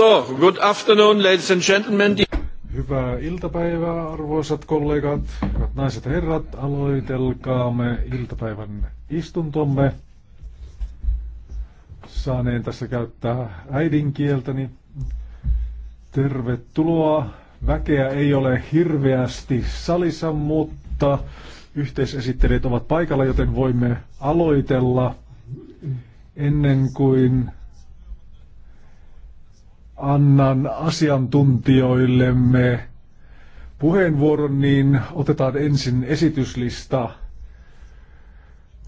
So, good afternoon, ladies and gentlemen. Hyvää iltapäivää, arvoisat kollegat, hyvät naiset ja herrat. Aloitelkaamme iltapäivän istuntomme. Saaneen tässä käyttää äidinkieltäni. Tervetuloa. Väkeä ei ole hirveästi salissa, mutta yhteisesittelijät ovat paikalla, joten voimme aloitella ennen kuin annan asiantuntijoillemme puheenvuoron, niin otetaan ensin esityslista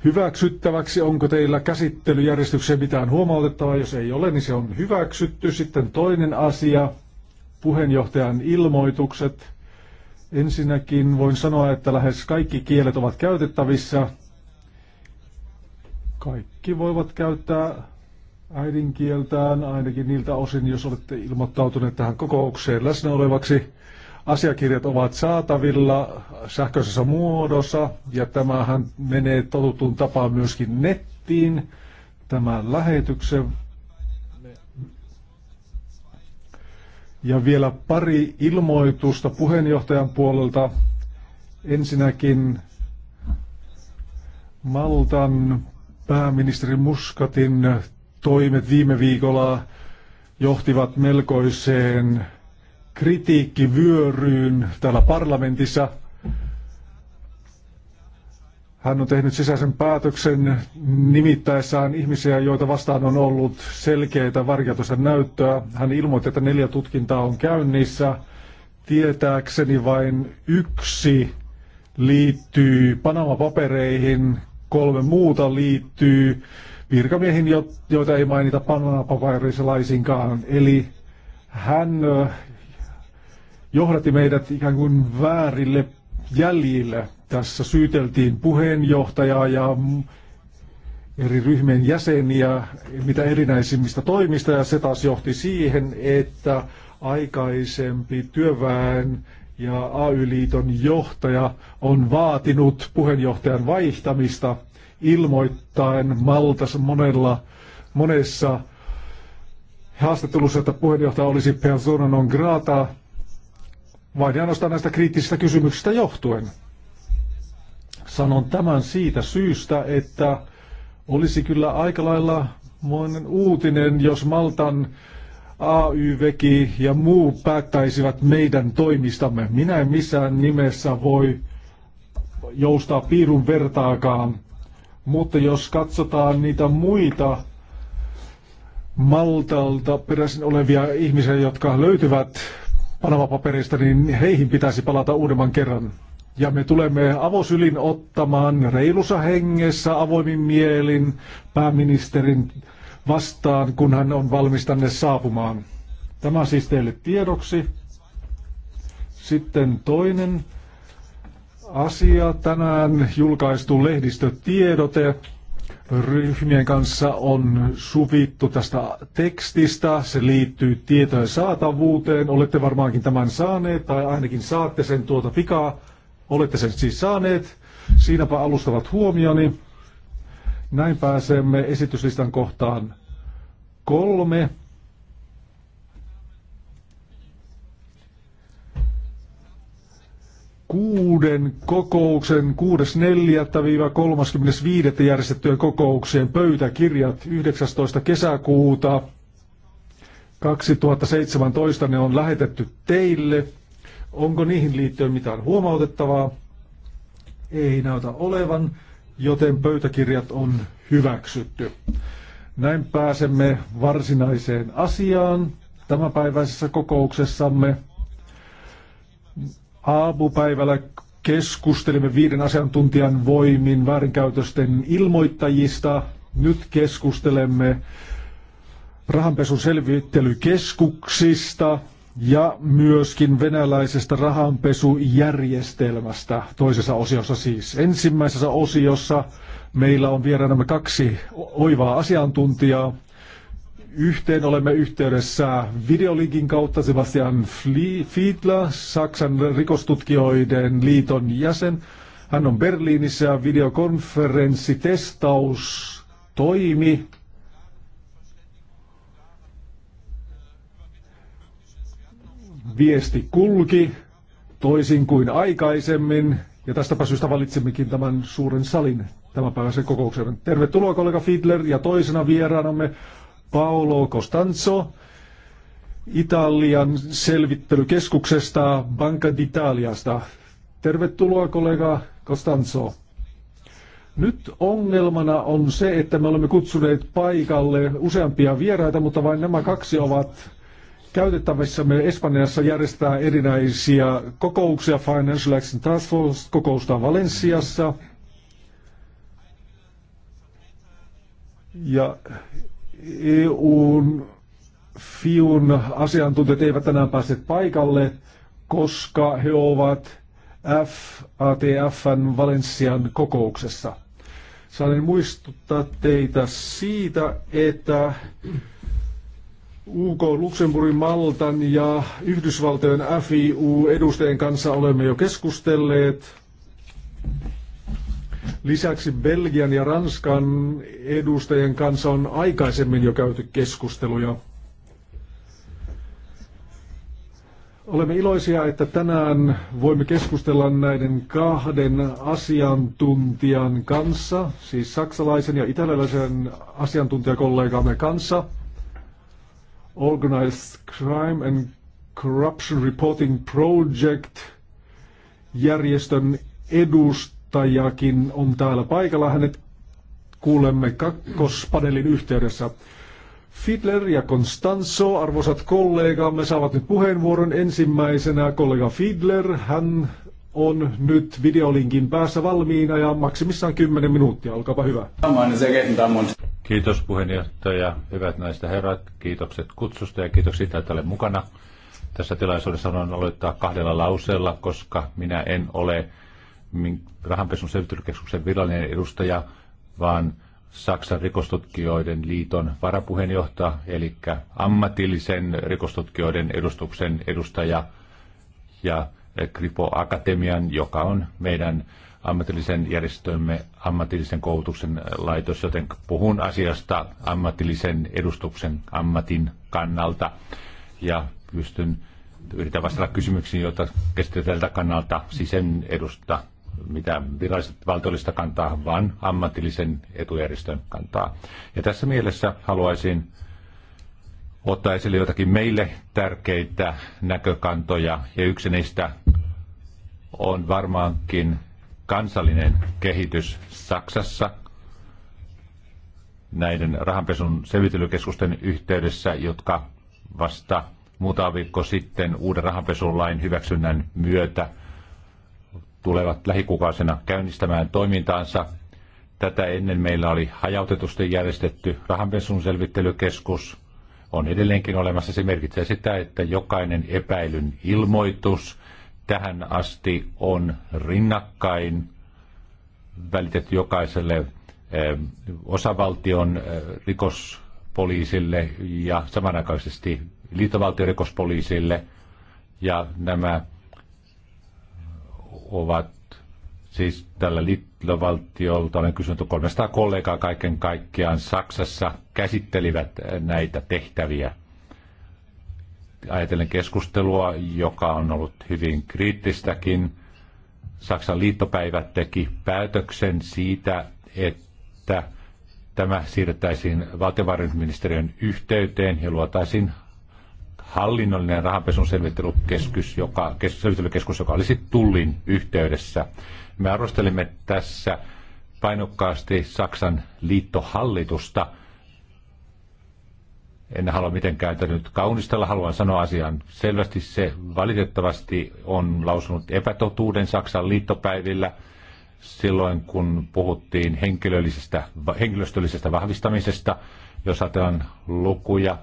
hyväksyttäväksi. Onko teillä käsittelyjärjestykseen mitään huomautettavaa? Jos ei ole, niin se on hyväksytty. Sitten toinen asia, puheenjohtajan ilmoitukset. Ensinnäkin voin sanoa, että lähes kaikki kielet ovat käytettävissä. Kaikki voivat käyttää äidinkieltään, ainakin niiltä osin, jos olette ilmoittautuneet tähän kokoukseen läsnä olevaksi. Asiakirjat ovat saatavilla sähköisessä muodossa ja tämähän menee totutun tapaan myöskin nettiin tämän lähetyksen. Ja vielä pari ilmoitusta puheenjohtajan puolelta. Ensinnäkin Maltan pääministeri Muskatin toimet viime viikolla johtivat melkoiseen kritiikkivyöryyn täällä parlamentissa. Hän on tehnyt sisäisen päätöksen nimittäessään ihmisiä, joita vastaan on ollut selkeitä varjatusta näyttöä. Hän ilmoitti, että neljä tutkintaa on käynnissä. Tietääkseni vain yksi liittyy Panama-papereihin, kolme muuta liittyy virkamiehin, joita ei mainita Panama-paperissa Eli hän johdatti meidät ikään kuin väärille jäljille. Tässä syyteltiin puheenjohtajaa ja eri ryhmien jäseniä mitä erinäisimmistä toimista ja se taas johti siihen, että aikaisempi työväen ja AY-liiton johtaja on vaatinut puheenjohtajan vaihtamista – ilmoittain Maltas monella, monessa haastattelussa, että puheenjohtaja olisi persona non grata, vain ainoastaan näistä kriittisistä kysymyksistä johtuen. Sanon tämän siitä syystä, että olisi kyllä aika lailla monen uutinen, jos Maltan AY-veki ja muu päättäisivät meidän toimistamme. Minä en missään nimessä voi joustaa piirun vertaakaan mutta jos katsotaan niitä muita Maltalta peräisin olevia ihmisiä, jotka löytyvät Panama-paperista, niin heihin pitäisi palata uudemman kerran. Ja me tulemme avosylin ottamaan reilussa hengessä, avoimin mielin pääministerin vastaan, kun hän on valmis tänne saapumaan. Tämä siis teille tiedoksi. Sitten toinen asia. Tänään julkaistu lehdistötiedote ryhmien kanssa on suvittu tästä tekstistä. Se liittyy tietojen saatavuuteen. Olette varmaankin tämän saaneet, tai ainakin saatte sen tuota pikaa. Olette sen siis saaneet. Siinäpä alustavat huomioni. Näin pääsemme esityslistan kohtaan kolme. kuuden kokouksen 6.4.-35. järjestettyjen kokouksien pöytäkirjat 19. kesäkuuta 2017 ne on lähetetty teille. Onko niihin liittyen mitään huomautettavaa? Ei näytä olevan, joten pöytäkirjat on hyväksytty. Näin pääsemme varsinaiseen asiaan tämänpäiväisessä kokouksessamme. Aamupäivällä keskustelimme viiden asiantuntijan voimin väärinkäytösten ilmoittajista. Nyt keskustelemme rahanpesun selvittelykeskuksista ja myöskin venäläisestä rahanpesujärjestelmästä, toisessa osiossa siis. Ensimmäisessä osiossa meillä on vieraanamme kaksi oivaa asiantuntijaa yhteen olemme yhteydessä videolinkin kautta Sebastian Fiedler, Saksan rikostutkijoiden liiton jäsen. Hän on Berliinissä videokonferenssitestaus toimi. Viesti kulki toisin kuin aikaisemmin. Ja tästäpä syystä valitsemmekin tämän suuren salin tämänpäiväisen kokouksen. Tervetuloa kollega Fiedler ja toisena vieraanamme Paolo Costanzo Italian selvittelykeskuksesta Banca d'Italiasta. Tervetuloa kollega Costanzo. Nyt ongelmana on se, että me olemme kutsuneet paikalle useampia vieraita, mutta vain nämä kaksi ovat käytettävissä. Me Espanjassa järjestää erinäisiä kokouksia. Financial Action Task Force kokousta Valensiassa. Ja EUn FIUn asiantuntijat eivät tänään päässeet paikalle, koska he ovat FATFn Valenssian kokouksessa. Saan muistuttaa teitä siitä, että UK, Luxemburgin, Maltan ja Yhdysvaltojen FIU-edustajien kanssa olemme jo keskustelleet. Lisäksi Belgian ja Ranskan edustajien kanssa on aikaisemmin jo käyty keskusteluja. Olemme iloisia, että tänään voimme keskustella näiden kahden asiantuntijan kanssa, siis saksalaisen ja italialaisen asiantuntijakollegamme kanssa. Organized Crime and Corruption Reporting Project järjestön edustajan johtajakin on täällä paikalla. Hänet kuulemme kakkospanelin yhteydessä. Fidler ja Constanzo, arvoisat kollegamme, saavat nyt puheenvuoron. Ensimmäisenä kollega Fidler, hän on nyt videolinkin päässä valmiina ja maksimissaan 10 minuuttia. Olkaapa hyvä. Kiitos puheenjohtaja, hyvät naiset ja herrat. Kiitokset kutsusta ja kiitos siitä, että olen mukana. Tässä tilaisuudessa on aloittaa kahdella lauseella, koska minä en ole rahanpesun selvittelykeskuksen virallinen edustaja, vaan Saksan rikostutkijoiden liiton varapuheenjohtaja, eli ammatillisen rikostutkijoiden edustuksen edustaja ja eh, Kripo Akatemian, joka on meidän ammatillisen järjestömme ammatillisen koulutuksen eh, laitos, joten puhun asiasta ammatillisen edustuksen ammatin kannalta ja pystyn yritän vastata kysymyksiin, joita kestetään tältä kannalta, sisen edusta mitä virallista valtiollista kantaa, vaan ammatillisen etujärjestön kantaa. Ja tässä mielessä haluaisin ottaa esille jotakin meille tärkeitä näkökantoja, ja yksi niistä on varmaankin kansallinen kehitys Saksassa näiden rahanpesun selvitelykeskusten yhteydessä, jotka vasta muutama viikko sitten uuden rahanpesulain hyväksynnän myötä – tulevat lähikuukausina käynnistämään toimintaansa. Tätä ennen meillä oli hajautetusti järjestetty rahanpesun selvittelykeskus. On edelleenkin olemassa. Se merkitsee sitä, että jokainen epäilyn ilmoitus tähän asti on rinnakkain välitetty jokaiselle eh, osavaltion eh, rikospoliisille ja samanaikaisesti liittovaltion rikospoliisille. Ja nämä ovat siis tällä liittovaltiolta, olen kysynyt 300 kollegaa kaiken kaikkiaan Saksassa, käsittelivät näitä tehtäviä. Ajatellen keskustelua, joka on ollut hyvin kriittistäkin. Saksan liittopäivät teki päätöksen siitä, että tämä siirrettäisiin valtiovarainministeriön yhteyteen ja luotaisiin hallinnollinen rahanpesun selvittelykeskus, joka, selvittelykeskus, joka olisi tullin yhteydessä. Me arvostelimme tässä painokkaasti Saksan liittohallitusta. En halua mitenkään tätä nyt kaunistella, haluan sanoa asian selvästi. Se valitettavasti on lausunut epätotuuden Saksan liittopäivillä silloin, kun puhuttiin henkilöllisestä, henkilöstöllisestä vahvistamisesta. Jos ajatellaan lukuja –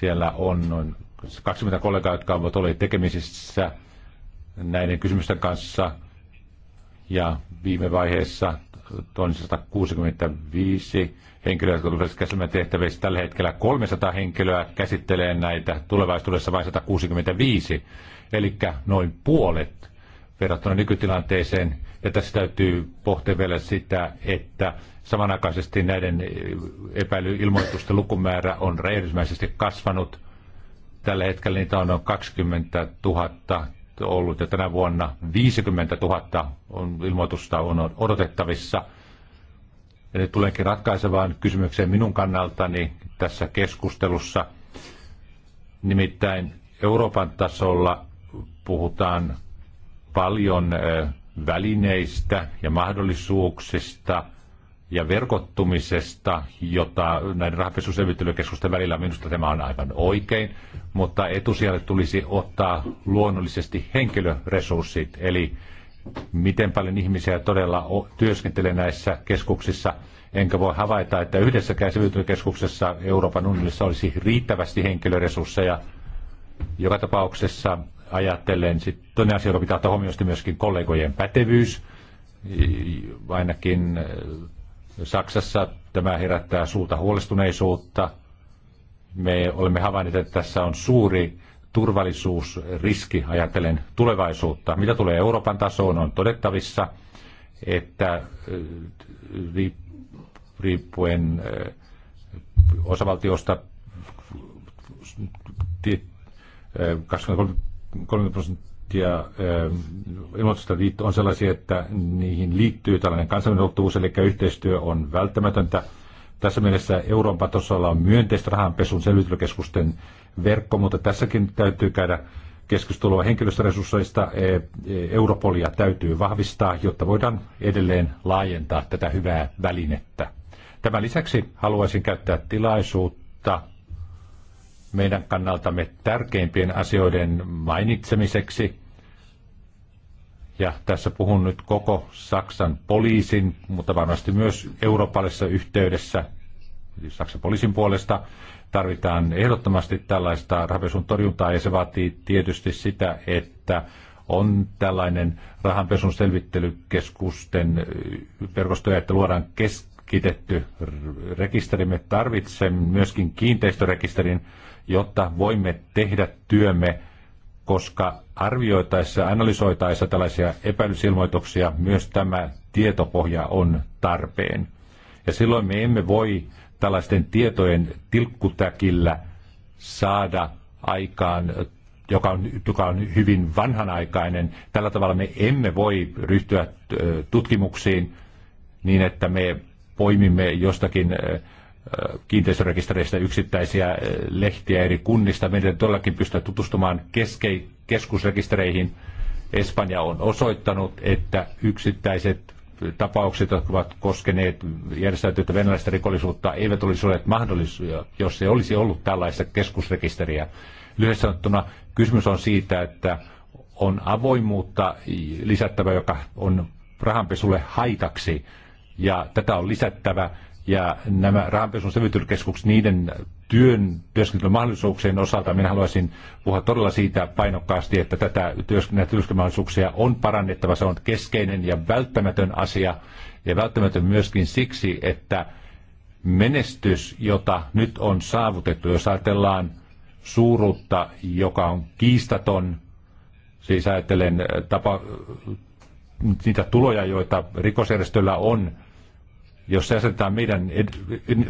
siellä on noin 20 kollegaa, jotka ovat olleet tekemisissä näiden kysymysten kanssa. Ja viime vaiheessa 165 henkilöä, jotka tulevat käsittelemään tehtävissä. Tällä hetkellä 300 henkilöä käsittelee näitä, tulevaisuudessa vain 165. Eli noin puolet verrattuna nykytilanteeseen. Ja tässä täytyy pohtia vielä sitä, että samanaikaisesti näiden epäilyilmoitusten lukumäärä on räjähdysmäisesti kasvanut. Tällä hetkellä niitä on noin 20 000 ollut ja tänä vuonna 50 000 on, ilmoitusta on odotettavissa. Ja nyt tulenkin ratkaisevaan kysymykseen minun kannaltani tässä keskustelussa. Nimittäin Euroopan tasolla puhutaan paljon välineistä ja mahdollisuuksista ja verkottumisesta, jota näiden rahapesuselvittelykeskusten välillä minusta tämä on aivan oikein, mutta etusijalle tulisi ottaa luonnollisesti henkilöresurssit, eli miten paljon ihmisiä todella työskentelee näissä keskuksissa. Enkä voi havaita, että yhdessäkään selvittelykeskuksessa Euroopan unionissa olisi riittävästi henkilöresursseja. Joka tapauksessa ajatellen. Sitten toinen asia, joka pitää ottaa huomioon, myöskin kollegojen pätevyys. Ainakin eh, Saksassa tämä herättää suurta huolestuneisuutta. Me olemme havainneet, että tässä on suuri turvallisuusriski ajatellen tulevaisuutta. Mitä tulee Euroopan tasoon, on todettavissa, että eh, riippuen eh, osavaltiosta 23 30 prosenttia ähm, ilmoitusta on sellaisia, että niihin liittyy tällainen kansainvälinen ulottuvuus, eli yhteistyö on välttämätöntä. Tässä mielessä Euroopan tasolla on myönteistä rahanpesun selvittelykeskusten verkko, mutta tässäkin täytyy käydä keskustelua henkilöstöresursseista. E, e, Europolia täytyy vahvistaa, jotta voidaan edelleen laajentaa tätä hyvää välinettä. Tämän lisäksi haluaisin käyttää tilaisuutta meidän kannaltamme tärkeimpien asioiden mainitsemiseksi. Ja tässä puhun nyt koko Saksan poliisin, mutta varmasti myös eurooppalaisessa yhteydessä, siis Saksan poliisin puolesta, tarvitaan ehdottomasti tällaista rahanpesun torjuntaa ja se vaatii tietysti sitä, että on tällainen rahanpesun selvittelykeskusten verkostoja, että luodaan keskitetty rekisteri. Me tarvitsemme myöskin kiinteistörekisterin, jotta voimme tehdä työmme, koska arvioitaessa ja analysoitaessa tällaisia epäilysilmoituksia myös tämä tietopohja on tarpeen. Ja silloin me emme voi tällaisten tietojen tilkkutäkillä saada aikaan, joka on, joka on hyvin vanhanaikainen. Tällä tavalla me emme voi ryhtyä tutkimuksiin niin, että me poimimme jostakin kiinteistörekistereistä yksittäisiä eh, lehtiä eri kunnista. Meidän todellakin pystyä tutustumaan keske- keskusrekistereihin. Espanja on osoittanut, että yksittäiset tapaukset, jotka ovat koskeneet järjestäytynyttä venäläistä rikollisuutta, eivät olisi olleet mahdollisia, jos ei olisi ollut tällaista keskusrekisteriä. Lyhyesti sanottuna kysymys on siitä, että on avoimuutta lisättävä, joka on rahanpesulle haitaksi, ja tätä on lisättävä ja nämä rahanpesun selvittelykeskukset, niiden työn työskentelymahdollisuuksien osalta minä haluaisin puhua todella siitä painokkaasti, että tätä työskentelymahdollisuuksia on parannettava. Se on keskeinen ja välttämätön asia ja välttämätön myöskin siksi, että menestys, jota nyt on saavutettu, jos ajatellaan suuruutta, joka on kiistaton, siis ajattelen äh, tapa, niitä tuloja, joita rikosjärjestöllä on, jos se asetetaan meidän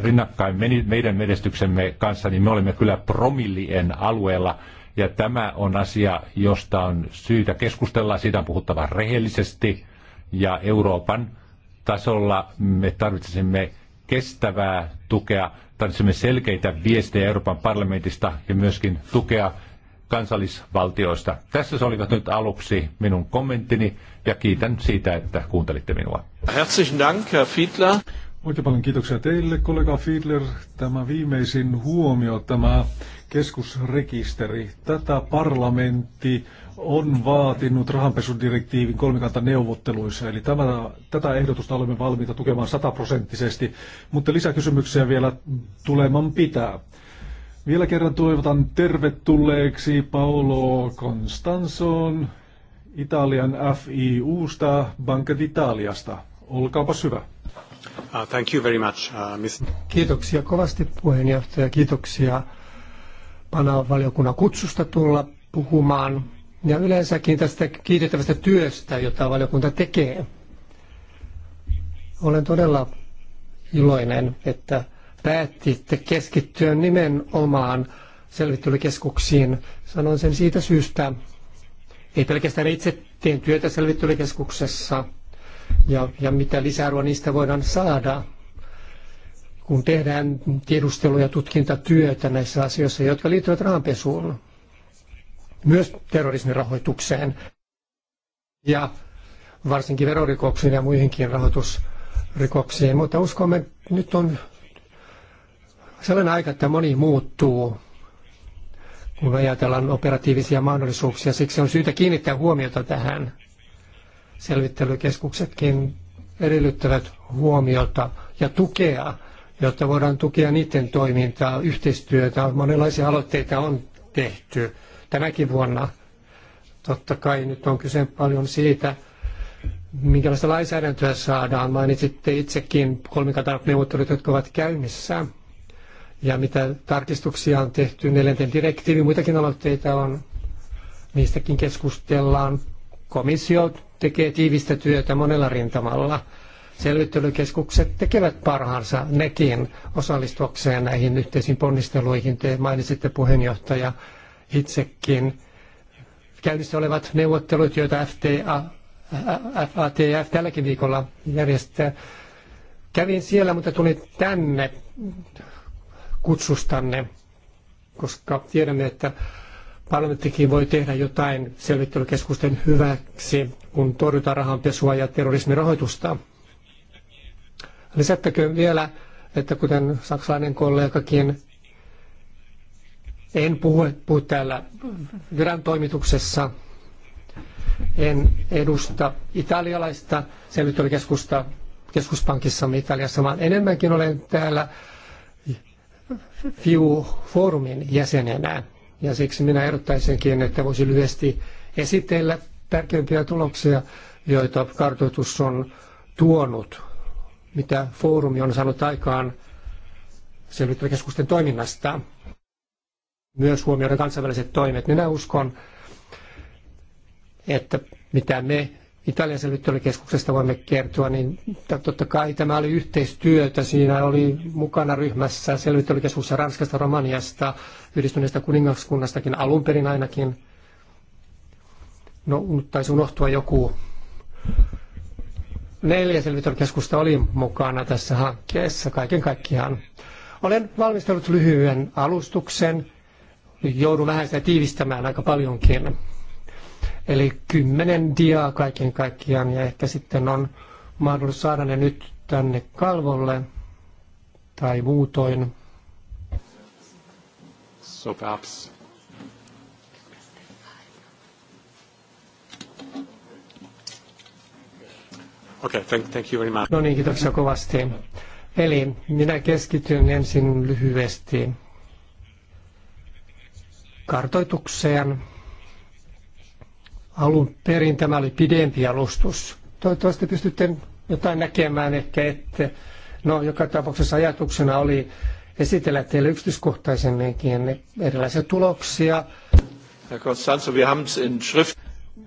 rinnakkain meidän menestyksemme kanssa, niin me olemme kyllä promillien alueella. Ja tämä on asia, josta on syytä keskustella, siitä on puhuttava rehellisesti. Ja Euroopan tasolla me tarvitsisimme kestävää tukea, tarvitsemme selkeitä viestejä Euroopan parlamentista ja myöskin tukea kansallisvaltioista. Tässä se olivat nyt aluksi minun kommenttini ja kiitän siitä, että kuuntelitte minua. Herzlichen Dank, Herr Fiedler. Oikein paljon kiitoksia teille, kollega Fiedler. Tämä viimeisin huomio, tämä keskusrekisteri. Tätä parlamentti on vaatinut rahanpesudirektiivin neuvotteluissa eli tämä, tätä ehdotusta olemme valmiita tukemaan sataprosenttisesti, mutta lisäkysymyksiä vielä tuleman pitää. Vielä kerran toivotan tervetulleeksi Paolo Constanzon Italian FIUsta Banca d'Italiasta. Olkaapa hyvä. Uh, thank you very much, uh, miss... Kiitoksia kovasti puheenjohtaja. Kiitoksia Pana-valiokunnan kutsusta tulla puhumaan ja yleensäkin tästä kiitettävästä työstä, jota valiokunta tekee. Olen todella iloinen, että päätitte keskittyä nimenomaan selvittelykeskuksiin. Sanon sen siitä syystä, ei pelkästään itse teen työtä selvittelykeskuksessa ja, ja mitä lisäarvoa niistä voidaan saada, kun tehdään tiedustelu- ja tutkintatyötä näissä asioissa, jotka liittyvät rahanpesuun, myös terrorismin rahoitukseen ja varsinkin verorikoksiin ja muihinkin rahoitusrikoksiin. Mutta uskomme, että nyt on sellainen aika, että moni muuttuu, kun ajatellaan operatiivisia mahdollisuuksia. Siksi on syytä kiinnittää huomiota tähän. Selvittelykeskuksetkin edellyttävät huomiota ja tukea, jotta voidaan tukea niiden toimintaa, yhteistyötä. Monenlaisia aloitteita on tehty tänäkin vuonna. Totta kai nyt on kyse paljon siitä, minkälaista lainsäädäntöä saadaan. Mainitsitte itsekin kolmikantaneuvottelut, jotka ovat käynnissä ja mitä tarkistuksia on tehty, Neljänteen direktiivi, muitakin aloitteita on, niistäkin keskustellaan. Komissio tekee tiivistä työtä monella rintamalla. Selvittelykeskukset tekevät parhaansa nekin osallistuakseen näihin yhteisiin ponnisteluihin. Te mainitsitte puheenjohtaja itsekin käynnissä olevat neuvottelut, joita FTA, FATF tälläkin viikolla järjestää. Kävin siellä, mutta tulin tänne kutsustanne, koska tiedämme, että parlamenttikin voi tehdä jotain selvittelykeskusten hyväksi, kun torjutaan rahanpesua ja terrorismin rahoitusta. Lisättäköön vielä, että kuten saksalainen kollegakin, en puhu, puhu täällä viran toimituksessa, en edusta italialaista selvittelykeskusta keskuspankissamme Italiassa, vaan enemmänkin olen täällä FIU-foorumin jäsenenä. Ja siksi minä ehdottaisinkin, että voisi lyhyesti esitellä tärkeimpiä tuloksia, joita kartoitus on tuonut, mitä foorumi on saanut aikaan selvittäväkeskusten toiminnasta. Myös huomioida kansainväliset toimet. Minä uskon, että mitä me Italian selvittelykeskuksesta voimme kertoa, niin totta kai tämä oli yhteistyötä. Siinä oli mukana ryhmässä selvittelykeskuksessa Ranskasta, Romaniasta, yhdistyneestä kuningaskunnastakin alun perin ainakin. No, nyt taisi unohtua joku. Neljä selvittelykeskusta oli mukana tässä hankkeessa kaiken kaikkiaan. Olen valmistellut lyhyen alustuksen. Joudun vähän sitä tiivistämään aika paljonkin Eli kymmenen diaa kaiken kaikkiaan ja ehkä sitten on mahdollisuus saada ne nyt tänne kalvolle tai muutoin. So perhaps Okay, thank, thank you very much. No niin, kiitoksia kovasti. Eli minä keskityn ensin lyhyesti kartoitukseen Alun perin tämä oli pidempi alustus. Toivottavasti pystytte jotain näkemään, ehkä että No, joka tapauksessa ajatuksena oli esitellä teille yksityiskohtaisemminkin erilaisia tuloksia.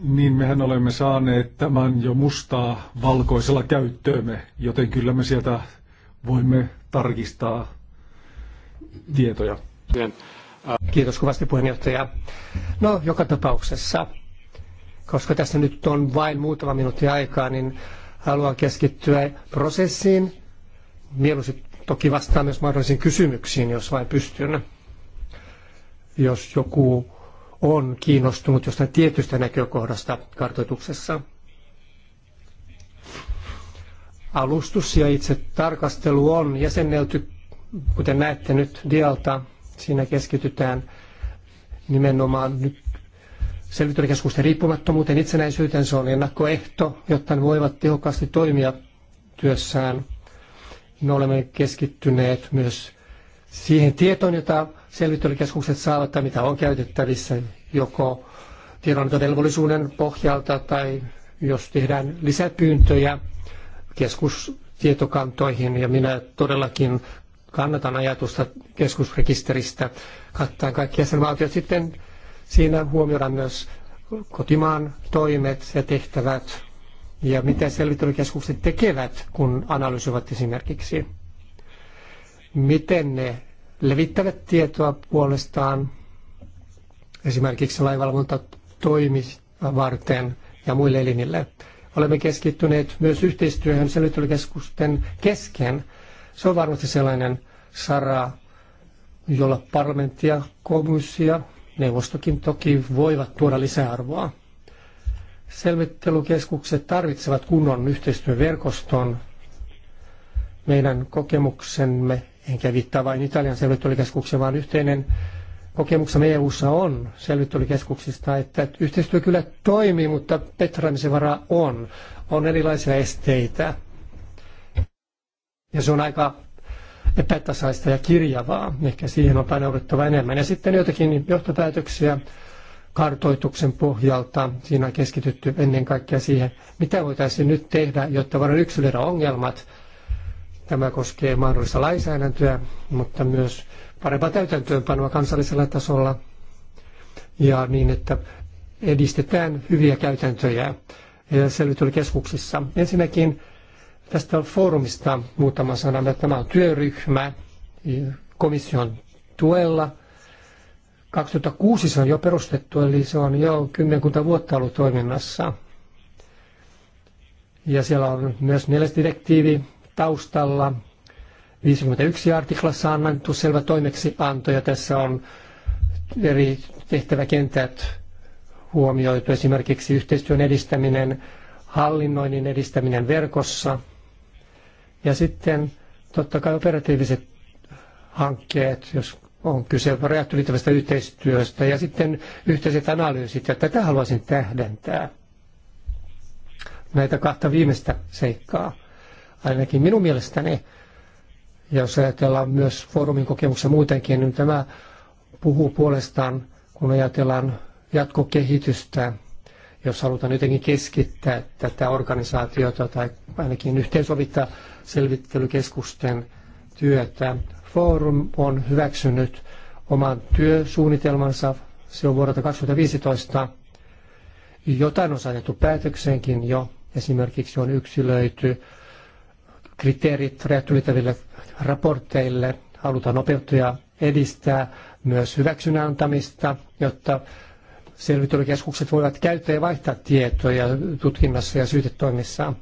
Niin mehän olemme saaneet tämän jo mustaa valkoisella käyttöömme, joten kyllä me sieltä voimme tarkistaa tietoja. Kiitos kovasti puheenjohtaja. No, joka tapauksessa koska tässä nyt on vain muutama minuutti aikaa, niin haluan keskittyä prosessiin. Mieluusti toki vastaan myös mahdollisiin kysymyksiin, jos vain pystyn. Jos joku on kiinnostunut jostain tietystä näkökohdasta kartoituksessa. Alustus ja itse tarkastelu on jäsennelty, kuten näette nyt dialta. Siinä keskitytään nimenomaan nyt selvittelykeskusten riippumattomuuteen itsenäisyyteen. Se on ennakkoehto, jotta ne voivat tehokkaasti toimia työssään. Me olemme keskittyneet myös siihen tietoon, jota selvittelykeskukset saavat tai mitä on käytettävissä joko tiedonantovelvollisuuden pohjalta tai jos tehdään lisäpyyntöjä keskustietokantoihin ja minä todellakin kannatan ajatusta keskusrekisteristä kattaen kaikki jäsenvaltiot sitten Siinä huomioidaan myös kotimaan toimet ja tehtävät ja mitä selvittelykeskukset tekevät, kun analysoivat esimerkiksi. Miten ne levittävät tietoa puolestaan esimerkiksi laivalvonta toimi varten ja muille elinille. Olemme keskittyneet myös yhteistyöhön selvittelykeskusten kesken. Se on varmasti sellainen sara, jolla parlamentti ja komissio neuvostokin toki voivat tuoda lisäarvoa. Selvittelukeskukset tarvitsevat kunnon yhteistyöverkoston. Meidän kokemuksemme, enkä viittaa vain Italian selvittelykeskuksen, vaan yhteinen kokemuksemme EU-ssa on selvittelykeskuksista, että yhteistyö kyllä toimii, mutta petraamisen varaa on. On erilaisia esteitä. Ja se on aika epätasaista ja kirjavaa. Ehkä siihen on paneuduttava enemmän. Ja sitten jotakin johtopäätöksiä kartoituksen pohjalta. Siinä on keskitytty ennen kaikkea siihen, mitä voitaisiin nyt tehdä, jotta voidaan yksilöidä ongelmat. Tämä koskee mahdollista lainsäädäntöä, mutta myös parempaa täytäntöönpanoa kansallisella tasolla ja niin, että edistetään hyviä käytäntöjä selvittelykeskuksissa. Ensinnäkin Tästä foorumista muutama sana. Tämä on työryhmä komission tuella. 2006 se on jo perustettu, eli se on jo kymmenkunta vuotta ollut toiminnassa. Ja siellä on myös neljäs direktiivi taustalla. 51 artiklassa on annettu selvä toimeksianto, ja tässä on eri tehtäväkentät huomioitu, esimerkiksi yhteistyön edistäminen, hallinnoinnin edistäminen verkossa – ja sitten totta kai operatiiviset hankkeet, jos on kyse rajat ylittävästä yhteistyöstä ja sitten yhteiset analyysit, ja tätä haluaisin tähdentää. Näitä kahta viimeistä seikkaa, ainakin minun mielestäni, ja jos ajatellaan myös foorumin kokemuksia muutenkin, niin tämä puhuu puolestaan, kun ajatellaan jatkokehitystä, jos halutaan jotenkin keskittää tätä organisaatiota tai ainakin yhteensovittaa selvittelykeskusten työtä. forum on hyväksynyt oman työsuunnitelmansa, se on vuodelta 2015. Jotain on saatettu päätökseenkin jo, esimerkiksi on yksilöity kriteerit rajat ylittäville raporteille, halutaan nopeuttaa edistää myös hyväksynnän antamista, jotta selvittelykeskukset voivat käyttää ja vaihtaa tietoja tutkinnassa ja syytetoimissaan.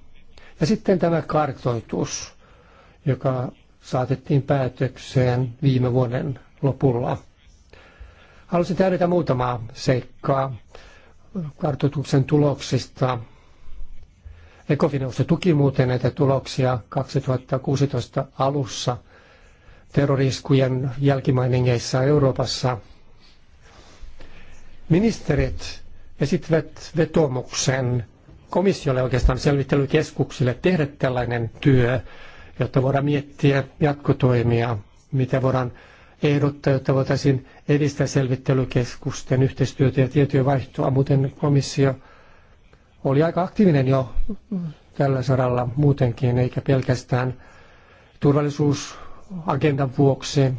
Ja sitten tämä kartoitus, joka saatettiin päätökseen viime vuoden lopulla. Haluaisin täydentää muutamaa seikkaa kartoituksen tuloksista. Ekofineuvosto tuki muuten näitä tuloksia 2016 alussa terroriskujen jälkimainingeissa Euroopassa. Ministerit esittivät vetomuksen komissiolle oikeastaan selvittelykeskuksille tehdä tällainen työ, jotta voidaan miettiä jatkotoimia, mitä voidaan ehdottaa, jotta voitaisiin edistää selvittelykeskusten yhteistyötä ja tietojen vaihtoa. Muuten komissio oli aika aktiivinen jo tällä saralla muutenkin, eikä pelkästään turvallisuusagendan vuoksi,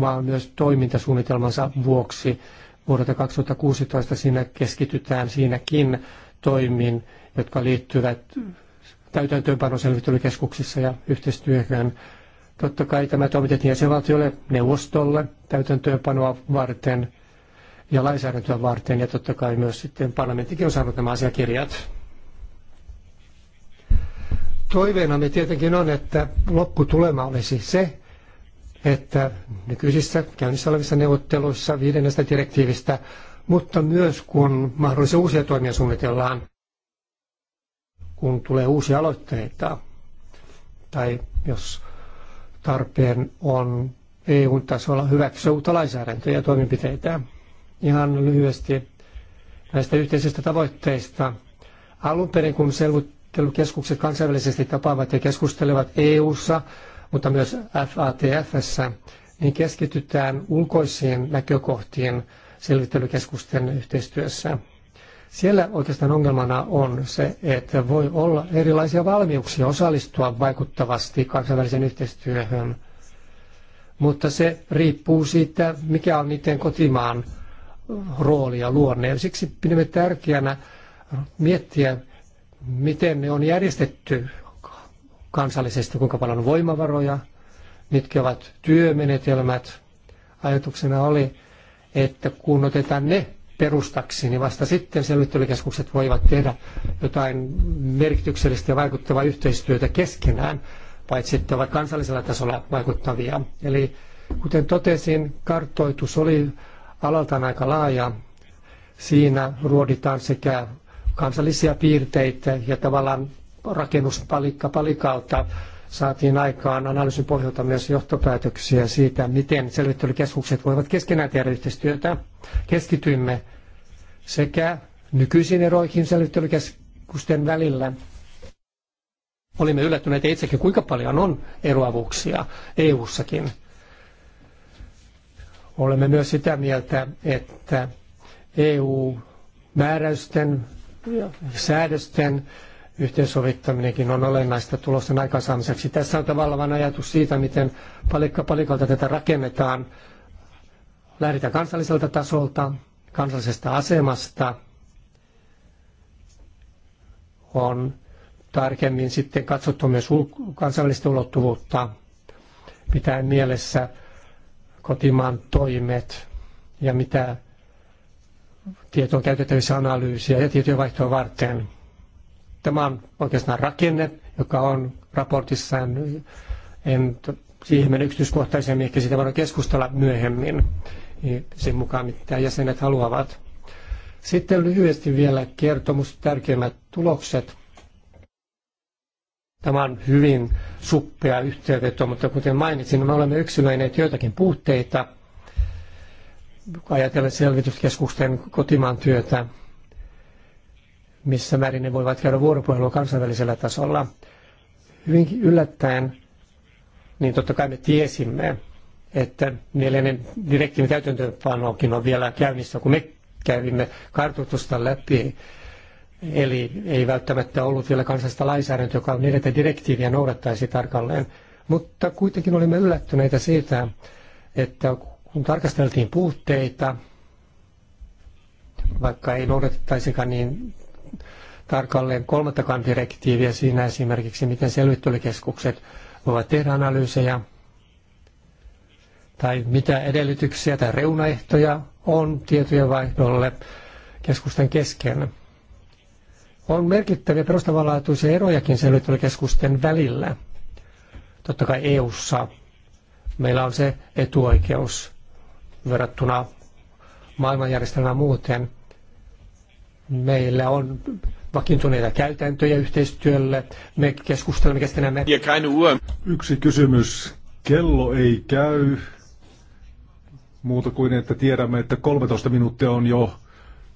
vaan myös toimintasuunnitelmansa vuoksi. Vuodelta 2016 siinä keskitytään siinäkin toimiin, jotka liittyvät täytäntöönpanoselvittelykeskuksissa ja yhteistyöhön. Totta kai tämä toimitettiin jäsenvaltiolle, neuvostolle täytäntöönpanoa varten ja lainsäädäntöä varten ja totta kai myös sitten parlamenttikin on saanut nämä asiakirjat. me tietenkin on, että lopputulema olisi se, että nykyisissä käynnissä olevissa neuvotteluissa viidennestä direktiivistä, mutta myös kun mahdollisia uusia toimia suunnitellaan, kun tulee uusia aloitteita tai jos tarpeen on EU-tasolla hyväksyä uutta lainsäädäntöä ja toimenpiteitä. Ihan lyhyesti näistä yhteisistä tavoitteista. Alun perin, kun selvittelukeskukset kansainvälisesti tapaavat ja keskustelevat EU-ssa, mutta myös FATFssä, niin keskitytään ulkoisiin näkökohtiin selvittelykeskusten yhteistyössä. Siellä oikeastaan ongelmana on se, että voi olla erilaisia valmiuksia osallistua vaikuttavasti kansainväliseen yhteistyöhön, mutta se riippuu siitä, mikä on niiden kotimaan rooli ja luonne. Siksi pidämme tärkeänä miettiä, miten ne on järjestetty kansallisesti, kuinka paljon on voimavaroja, mitkä ovat työmenetelmät. Ajatuksena oli, että kun otetaan ne perustaksi, niin vasta sitten selvittelykeskukset voivat tehdä jotain merkityksellistä ja vaikuttavaa yhteistyötä keskenään, paitsi että ovat kansallisella tasolla vaikuttavia. Eli kuten totesin, kartoitus oli alaltaan aika laaja. Siinä ruoditaan sekä kansallisia piirteitä ja tavallaan rakennuspalikka palikalta saatiin aikaan analyysin pohjalta myös johtopäätöksiä siitä, miten selvittelykeskukset voivat keskenään tehdä yhteistyötä. Keskityimme sekä nykyisiin eroihin selvittelykeskusten välillä. Olimme yllättyneitä itsekin, kuinka paljon on eroavuuksia EU-sakin. Olemme myös sitä mieltä, että EU-määräysten ja säädösten yhteensovittaminenkin on olennaista tulosten aikaansaamiseksi. Tässä on tavallaan ajatus siitä, miten palikka palikalta tätä rakennetaan. Lähdetään kansalliselta tasolta, kansallisesta asemasta. On tarkemmin sitten katsottu myös kansallista ulottuvuutta, pitää mielessä kotimaan toimet ja mitä tietoa käytettävissä analyysiä ja tietojen vaihtoa varten – Tämä on oikeastaan rakenne, joka on raportissaan, en siihen mennä yksityiskohtaisemmin, ehkä siitä voidaan keskustella myöhemmin sen mukaan, mitä jäsenet haluavat. Sitten lyhyesti vielä kertomus tärkeimmät tulokset. Tämä on hyvin suppea yhteenveto, mutta kuten mainitsin, me olemme yksilöineet joitakin puutteita ajatellen selvityskeskusten kotimaan työtä missä määrin ne voivat käydä vuoropuhelua kansainvälisellä tasolla. Hyvinkin yllättäen, niin totta kai me tiesimme, että neljännen direktiivin täytäntöönpanokin on vielä käynnissä, kun me kävimme kartoitusta läpi. Eli ei välttämättä ollut vielä kansallista lainsäädäntöä, joka neljättä direktiiviä noudattaisi tarkalleen. Mutta kuitenkin olimme yllättyneitä siitä, että kun tarkasteltiin puutteita, vaikka ei noudatettaisikaan niin tarkalleen kolmatta kantirektiiviä siinä esimerkiksi, miten selvittelykeskukset voivat tehdä analyysejä tai mitä edellytyksiä tai reunaehtoja on tietojen vaihdolle keskusten kesken. On merkittäviä perustavanlaatuisia erojakin selvittelykeskusten välillä. Totta kai EU-ssa meillä on se etuoikeus verrattuna maailmanjärjestelmään muuten. Meillä on vakiintuneita käytäntöjä yhteistyölle. Me keskustelemme keskenämme. Yksi kysymys. Kello ei käy muuta kuin, että tiedämme, että 13 minuuttia on jo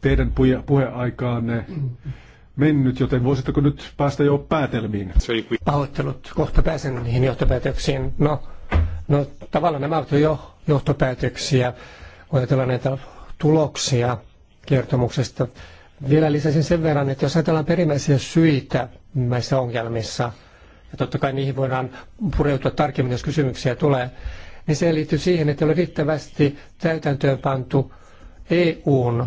teidän puheaikaanne mennyt, joten voisitteko nyt päästä jo päätelmiin? Pahoittelut, kohta pääsen niihin johtopäätöksiin. No, no tavallaan nämä ovat jo johtopäätöksiä, Voi ajatella näitä tuloksia kertomuksesta. Vielä lisäisin sen verran, että jos ajatellaan perimmäisiä syitä näissä ongelmissa, ja totta kai niihin voidaan pureutua tarkemmin, jos kysymyksiä tulee, niin se liittyy siihen, että ei ole riittävästi täytäntöön pantu EUn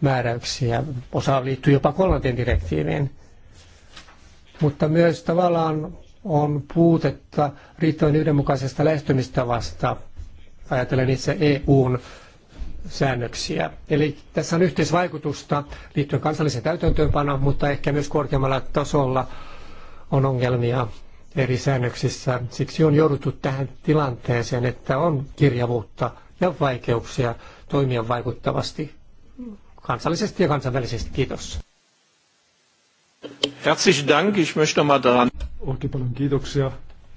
määräyksiä. Osa liittyy jopa kolmanteen direktiiviin. Mutta myös tavallaan on puutetta riittävän yhdenmukaisesta lähestymistavasta. Ajatellen itse EUn säännöksiä. Eli tässä on yhteisvaikutusta liittyen kansalliseen täytäntöönpanoon, mutta ehkä myös korkeammalla tasolla on ongelmia eri säännöksissä. Siksi on jouduttu tähän tilanteeseen, että on kirjavuutta ja vaikeuksia toimia vaikuttavasti kansallisesti ja kansainvälisesti. Kiitos. Herzlichen Dank. Ich möchte mal daran. Oikein paljon kiitoksia.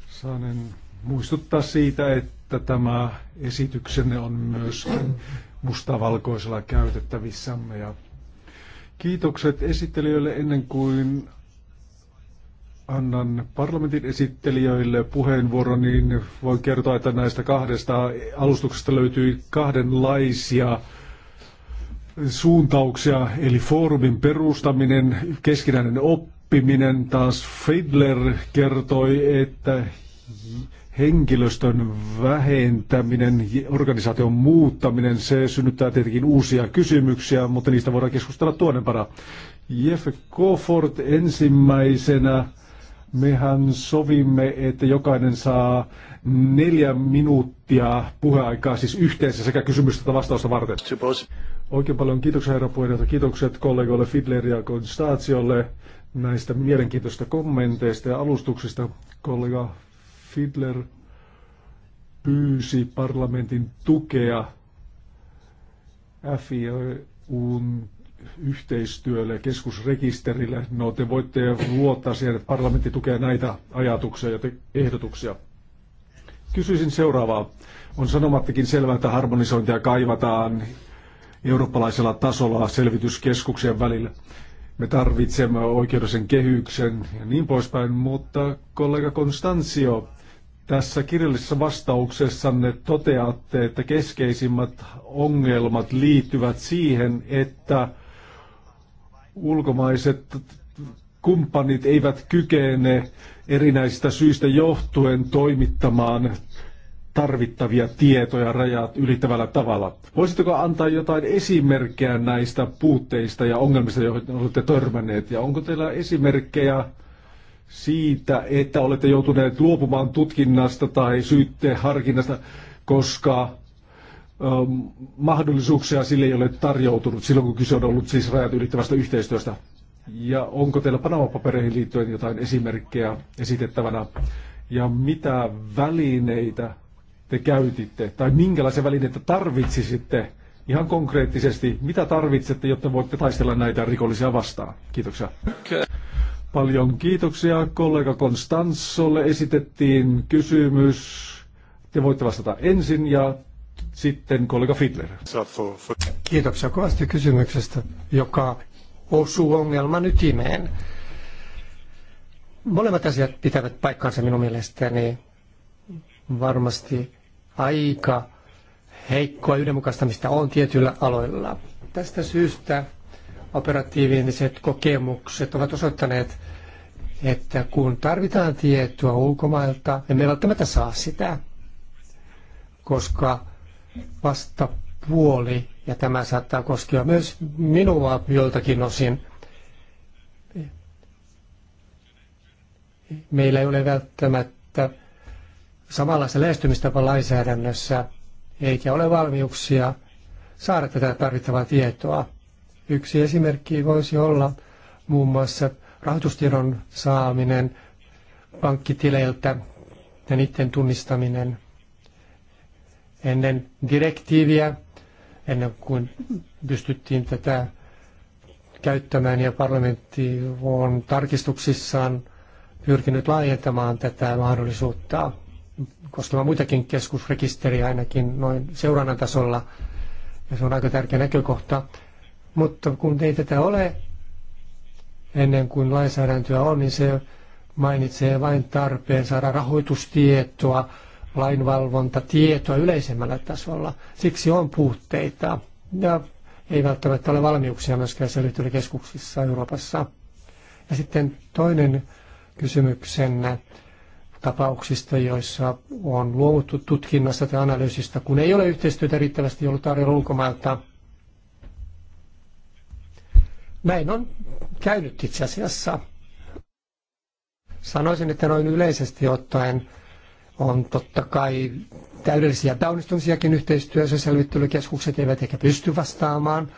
Saanen muistuttaa siitä, että tämä esityksenne on myös mustavalkoisella käytettävissämme. Ja kiitokset esittelijöille ennen kuin annan parlamentin esittelijöille puheenvuoron, niin voin kertoa, että näistä kahdesta alustuksesta löytyi kahdenlaisia suuntauksia, eli foorumin perustaminen, keskinäinen oppiminen. Taas Fidler kertoi, että henkilöstön vähentäminen, organisaation muuttaminen, se synnyttää tietenkin uusia kysymyksiä, mutta niistä voidaan keskustella tuonnepana. Jeff Kofort ensimmäisenä. Mehän sovimme, että jokainen saa neljä minuuttia puheaikaa, siis yhteensä sekä kysymystä että vastausta varten. Oikein paljon kiitoksia herra puheenjohtaja. Kiitokset kollegoille Fidler ja Konstaatiolle näistä mielenkiintoista kommenteista ja alustuksista. Kollega Fidler pyysi parlamentin tukea FIUn e yhteistyölle, keskusrekisterille. No te voitte luottaa siihen, että parlamentti tukee näitä ajatuksia ja ehdotuksia. Kysyisin seuraavaa. On sanomattakin selvää, että harmonisointia kaivataan eurooppalaisella tasolla selvityskeskuksien välillä. Me tarvitsemme oikeudellisen kehyksen ja niin poispäin, mutta kollega Konstantio tässä kirjallisessa vastauksessanne toteatte, että keskeisimmät ongelmat liittyvät siihen, että ulkomaiset kumppanit eivät kykene erinäisistä syistä johtuen toimittamaan tarvittavia tietoja rajat ylittävällä tavalla. Voisitteko antaa jotain esimerkkejä näistä puutteista ja ongelmista, joihin olette törmänneet? Ja onko teillä esimerkkejä siitä, että olette joutuneet luopumaan tutkinnasta tai syytteen harkinnasta, koska ähm, mahdollisuuksia sille ei ole tarjoutunut silloin, kun kyse on ollut siis rajat ylittävästä yhteistyöstä. Ja onko teillä Panama-papereihin liittyen jotain esimerkkejä esitettävänä? Ja mitä välineitä te käytitte, tai minkälaisia välineitä tarvitsisitte ihan konkreettisesti? Mitä tarvitsette, jotta voitte taistella näitä rikollisia vastaan? Kiitoksia. Okay. Paljon kiitoksia kollega Konstanssolle. Esitettiin kysymys. Te voitte vastata ensin ja sitten kollega Fidler. Kiitoksia kovasti kysymyksestä, joka osuu ongelman ytimeen. Molemmat asiat pitävät paikkansa minun mielestäni varmasti aika heikkoa yhdenmukaistamista on tietyillä aloilla. Tästä syystä operatiiviset kokemukset ovat osoittaneet, että kun tarvitaan tietoa ulkomailta, emme välttämättä saa sitä, koska vastapuoli, ja tämä saattaa koskea myös minua joltakin osin, meillä ei ole välttämättä samanlaista lähestymistapa lainsäädännössä, eikä ole valmiuksia saada tätä tarvittavaa tietoa. Yksi esimerkki voisi olla muun muassa rahoitustiedon saaminen pankkitileiltä ja niiden tunnistaminen ennen direktiiviä, ennen kuin pystyttiin tätä käyttämään ja parlamentti on tarkistuksissaan pyrkinyt laajentamaan tätä mahdollisuutta koskemaan muitakin keskusrekisteriä ainakin noin seurannan tasolla. Ja se on aika tärkeä näkökohta. Mutta kun ei tätä ole ennen kuin lainsäädäntöä on, niin se mainitsee vain tarpeen saada rahoitustietoa, lainvalvontatietoa yleisemmällä tasolla. Siksi on puutteita ja ei välttämättä ole valmiuksia myöskään selvittelykeskuksissa Euroopassa. Ja sitten toinen kysymyksen tapauksista, joissa on luovuttu tutkinnasta tai analyysistä, kun ei ole yhteistyötä riittävästi ollut tarjolla ulkomailta – näin on käynyt itse asiassa. Sanoisin, että noin yleisesti ottaen on totta kai täydellisiä taunistumisiakin yhteistyössä. Selvittelykeskukset eivät ehkä pysty vastaamaan,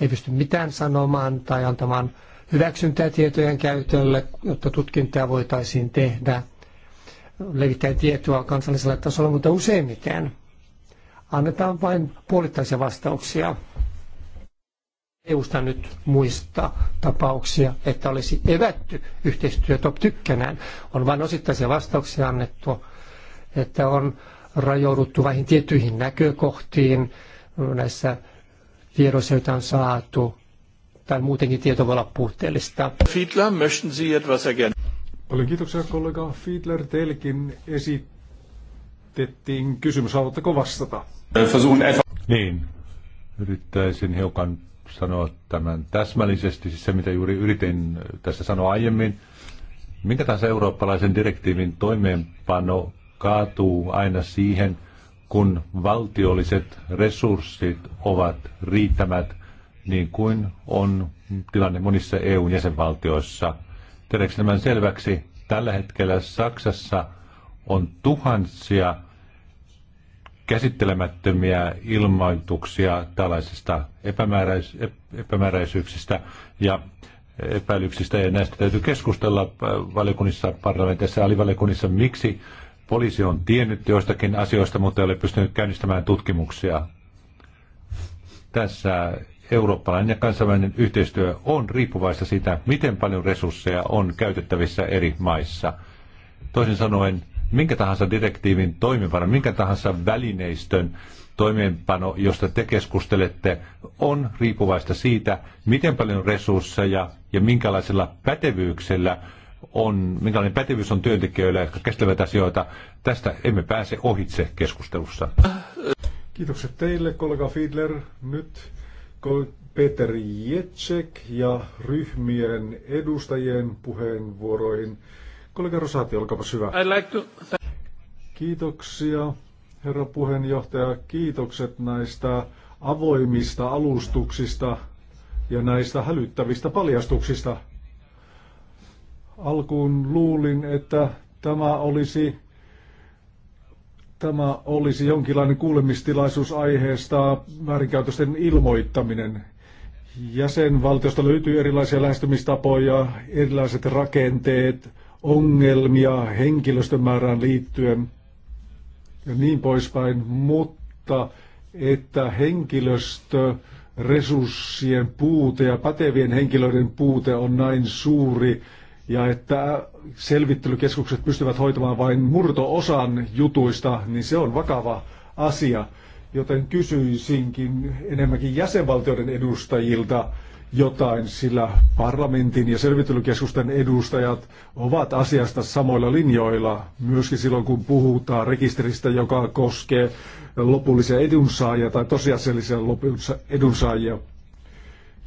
ei pysty mitään sanomaan tai antamaan hyväksyntää tietojen käytölle, jotta tutkintaa voitaisiin tehdä. Levittää tietoa kansallisella tasolla, mutta useimmiten annetaan vain puolittaisia vastauksia. EUsta nyt muista tapauksia, että olisi evätty yhteistyö top tykkänään. On vain osittaisia vastauksia annettu, että on rajouduttu vain tiettyihin näkökohtiin näissä tiedoissa, joita on saatu, tai muutenkin tieto voi olla puutteellista. Fiedler, möchten Sie etwas ergänzen? Paljon kiitoksia kollega Fiedler. Teillekin esitettiin kysymys. Haluatteko vastata? Äh, niin, yrittäisin hiukan sanoa tämän täsmällisesti, siis se mitä juuri yritin tässä sanoa aiemmin. Minkä tahansa eurooppalaisen direktiivin toimeenpano kaatuu aina siihen, kun valtiolliset resurssit ovat riittämät, niin kuin on tilanne monissa EU jäsenvaltioissa. Tiedätkö tämän selväksi? Tällä hetkellä Saksassa on tuhansia käsittelemättömiä ilmoituksia tällaisista epämääräis, epämääräisyyksistä ja epäilyksistä, ja näistä täytyy keskustella äh, valiokunnissa, parlamentissa ja alivaliokunnissa, miksi poliisi on tiennyt joistakin asioista, mutta ei ole pystynyt käynnistämään tutkimuksia. Tässä eurooppalainen ja kansainvälinen yhteistyö on riippuvaista siitä, miten paljon resursseja on käytettävissä eri maissa. Toisin sanoen, minkä tahansa direktiivin toimivana, minkä tahansa välineistön toimeenpano, josta te keskustelette, on riippuvaista siitä, miten paljon resursseja ja minkälaisella pätevyyksellä on, minkälainen pätevyys on työntekijöillä, jotka kestävät asioita. Tästä emme pääse ohitse keskustelussa. Kiitokset teille, kollega Fiedler. Nyt Peter Jetsek ja ryhmien edustajien puheenvuoroihin. Kollega Rosati, olkaapas hyvä. Like to... Kiitoksia, herra puheenjohtaja. Kiitokset näistä avoimista alustuksista ja näistä hälyttävistä paljastuksista. Alkuun luulin, että tämä olisi, tämä olisi jonkinlainen kuulemistilaisuus aiheesta väärinkäytösten ilmoittaminen. Jäsenvaltiosta löytyy erilaisia lähestymistapoja, erilaiset rakenteet, ongelmia henkilöstömäärään liittyen ja niin poispäin, mutta että henkilöstö resurssien puute ja pätevien henkilöiden puute on näin suuri ja että selvittelykeskukset pystyvät hoitamaan vain murto-osan jutuista, niin se on vakava asia. Joten kysyisinkin enemmänkin jäsenvaltioiden edustajilta, jotain, sillä parlamentin ja selvittelykeskusten edustajat ovat asiasta samoilla linjoilla, myöskin silloin kun puhutaan rekisteristä, joka koskee lopullisia edunsaajia tai tosiasiallisia edunsaajia.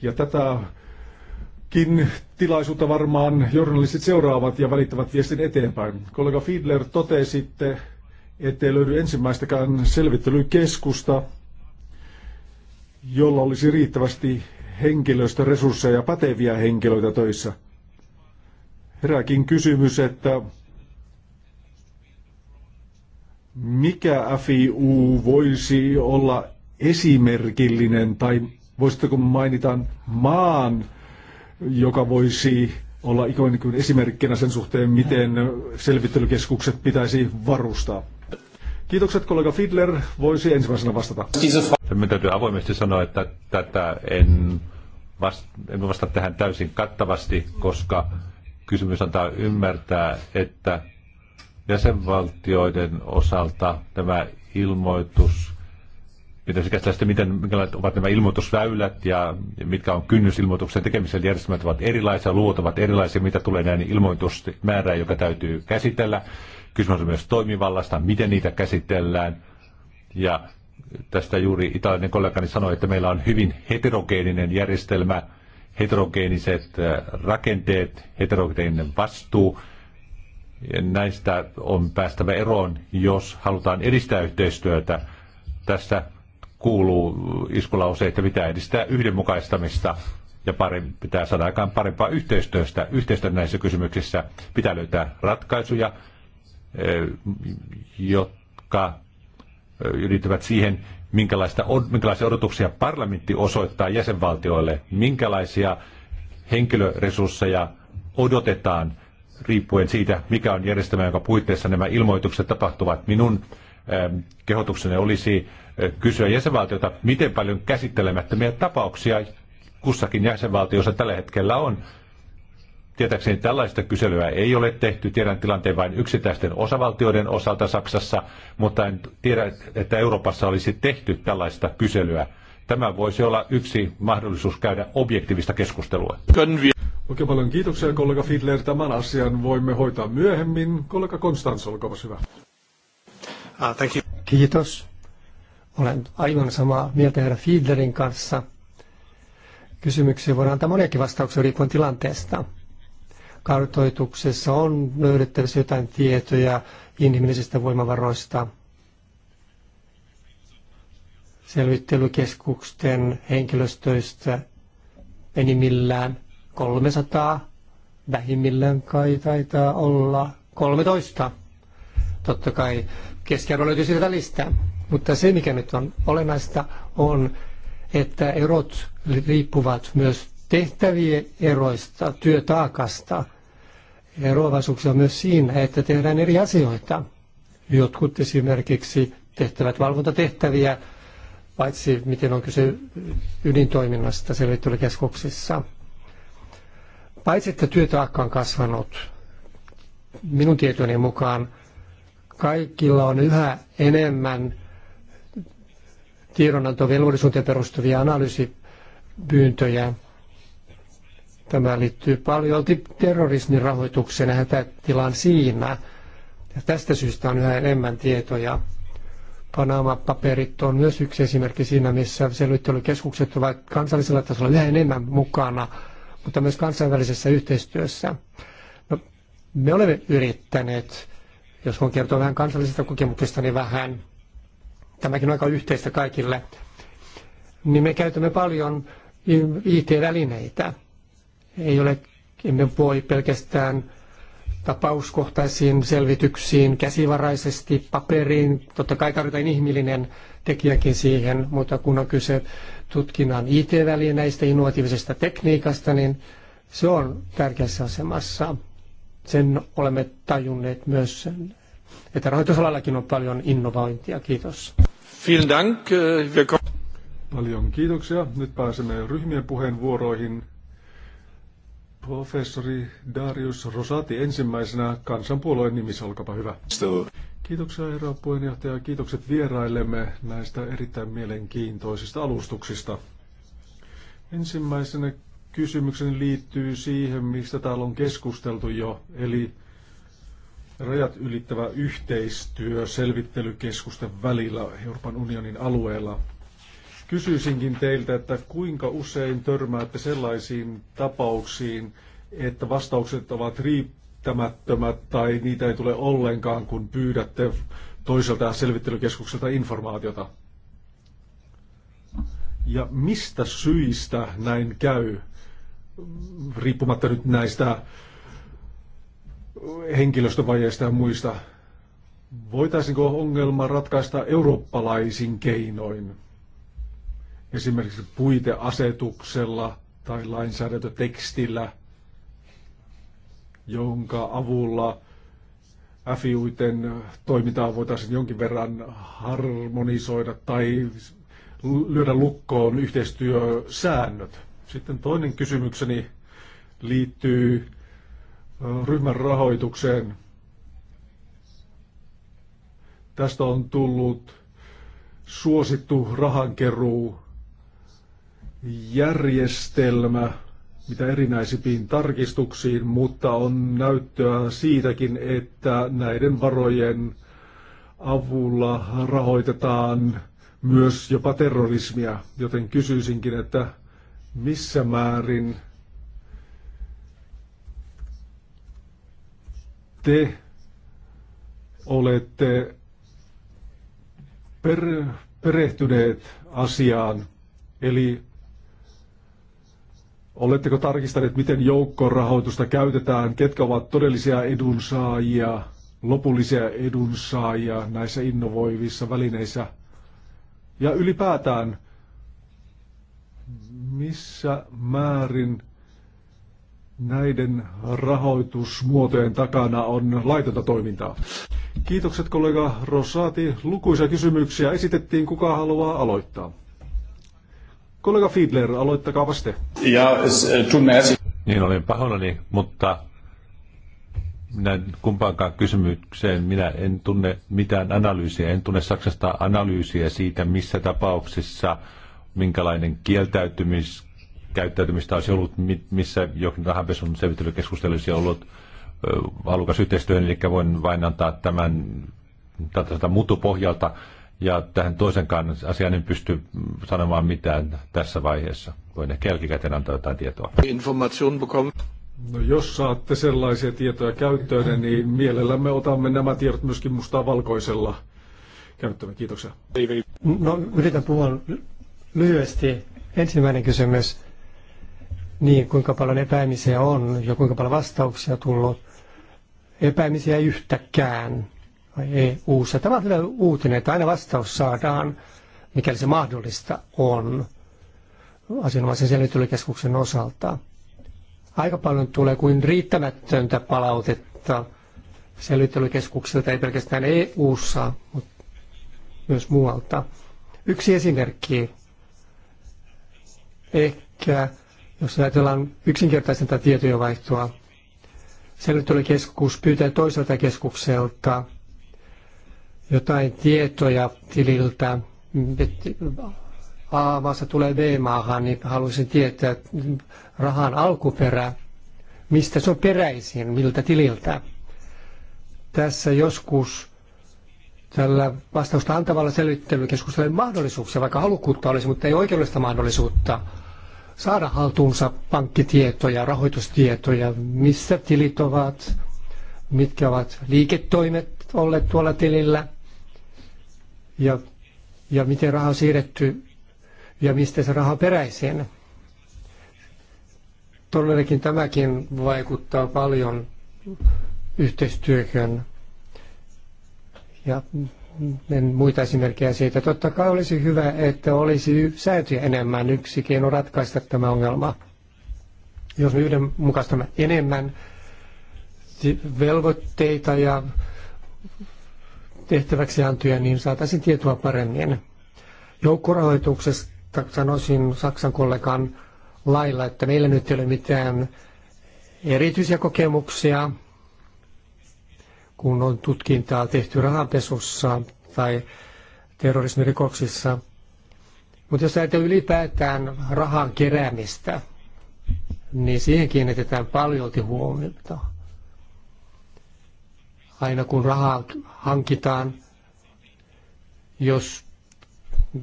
Ja tätäkin tilaisuutta varmaan journalistit seuraavat ja välittävät viestin eteenpäin. Kollega Fiedler totesitte, ettei löydy ensimmäistäkään selvittelykeskusta, jolla olisi riittävästi henkilöstöresursseja ja päteviä henkilöitä töissä. Herääkin kysymys, että mikä FIU voisi olla esimerkillinen tai voisitteko mainita maan, joka voisi olla ikään kuin esimerkkinä sen suhteen, miten selvittelykeskukset pitäisi varustaa? Kiitokset kollega Fidler. Voisi ensimmäisenä vastata. Minun täytyy avoimesti sanoa, että tätä en, vasta, en vastaa tähän täysin kattavasti, koska kysymys antaa ymmärtää, että jäsenvaltioiden osalta tämä ilmoitus, mitä se käsittää sitten, miten, minkälaiset ovat nämä ilmoitusväylät ja mitkä on kynnys ilmoituksen tekemiselle, järjestelmät ovat erilaisia, luvut ovat erilaisia, mitä tulee näin ilmoitusmäärään, joka täytyy käsitellä. Kysymys on myös toimivallasta, miten niitä käsitellään ja Tästä juuri italian kollegani sanoi, että meillä on hyvin heterogeeninen järjestelmä, heterogeeniset äh, rakenteet, heterogeeninen vastuu. Näistä on päästävä eroon, jos halutaan edistää yhteistyötä. Tässä kuuluu iskulause, että pitää edistää yhdenmukaistamista ja parempi, pitää saada aikaan parempaa yhteistyöstä, yhteistyötä näissä kysymyksissä. Pitää löytää ratkaisuja, äh, jotka liittyvät siihen, minkälaista, minkälaisia odotuksia parlamentti osoittaa jäsenvaltioille, minkälaisia henkilöresursseja odotetaan riippuen siitä, mikä on järjestelmä, jonka puitteissa nämä ilmoitukset tapahtuvat. Minun kehotukseni olisi kysyä jäsenvaltiota, miten paljon käsittelemättömiä tapauksia kussakin jäsenvaltiossa tällä hetkellä on, Tietääkseni tällaista kyselyä ei ole tehty. Tiedän tilanteen vain yksittäisten osavaltioiden osalta Saksassa, mutta en tiedä, että Euroopassa olisi tehty tällaista kyselyä. Tämä voisi olla yksi mahdollisuus käydä objektiivista keskustelua. Oikein paljon kiitoksia kollega Fidler. Tämän asian voimme hoitaa myöhemmin. Kollega Konstans, olkaa hyvä. Uh, thank you. Kiitos. Olen aivan samaa mieltä herra Fiedlerin kanssa. Kysymyksiä voidaan antaa moniakin vastauksia riippuen tilanteesta kartoituksessa on löydettävissä jotain tietoja inhimillisistä voimavaroista, selvittelykeskusten henkilöstöistä enimmillään 300, vähimmillään kai taitaa olla 13. Totta kai keskiarvo löytyy sieltä listaa. Mutta se, mikä nyt on olennaista, on, että erot riippuvat myös tehtävien eroista, työtaakasta – eroavaisuuksia myös siinä, että tehdään eri asioita. Jotkut esimerkiksi tehtävät valvontatehtäviä, paitsi miten on kyse ydintoiminnasta selvittelykeskuksissa. Paitsi että työtaakka on kasvanut, minun tietoni mukaan kaikilla on yhä enemmän tiedonantovelvollisuuteen perustuvia analyysipyyntöjä Tämä liittyy paljon terrorismin rahoitukseen ja hätätilaan siinä. Ja tästä syystä on yhä enemmän tietoja. Panama-paperit on myös yksi esimerkki siinä, missä selvittelykeskukset ovat kansallisella tasolla yhä enemmän mukana, mutta myös kansainvälisessä yhteistyössä. No, me olemme yrittäneet, jos voin kertoa vähän kansallisesta kokemuksesta, niin vähän, tämäkin on aika yhteistä kaikille, niin me käytämme paljon IT-välineitä – ei ole, emme voi pelkästään tapauskohtaisiin selvityksiin, käsivaraisesti, paperiin. Totta kai tarvitaan inhimillinen tekijäkin siihen, mutta kun on kyse tutkinnan IT-välineistä, innovatiivisesta tekniikasta, niin se on tärkeässä asemassa. Sen olemme tajunneet myös sen, että rahoitusalallakin on paljon innovointia. Kiitos. Vielen Dank. Äh, paljon kiitoksia. Nyt pääsemme ryhmien puheenvuoroihin. Professori Darius Rosati ensimmäisenä kansanpuolueen nimissä, olkapa hyvä. Kiitoksia herra puheenjohtaja ja kiitokset vieraillemme näistä erittäin mielenkiintoisista alustuksista. Ensimmäisenä kysymyksen liittyy siihen, mistä täällä on keskusteltu jo, eli rajat ylittävä yhteistyö selvittelykeskusten välillä Euroopan unionin alueella. Kysyisinkin teiltä, että kuinka usein törmäätte sellaisiin tapauksiin, että vastaukset ovat riittämättömät tai niitä ei tule ollenkaan, kun pyydätte toiselta selvittelykeskukselta informaatiota? Ja mistä syistä näin käy, riippumatta nyt näistä henkilöstövajeista ja muista? Voitaisinko ongelma ratkaista eurooppalaisin keinoin? esimerkiksi puiteasetuksella tai lainsäädäntötekstillä, jonka avulla FIUiden toimintaa voitaisiin jonkin verran harmonisoida tai lyödä lukkoon yhteistyösäännöt. Sitten toinen kysymykseni liittyy ryhmän rahoitukseen. Tästä on tullut suosittu rahankeruu järjestelmä mitä erinäisimpiin tarkistuksiin, mutta on näyttöä siitäkin, että näiden varojen avulla rahoitetaan myös jopa terrorismia, joten kysyisinkin, että missä määrin te olette per, perehtyneet asiaan, eli Oletteko tarkistaneet, miten joukkorahoitusta käytetään, ketkä ovat todellisia edunsaajia, lopullisia edunsaajia näissä innovoivissa välineissä? Ja ylipäätään, missä määrin näiden rahoitusmuotojen takana on laitonta toimintaa? Kiitokset kollega Rosati. Lukuisia kysymyksiä esitettiin. Kuka haluaa aloittaa? Kollega Fiedler, aloittakaa te. Ja tunne Niin olen pahoillani, mutta minä kumpaankaan kysymykseen minä en tunne mitään analyysiä. En tunne Saksasta analyysiä siitä, missä tapauksissa minkälainen kieltäytymis, käyttäytymistä olisi ollut, missä jokin rahanpesun selvittelykeskustelu olisi ollut halukas yhteistyöhön, eli voin vain antaa tämän tältä mutupohjalta pohjalta ja tähän kannan asiaan en pysty sanomaan mitään tässä vaiheessa. Voin ehkä jälkikäteen antaa jotain tietoa. No jos saatte sellaisia tietoja käyttöön, niin mielellämme otamme nämä tiedot myöskin mustaa valkoisella käyttöön. Kiitoksia. No yritän puhua lyhyesti. Ensimmäinen kysymys. Niin, kuinka paljon epäimisiä on ja kuinka paljon vastauksia tullut. Epäimisiä yhtäkään eu Tämä on hyvä uutinen, että aina vastaus saadaan, mikäli se mahdollista on asianomaisen selvittelykeskuksen osalta. Aika paljon tulee kuin riittämättöntä palautetta selvittelykeskuksilta, ei pelkästään EU-ssa, mutta myös muualta. Yksi esimerkki, ehkä jos ajatellaan yksinkertaisinta tietojenvaihtoa, selvittelykeskus pyytää toiselta keskukselta – jotain tietoja tililtä, A-maassa tulee B-maahan, niin haluaisin tietää rahan alkuperä, mistä se on peräisin, miltä tililtä. Tässä joskus tällä vastausta antavalla selvittelykeskuksella mahdollisuuksia, vaikka halukkuutta olisi, mutta ei oikeudellista mahdollisuutta saada haltuunsa pankkitietoja, rahoitustietoja, missä tilit ovat, mitkä ovat liiketoimet olleet tuolla tilillä – ja, ja miten raha on siirretty ja mistä se raha peräisin. Todellakin tämäkin vaikuttaa paljon yhteistyöhön. Ja muita esimerkkejä siitä. Totta kai olisi hyvä, että olisi säätyä enemmän yksi keino ratkaista tämä ongelma. Jos me yhdenmukaistamme enemmän velvoitteita ja tehtäväksi antoja, niin saataisiin tietoa paremmin. Joukkorahoituksesta sanoisin Saksan kollegan lailla, että meillä nyt ei ole mitään erityisiä kokemuksia, kun on tutkintaa tehty rahanpesussa tai terrorismirikoksissa. Mutta jos ajatellaan ylipäätään rahan keräämistä, niin siihen kiinnitetään paljolti huomiota aina kun rahaa hankitaan, jos,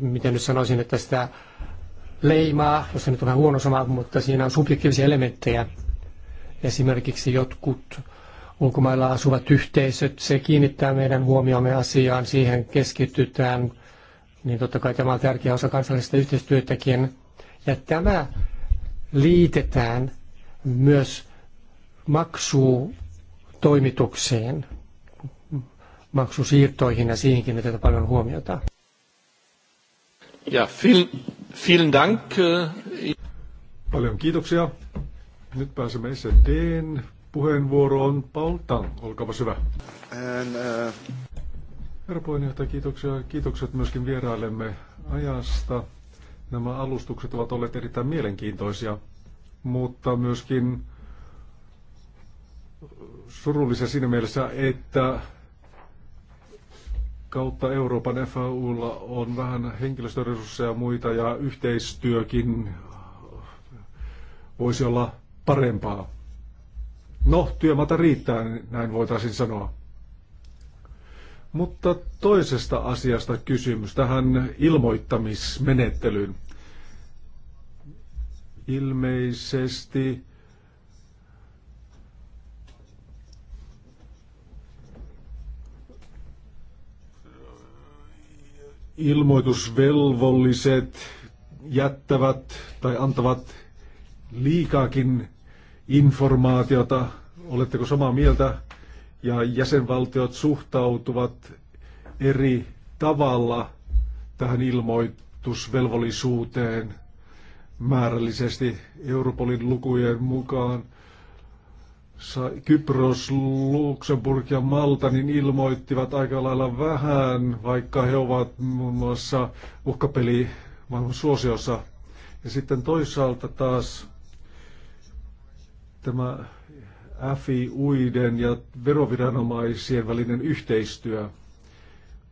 miten nyt sanoisin, että sitä leimaa, jos se nyt on vähän huono sama, mutta siinä on subjektiivisia elementtejä. Esimerkiksi jotkut ulkomailla asuvat yhteisöt, se kiinnittää meidän huomiomme asiaan, siihen keskitytään, niin totta kai tämä on tärkeä osa kansallista yhteistyötäkin. Ja tämä liitetään myös toimitukseen maksusiirtoihin ja siihenkin mitä paljon huomiota. Ja, vielen, vielen dank. Äh, paljon kiitoksia. Nyt pääsemme SDn puheenvuoroon. Paul Tang, olkaapa hyvä. And, uh... Herra puheenjohtaja, kiitoksia. Kiitokset myöskin vierailemme ajasta. Nämä alustukset ovat olleet erittäin mielenkiintoisia, mutta myöskin surullisia siinä mielessä, että kautta Euroopan FAUlla on vähän henkilöstöresursseja ja muita ja yhteistyökin voisi olla parempaa. No, työmaata riittää, näin voitaisiin sanoa. Mutta toisesta asiasta kysymys tähän ilmoittamismenettelyyn. Ilmeisesti ilmoitusvelvolliset jättävät tai antavat liikaakin informaatiota. Oletteko samaa mieltä? Ja jäsenvaltiot suhtautuvat eri tavalla tähän ilmoitusvelvollisuuteen määrällisesti Europolin lukujen mukaan Kypros, Luxemburg ja Malta niin ilmoittivat aika lailla vähän, vaikka he ovat muun muassa uhkapeli maailman suosiossa. Ja sitten toisaalta taas tämä Uiden ja veroviranomaisien välinen yhteistyö.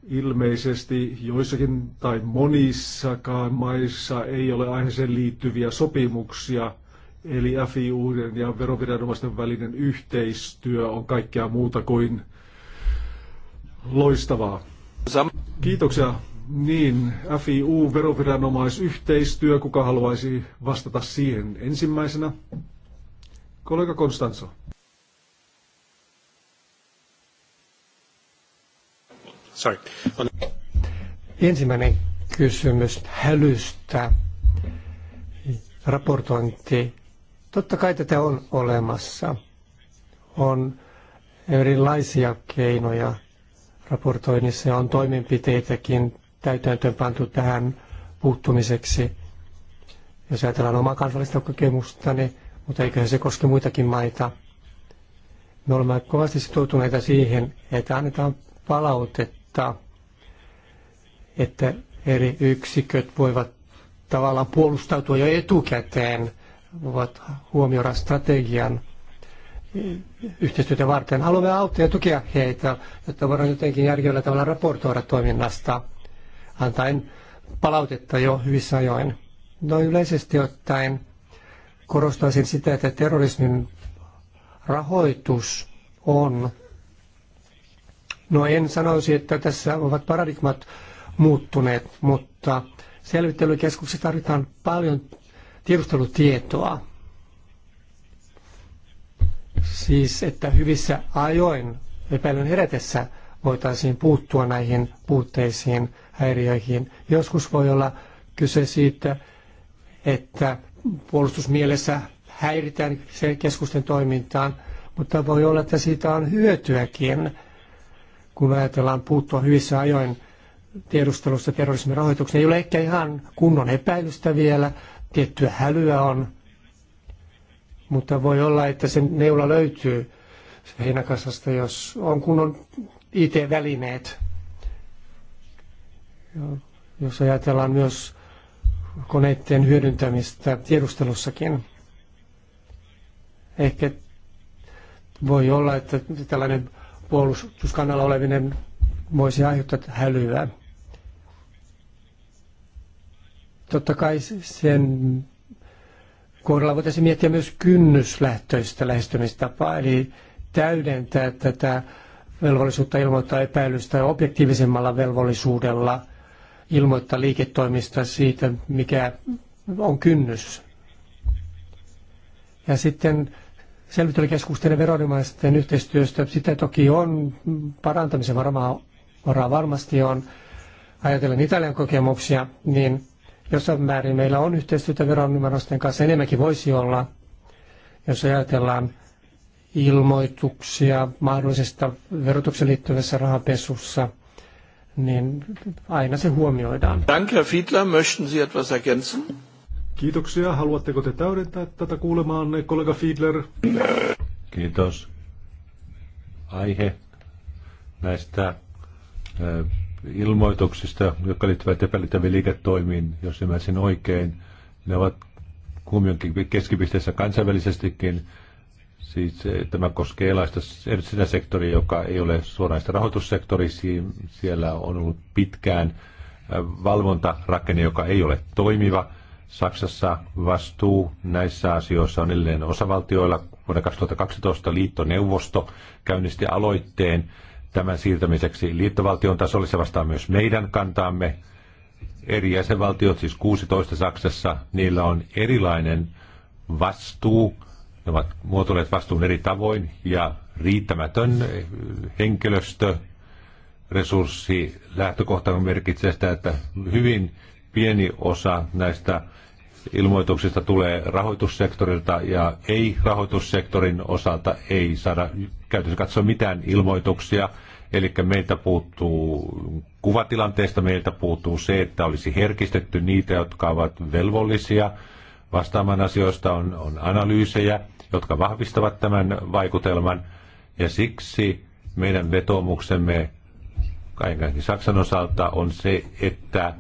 Ilmeisesti joissakin tai monissakaan maissa ei ole aiheeseen liittyviä sopimuksia – Eli FIUiden ja veroviranomaisten välinen yhteistyö on kaikkea muuta kuin loistavaa. Kiitoksia. Niin, FIU, veroviranomaisyhteistyö, kuka haluaisi vastata siihen ensimmäisenä? Kollega Konstanso. Sorry. On... Ensimmäinen kysymys hälystä raportointi Totta kai tätä on olemassa. On erilaisia keinoja raportoinnissa ja on toimenpiteitäkin täytäntöön pantu tähän puuttumiseksi. Jos ajatellaan omaa kansallista kokemusta, niin, mutta eiköhän se koske muitakin maita. Me olemme kovasti sitoutuneita siihen, että annetaan palautetta, että eri yksiköt voivat tavallaan puolustautua jo etukäteen – voivat huomioida strategian yhteistyötä varten. Haluamme auttaa ja tukea heitä, jotta voidaan jotenkin järkevällä tavalla raportoida toiminnasta, antaen palautetta jo hyvissä ajoin. Noin yleisesti ottaen korostaisin sitä, että terrorismin rahoitus on, no en sanoisi, että tässä ovat paradigmat muuttuneet, mutta selvittelykeskuksessa tarvitaan paljon tiedustelutietoa. Siis, että hyvissä ajoin epäilyn herätessä voitaisiin puuttua näihin puutteisiin, häiriöihin. Joskus voi olla kyse siitä, että puolustusmielessä häiritään sen keskusten toimintaan, mutta voi olla, että siitä on hyötyäkin, kun ajatellaan puuttua hyvissä ajoin tiedustelussa terrorismin rahoitukseen. Ei ole ehkä ihan kunnon epäilystä vielä, tiettyä hälyä on, mutta voi olla, että sen neula löytyy heinäkasasta, jos on kunnon IT-välineet. Jos ajatellaan myös koneiden hyödyntämistä tiedustelussakin. Ehkä voi olla, että tällainen puolustuskannalla oleminen voisi aiheuttaa hälyä. Totta kai sen kohdalla voitaisiin miettiä myös kynnyslähtöistä lähestymistapaa, eli täydentää tätä velvollisuutta ilmoittaa epäilystä objektiivisemmalla velvollisuudella ilmoittaa liiketoimista siitä, mikä on kynnys. Ja sitten selvittelykeskusten ja veronimaisten yhteistyöstä, sitä toki on parantamisen varmaa, varaa varmasti on. Ajatellen Italian kokemuksia, niin Jossain määrin meillä on yhteistyötä veronumerosten kanssa, enemmänkin voisi olla, jos ajatellaan ilmoituksia mahdollisesta verotuksen liittyvässä rahapesussa, niin aina se huomioidaan. Danke, Herr Fiedler. Möchten Sie etwas ergänzen? Kiitoksia. Haluatteko te täydentää tätä kuulemaanne, kollega Fiedler? Kiitos. Aihe näistä ilmoituksista, jotka liittyvät epäilyttäviin liiketoimiin, jos ymmärsin oikein. Ne ovat kumminkin keskipisteessä kansainvälisestikin. Siis eh, tämä koskee erilaista sitä sektoria, joka ei ole suoranaista rahoitussektoria. Siellä on ollut pitkään eh, valvontarakenne, joka ei ole toimiva. Saksassa vastuu näissä asioissa on edelleen osavaltioilla. Vuonna 2012 liittoneuvosto käynnisti aloitteen, tämän siirtämiseksi liittovaltion tasolle. Se vastaa myös meidän kantaamme. Eri jäsenvaltiot, siis 16 Saksassa, niillä on erilainen vastuu. Ne ovat muotoilleet vastuun eri tavoin ja riittämätön henkilöstö, resurssi, lähtökohta merkitsee sitä, että hyvin pieni osa näistä ilmoituksista tulee rahoitussektorilta ja ei-rahoitussektorin osalta ei saada käytännössä katsoa mitään ilmoituksia. Eli meiltä puuttuu kuvatilanteesta, meiltä puuttuu se, että olisi herkistetty niitä, jotka ovat velvollisia vastaamaan asioista, on, on analyysejä, jotka vahvistavat tämän vaikutelman. Ja siksi meidän vetoomuksemme kaiken Saksan osalta on se, että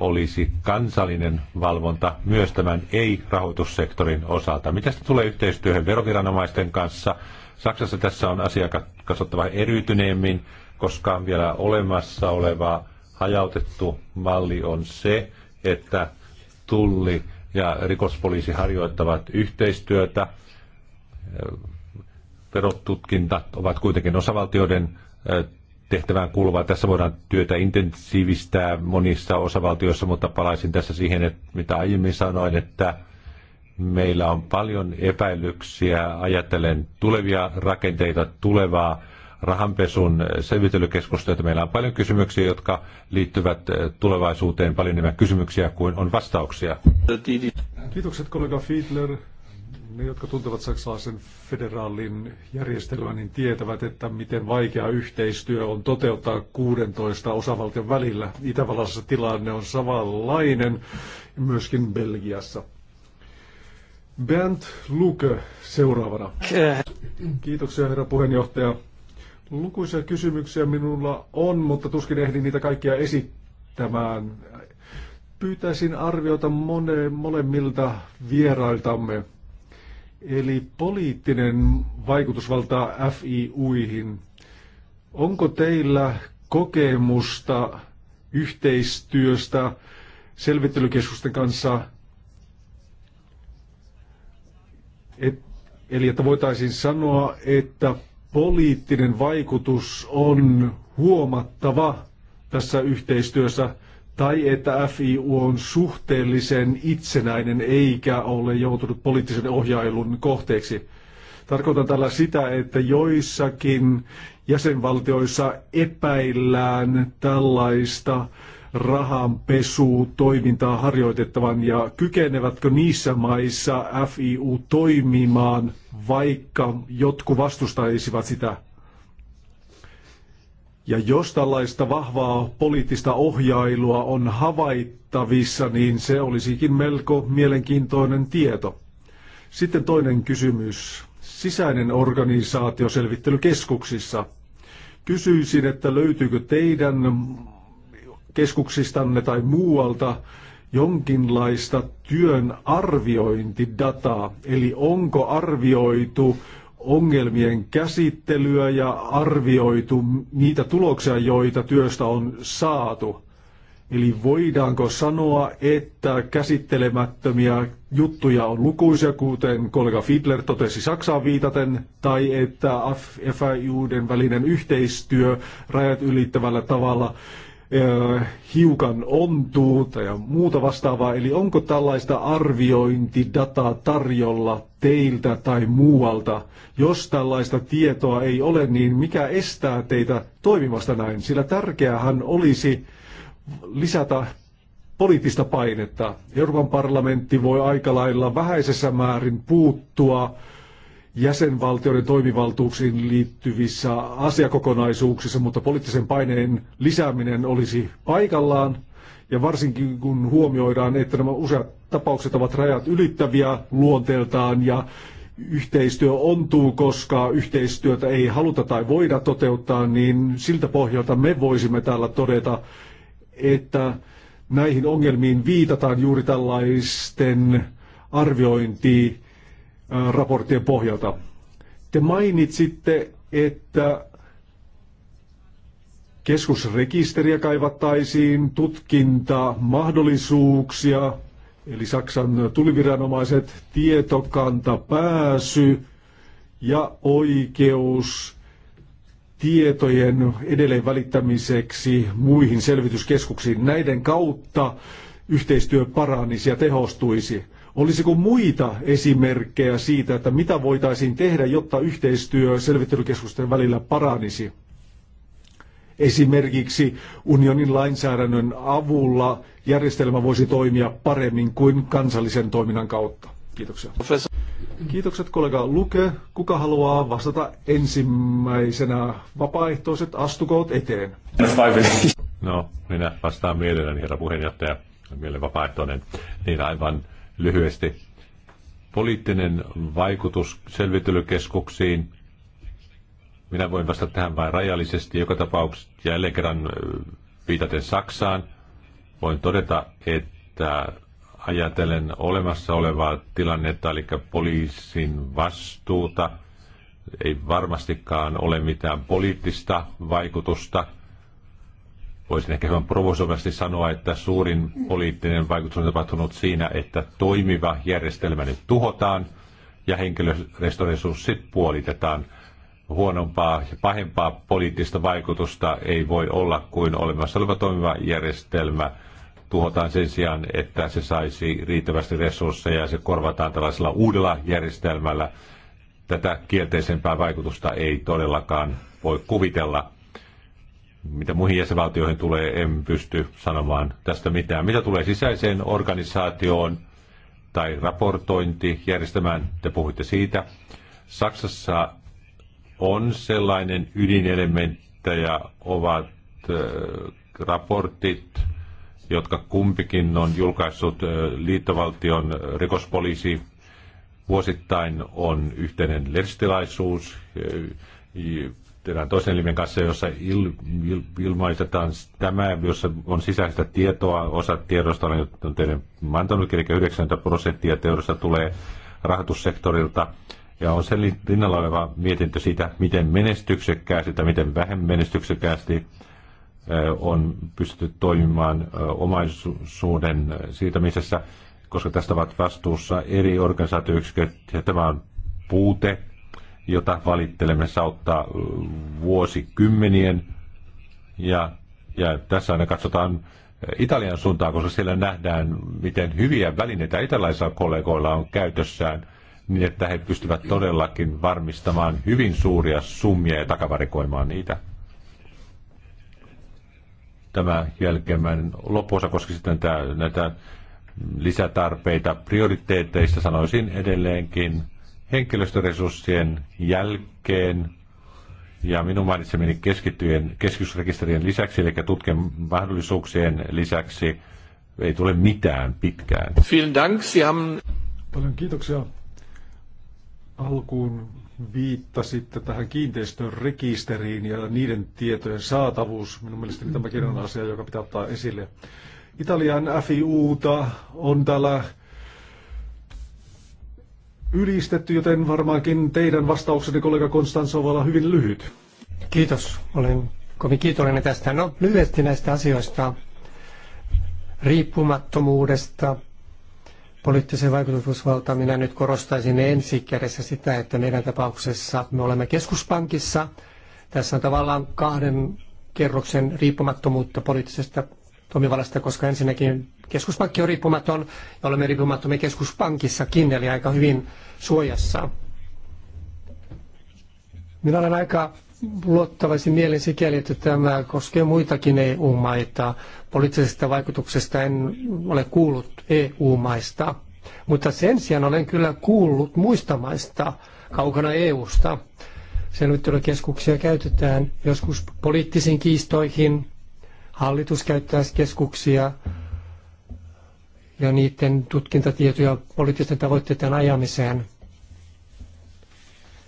olisi kansallinen valvonta myös tämän ei-rahoitussektorin osalta. Mitä sitten tulee yhteistyöhön veroviranomaisten kanssa? Saksassa tässä on asia katsottava eriytyneemmin, koska vielä olemassa oleva hajautettu malli on se, että tulli ja rikospoliisi harjoittavat yhteistyötä. Verotutkinta ovat kuitenkin osavaltioiden tehtävään kuuluvaa. Tässä voidaan työtä intensiivistää monissa osavaltioissa, mutta palaisin tässä siihen, että mitä aiemmin sanoin, että meillä on paljon epäilyksiä ajatellen tulevia rakenteita, tulevaa rahanpesun selvitelykeskusta, että meillä on paljon kysymyksiä, jotka liittyvät eh, tulevaisuuteen, paljon enemmän kysymyksiä kuin on vastauksia. Kiitokset kollega Fiedler. Ne, jotka tuntevat saksalaisen federaalin järjestelmän, niin tietävät, että miten vaikea yhteistyö on toteuttaa 16 osavaltion välillä. Itävallassa tilanne on samanlainen, myöskin Belgiassa. Bernd Luke seuraavana. Kiitoksia herra puheenjohtaja. Lukuisia kysymyksiä minulla on, mutta tuskin ehdin niitä kaikkia esittämään. Pyytäisin arviota mone, molemmilta vierailtamme. Eli poliittinen vaikutusvalta FIUihin. Onko teillä kokemusta yhteistyöstä selvittelykeskusten kanssa, et, eli että voitaisiin sanoa, että poliittinen vaikutus on huomattava tässä yhteistyössä tai että FIU on suhteellisen itsenäinen eikä ole joutunut poliittisen ohjailun kohteeksi. Tarkoitan tällä sitä, että joissakin jäsenvaltioissa epäillään tällaista rahanpesutoimintaa harjoitettavan ja kykenevätkö niissä maissa FIU toimimaan, vaikka jotkut vastustaisivat sitä ja jos tällaista vahvaa poliittista ohjailua on havaittavissa, niin se olisikin melko mielenkiintoinen tieto. Sitten toinen kysymys. Sisäinen organisaatio selvittelykeskuksissa. Kysyisin, että löytyykö teidän keskuksistanne tai muualta jonkinlaista työn arviointidataa, eli onko arvioitu ongelmien käsittelyä ja arvioitu niitä tuloksia, joita työstä on saatu. Eli voidaanko sanoa, että käsittelemättömiä juttuja on lukuisia, kuten kollega Fiedler totesi Saksaan viitaten, tai että FIUden välinen yhteistyö rajat ylittävällä tavalla hiukan ontuu tai muuta vastaavaa. Eli onko tällaista arviointidataa tarjolla teiltä tai muualta? Jos tällaista tietoa ei ole, niin mikä estää teitä toimimasta näin? Sillä tärkeähän olisi lisätä poliittista painetta. Euroopan parlamentti voi aika lailla vähäisessä määrin puuttua jäsenvaltioiden toimivaltuuksiin liittyvissä asiakokonaisuuksissa, mutta poliittisen paineen lisääminen olisi paikallaan. Ja varsinkin kun huomioidaan, että nämä useat tapaukset ovat rajat ylittäviä luonteeltaan ja yhteistyö ontuu, koska yhteistyötä ei haluta tai voida toteuttaa, niin siltä pohjalta me voisimme täällä todeta, että näihin ongelmiin viitataan juuri tällaisten arviointi raporttien pohjalta. Te mainitsitte, että keskusrekisteriä kaivattaisiin, tutkinta, mahdollisuuksia, eli Saksan tuliviranomaiset, tietokanta, pääsy ja oikeus tietojen edelleen välittämiseksi muihin selvityskeskuksiin. Näiden kautta yhteistyö paranisi ja tehostuisi. Olisiko muita esimerkkejä siitä, että mitä voitaisiin tehdä, jotta yhteistyö selvittelykeskusten välillä paranisi? Esimerkiksi unionin lainsäädännön avulla järjestelmä voisi toimia paremmin kuin kansallisen toiminnan kautta. Kiitoksia. Kiitokset kollega Luke. Kuka haluaa vastata ensimmäisenä? Vapaaehtoiset astukoot eteen. No, minä vastaan mielelläni, herra puheenjohtaja. Mielen vapaaehtoinen. Niin aivan lyhyesti. Poliittinen vaikutus selvittelykeskuksiin. Minä voin vastata tähän vain rajallisesti. Joka tapauksessa jälleen kerran viitaten Saksaan voin todeta, että ajatellen olemassa olevaa tilannetta, eli poliisin vastuuta, ei varmastikaan ole mitään poliittista vaikutusta voisin ehkä hieman provosoivasti sanoa, että suurin poliittinen vaikutus on tapahtunut siinä, että toimiva järjestelmä nyt tuhotaan ja henkilöstöresurssit puolitetaan. Huonompaa ja pahempaa poliittista vaikutusta ei voi olla kuin olemassa oleva toimiva järjestelmä. Tuhotaan sen sijaan, että se saisi riittävästi resursseja ja se korvataan tällaisella uudella järjestelmällä. Tätä kielteisempää vaikutusta ei todellakaan voi kuvitella mitä muihin jäsenvaltioihin tulee, en pysty sanomaan tästä mitään. Mitä tulee sisäiseen organisaatioon tai raportointijärjestelmään, te puhuitte siitä. Saksassa on sellainen ja ovat raportit, jotka kumpikin on julkaissut liittovaltion rikospoliisi. Vuosittain on yhteinen lestilaisuus, erään toisen elimen kanssa, jossa il, il, ilmaistetaan tämä, jossa on sisäistä tietoa, osa tiedosta on on teidän antanut, eli 90 prosenttia teodosta tulee rahoitussektorilta, ja on sen rinnalla oleva mietintö siitä, miten menestyksekkäästi tai miten vähän menestyksekkäästi eh, on pystytty toimimaan eh, omaisuuden eh, siirtämisessä, koska tästä ovat vastuussa eri organisaatioyksiköt, ja tämä on puute, jota valittelemme sauttaa vuosikymmenien. Ja, ja tässä aina katsotaan Italian suuntaan, koska siellä nähdään, miten hyviä välineitä italaisilla kollegoilla on käytössään, niin että he pystyvät todellakin varmistamaan hyvin suuria summia ja takavarikoimaan niitä. Tämä jälkeen loppuosa koski sitten tämä, näitä lisätarpeita prioriteetteista, sanoisin edelleenkin – henkilöstöresurssien jälkeen ja minun mainitsemini keskittyjen keskitysrekisterien lisäksi, eli tutkien mahdollisuuksien lisäksi, ei tule mitään pitkään. Vielen Dank, Sie haben... Paljon kiitoksia. Alkuun viittasitte tähän kiinteistön rekisteriin ja niiden tietojen saatavuus. Minun mielestäni tämäkin on asia, joka pitää ottaa esille. Italian FIUta on täällä ylistetty, joten varmaankin teidän vastauksenne kollega Konstantsov on hyvin lyhyt. Kiitos. Olen kovin kiitollinen tästä. No, lyhyesti näistä asioista. Riippumattomuudesta, poliittisen vaikutusvalta, minä nyt korostaisin ensi kädessä sitä, että meidän tapauksessa me olemme keskuspankissa. Tässä on tavallaan kahden kerroksen riippumattomuutta poliittisesta toimivallasta, koska ensinnäkin keskuspankki on riippumaton ja olemme riippumattomia keskuspankissakin, eli aika hyvin suojassa. Minä olen aika luottavaisin mielin sikäli, että tämä koskee muitakin EU-maita. Poliittisesta vaikutuksesta en ole kuullut EU-maista, mutta sen sijaan olen kyllä kuullut muista maista kaukana EU-sta. Selvittelykeskuksia käytetään joskus poliittisiin kiistoihin, hallitus käyttää keskuksia ja niiden tutkintatietoja poliittisten tavoitteiden ajamiseen.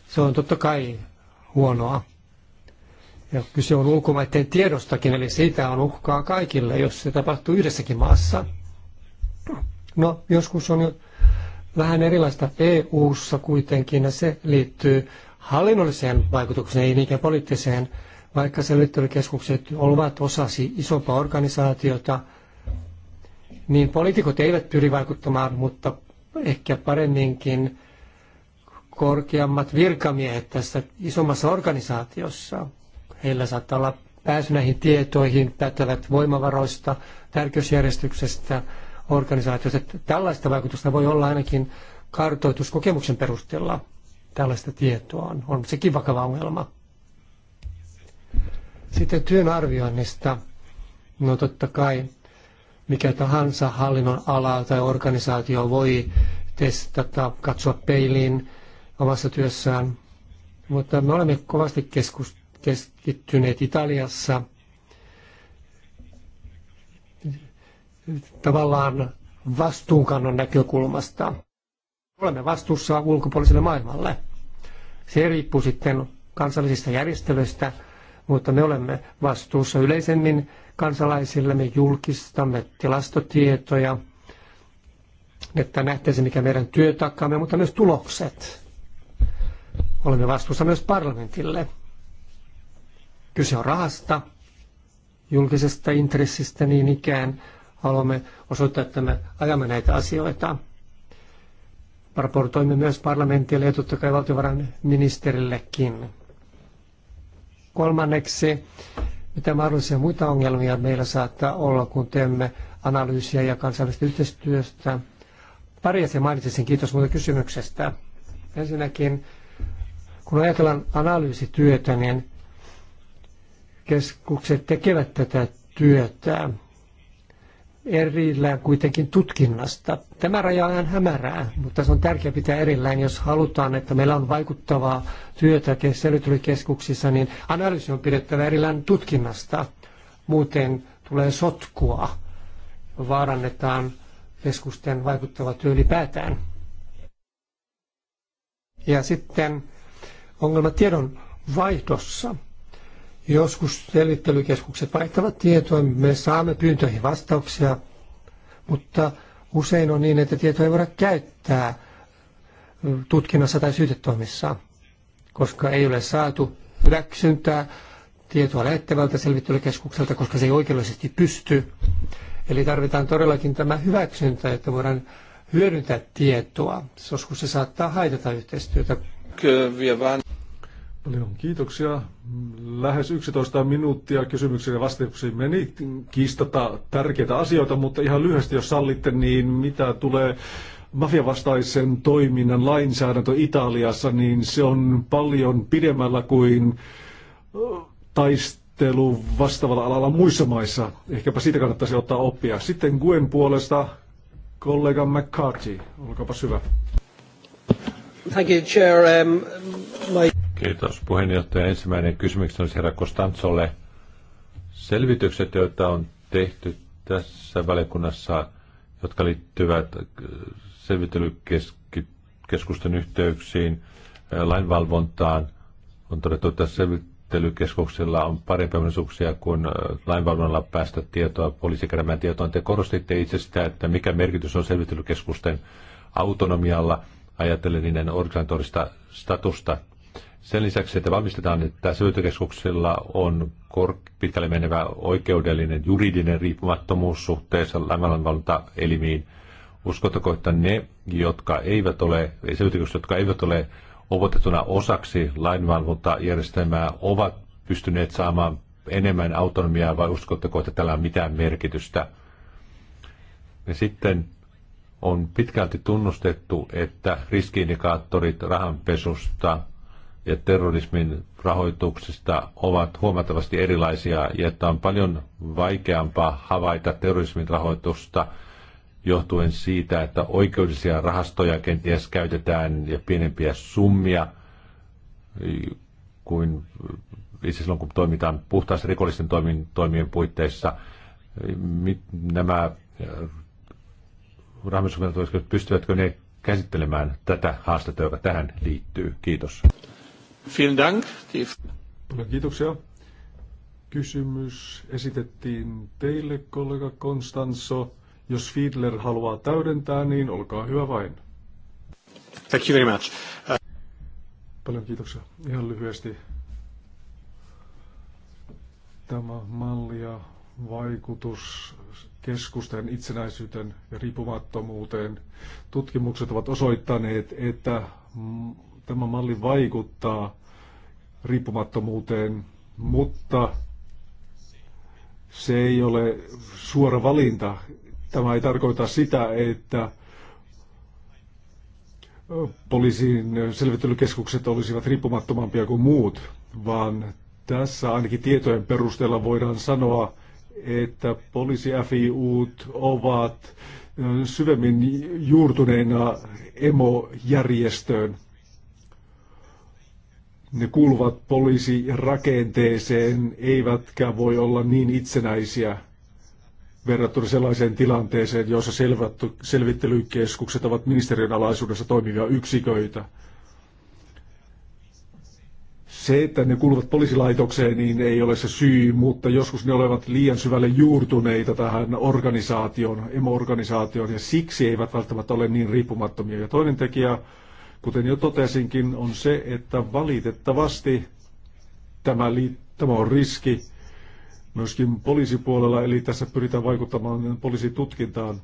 Se on totta kai huonoa. Ja kyse on ulkomaiden tiedostakin, eli siitä on uhkaa kaikille, jos se tapahtuu yhdessäkin maassa. No, joskus on jo vähän erilaista EU-ssa kuitenkin, ja se liittyy hallinnolliseen vaikutukseen, ei niinkään poliittiseen, vaikka selvittelykeskukset ovat osasi isompaa organisaatiota – niin poliitikot eivät pyri vaikuttamaan, mutta ehkä paremminkin korkeammat virkamiehet tässä isommassa organisaatiossa. Heillä saattaa olla pääsy näihin tietoihin, päättävät voimavaroista, tärkeysjärjestyksestä, organisaatiosta. Tällaista vaikutusta voi olla ainakin kartoituskokemuksen perusteella. Tällaista tietoa on. On sekin vakava ongelma. Sitten työn arvioinnista. No totta kai mikä tahansa hallinnon ala tai organisaatio voi testata, katsoa peiliin omassa työssään. Mutta me olemme kovasti keskus, keskittyneet Italiassa tavallaan vastuunkannon näkökulmasta. Olemme vastuussa ulkopuoliselle maailmalle. Se riippuu sitten kansallisista järjestelyistä, mutta me olemme vastuussa yleisemmin kansalaisille, me julkistamme tilastotietoja, että nähtäisiin mikä meidän työtakkaamme, mutta myös tulokset. Olemme vastuussa myös parlamentille. Kyse on rahasta, julkisesta intressistä niin ikään. Haluamme osoittaa, että me ajamme näitä asioita. Raportoimme myös parlamentille ja totta kai valtiovarainministerillekin. Kolmanneksi mitä mahdollisia muita ongelmia meillä saattaa olla, kun teemme analyysiä ja kansainvälistä yhteistyöstä. Pari asiaa mainitsin, kiitos muuta kysymyksestä. Ensinnäkin, kun ajatellaan analyysityötä, niin keskukset tekevät tätä työtä erillään kuitenkin tutkinnasta. Tämä raja on hämärää, mutta se on tärkeää pitää erillään, jos halutaan, että meillä on vaikuttavaa työtä selvittelykeskuksissa, niin analyysi on pidettävä erillään tutkinnasta. Muuten tulee sotkua, vaarannetaan keskusten vaikuttava työ ylipäätään. Ja sitten ongelma tiedon vaihdossa. Joskus selittelykeskukset vaihtavat tietoa, me saamme pyyntöihin vastauksia, mutta usein on niin, että tietoa ei voida käyttää tutkinnassa tai syytetoimissa, koska ei ole saatu hyväksyntää tietoa lähettävältä selvittelykeskukselta, koska se ei oikeudellisesti pysty. Eli tarvitaan todellakin tämä hyväksyntä, että voidaan hyödyntää tietoa. Joskus se saattaa haitata yhteistyötä. Kyllä, Paljon kiitoksia. Lähes 11 minuuttia kysymyksiin ja vastauksiin meni. Kiistata tärkeitä asioita, mutta ihan lyhyesti, jos sallitte, niin mitä tulee mafiavastaisen toiminnan lainsäädäntö Italiassa, niin se on paljon pidemmällä kuin taistelu vastaavalla alalla muissa maissa. Ehkäpä siitä kannattaisi ottaa oppia. Sitten Guen puolesta kollega McCarthy. Olkaapa hyvä. Thank you, Chair. Um, my... Kiitos puheenjohtaja. Ensimmäinen kysymys on herra Kostantsolle. Selvitykset, joita on tehty tässä valiokunnassa, jotka liittyvät äh, selvittelykeskusten yhteyksiin, äh, lainvalvontaan, on todettu, että selvittelykeskuksilla on parempia mahdollisuuksia kuin äh, lainvalvonnalla päästä tietoa poliisikärämään tietoon. Te korostitte itse sitä, että mikä merkitys on selvittelykeskusten autonomialla ajatellen niiden organisatorista statusta sen lisäksi, että valmistetaan, että syötökeskuksilla on pitkälle menevä oikeudellinen, juridinen riippumattomuus suhteessa lämmönvalvontaelimiin. Uskotteko, että ne, jotka eivät ole, syötökeskukset, jotka eivät ole opotettuna osaksi lainvalvontajärjestelmää, ovat pystyneet saamaan enemmän autonomiaa vai uskotteko, että tällä on mitään merkitystä? Ja sitten on pitkälti tunnustettu, että riskiindikaattorit rahanpesusta – ja terrorismin rahoituksesta ovat huomattavasti erilaisia ja että on paljon vaikeampaa havaita terrorismin rahoitusta johtuen siitä, että oikeudellisia rahastoja kenties käytetään ja pienempiä summia kuin itse silloin, kun toimitaan puhtaasti rikollisten toimien puitteissa. Nämä äh, rahoitusmenetelmät, pystyvätkö ne käsittelemään tätä haastetta, joka tähän liittyy? Kiitos. Vielen Dank. Paljon kiitoksia. Kysymys esitettiin teille, kollega Konstanso. Jos Fiedler haluaa täydentää, niin olkaa hyvä vain. Thank you very much. Uh... Paljon kiitoksia. Ihan lyhyesti. Tämä malli ja vaikutus keskusten itsenäisyyteen ja riippumattomuuteen. Tutkimukset ovat osoittaneet, että tämä malli vaikuttaa riippumattomuuteen, mutta se ei ole suora valinta. Tämä ei tarkoita sitä, että poliisin selvittelykeskukset olisivat riippumattomampia kuin muut, vaan tässä ainakin tietojen perusteella voidaan sanoa, että poliisi FIUt ovat syvemmin juurtuneena emojärjestöön. Ne kuuluvat poliisirakenteeseen, eivätkä voi olla niin itsenäisiä verrattuna sellaiseen tilanteeseen, jossa selvittelykeskukset ovat ministeriön alaisuudessa toimivia yksiköitä. Se, että ne kuuluvat poliisilaitokseen, niin ei ole se syy, mutta joskus ne olevat liian syvälle juurtuneita tähän organisaation, emoorganisaatioon, ja siksi eivät välttämättä ole niin riippumattomia. Ja toinen tekijä Kuten jo totesinkin, on se, että valitettavasti tämä, li- tämä on riski myöskin poliisipuolella, eli tässä pyritään vaikuttamaan poliisitutkintaan.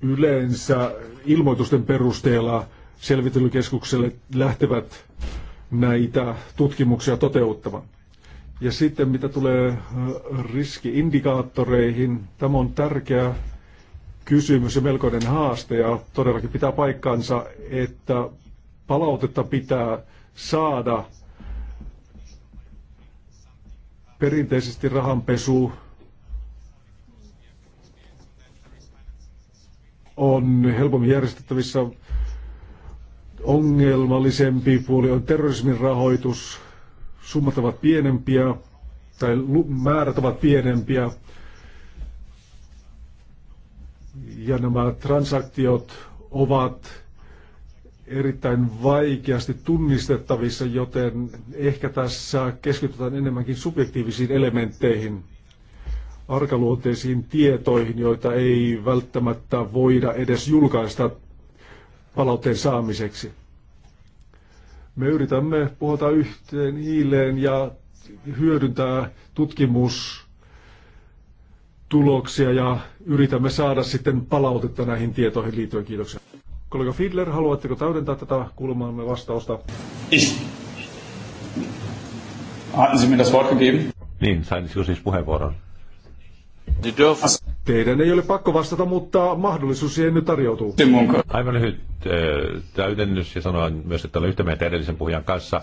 Yleensä ilmoitusten perusteella selvittelykeskukselle lähtevät näitä tutkimuksia toteuttamaan. Ja sitten mitä tulee äh, riskiindikaattoreihin, tämä on tärkeä kysymys ja melkoinen haaste ja todellakin pitää paikkansa, että palautetta pitää saada perinteisesti rahanpesu on helpommin järjestettävissä. Ongelmallisempi puoli on terrorismin rahoitus, summat ovat pienempiä tai määrät ovat pienempiä ja nämä transaktiot ovat erittäin vaikeasti tunnistettavissa, joten ehkä tässä keskitytään enemmänkin subjektiivisiin elementteihin, arkaluonteisiin tietoihin, joita ei välttämättä voida edes julkaista palautteen saamiseksi. Me yritämme puhota yhteen hiileen ja hyödyntää tutkimustuloksia ja yritämme saada sitten palautetta näihin tietoihin liittyen. Kiitoksia. Kollega Fiedler, haluatteko täydentää tätä kulmaamme vastausta? Ich. Hatten Sie mir das Wort gegeben? Niin, sain siis, siis puheenvuoron. Teidän ei ole pakko vastata, mutta mahdollisuus siihen nyt tarjoutuu. Aivan lyhyt täydennys ja sanoin myös, että olen yhtä mieltä edellisen puhujan kanssa.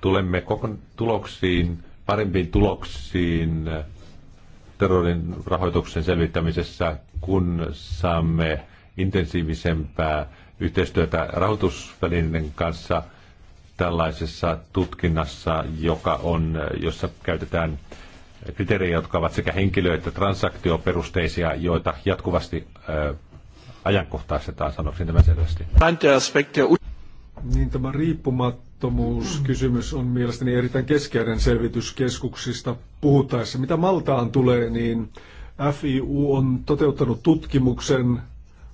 Tulemme koko tuloksiin, parempiin tuloksiin terrorin rahoituksen selvittämisessä, kun saamme intensiivisempää yhteistyötä rahoitusvälineiden kanssa tällaisessa tutkinnassa, joka on, jossa käytetään kriteerejä, jotka ovat sekä henkilö- että transaktioperusteisia, joita jatkuvasti ö, äh, ajankohtaistetaan, sanoisin tämän selvästi. Niin tämä riippumattomuuskysymys on mielestäni erittäin keskeinen selvityskeskuksista puhuttaessa. Mitä Maltaan tulee, niin FIU on toteuttanut tutkimuksen,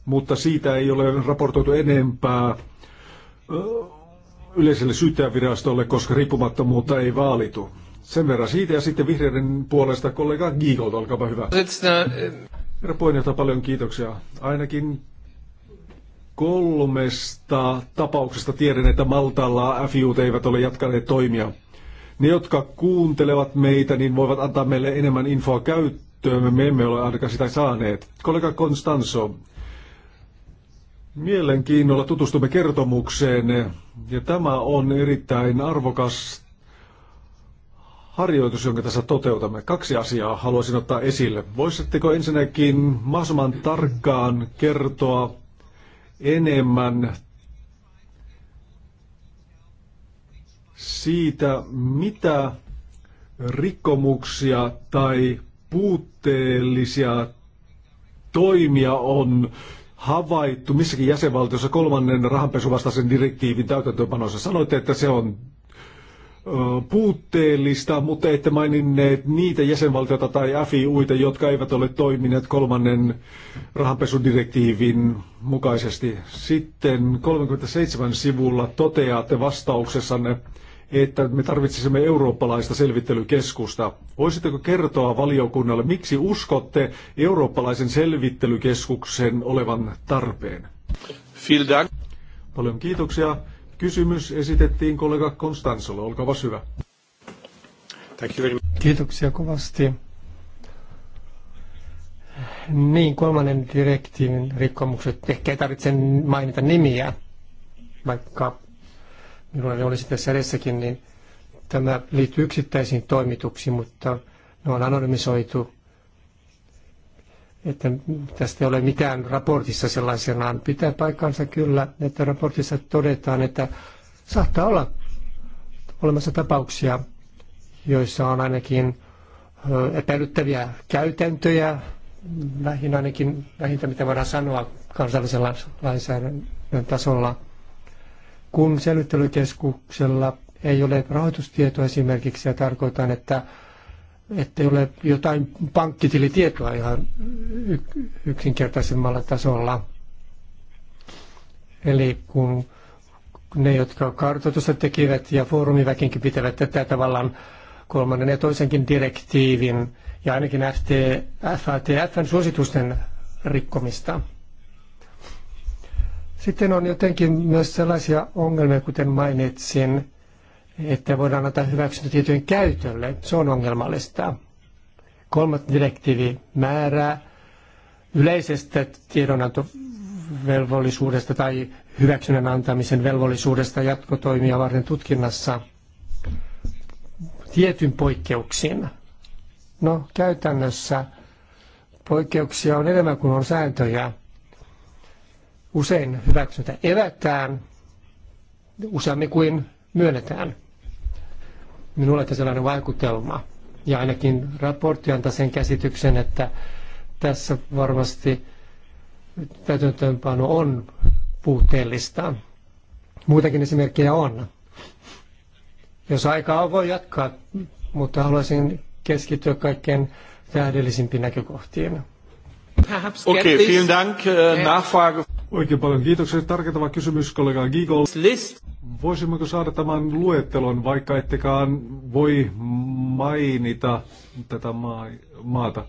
mutta siitä ei ole raportoitu enempää äh, yleiselle syyttäjävirastolle, koska riippumattomuutta ei vaalitu. Sen verran siitä ja sitten vihreiden puolesta kollega Giikolta, olkaapa hyvä. Herra puheenjohtaja, paljon kiitoksia. Ainakin kolmesta tapauksesta tiedän, että Maltalla FU eivät ole jatkaneet toimia. Ne, jotka kuuntelevat meitä, niin voivat antaa meille enemmän infoa käyttöön. Me emme ole ainakaan sitä saaneet. Kollega Konstanso, mielenkiinnolla tutustumme kertomukseen. Ja tämä on erittäin arvokas harjoitus, jonka tässä toteutamme. Kaksi asiaa haluaisin ottaa esille. Voisitteko ensinnäkin mahdollisimman tarkkaan kertoa enemmän siitä, mitä rikkomuksia tai puutteellisia toimia on havaittu missäkin jäsenvaltiossa kolmannen rahanpesuvastaisen direktiivin täytäntöönpanossa. Sanoitte, että se on puutteellista, mutta ette maininneet niitä jäsenvaltioita tai FIUita, jotka eivät ole toimineet kolmannen rahanpesudirektiivin mukaisesti. Sitten 37 sivulla toteatte vastauksessanne, että me tarvitsisimme eurooppalaista selvittelykeskusta. Voisitteko kertoa valiokunnalle, miksi uskotte eurooppalaisen selvittelykeskuksen olevan tarpeen? Vielen Paljon kiitoksia. Kysymys esitettiin kollega Konstansolle. Olkaa hyvä. Kiitoksia kovasti. Niin, kolmannen direktiivin rikkomukset. Ehkä ei tarvitse mainita nimiä, vaikka minulla ne olisi tässä edessäkin, niin tämä liittyy yksittäisiin toimituksiin, mutta ne on anonymisoitu että tästä ei ole mitään raportissa sellaisenaan. Pitää paikkansa kyllä, että raportissa todetaan, että saattaa olla olemassa tapauksia, joissa on ainakin epäilyttäviä käytäntöjä, vähin ainakin, vähintä mitä voidaan sanoa kansallisella lainsäädännön tasolla. Kun selvittelykeskuksella ei ole rahoitustietoa esimerkiksi, ja tarkoitan, että ettei ole jotain pankkitilitietoa ihan yksinkertaisemmalla tasolla. Eli kun ne, jotka kartoitusta tekivät ja foorumiväkinkin pitävät tätä tavallaan kolmannen ja toisenkin direktiivin ja ainakin FATFn suositusten rikkomista. Sitten on jotenkin myös sellaisia ongelmia, kuten mainitsin, että voidaan antaa hyväksyntä tietojen käytölle. Se on ongelmallista. Kolmas direktiivi määrää yleisestä tiedonantovelvollisuudesta tai hyväksynnän antamisen velvollisuudesta jatkotoimia varten tutkinnassa tietyn poikkeuksin. No, käytännössä poikkeuksia on enemmän kuin on sääntöjä. Usein hyväksyntä evätään, useammin kuin myönnetään minulle sellainen vaikutelma. Ja ainakin raportti antaa sen käsityksen, että tässä varmasti täytäntöönpano on puutteellista. Muitakin esimerkkejä on. Jos aikaa on, voi jatkaa, mutta haluaisin keskittyä kaikkein tähdellisimpiin näkökohtiin. Okei, okay, vielen dank. Äh, Nachfrage. Oikein paljon kiitoksia. Tarkentava kysymys kollega Gigol. Voisimmeko saada tämän luettelon, vaikka ettekään voi mainita tätä maata?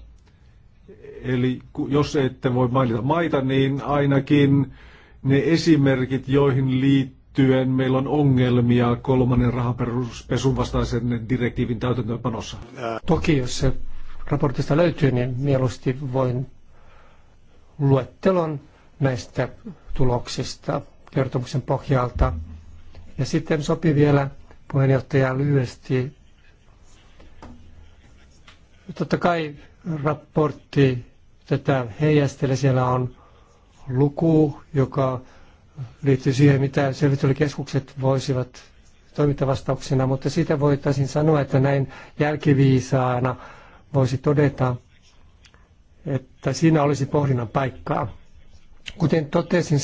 Eli jos ette voi mainita maita, niin ainakin ne esimerkit, joihin liittyen meillä on ongelmia kolmannen rahapesun vastaisen direktiivin täytäntöönpanossa. Toki jos se raportista löytyy, niin mieluusti voin luettelon näistä tuloksista kertomuksen pohjalta. Ja sitten sopi vielä puheenjohtaja lyhyesti. Totta kai raportti tätä heijastele. Siellä on luku, joka liittyy siihen, mitä selvittelykeskukset voisivat toimittaa vastauksena, mutta siitä voitaisiin sanoa, että näin jälkiviisaana voisi todeta, että siinä olisi pohdinnan paikkaa. Kuten totesin,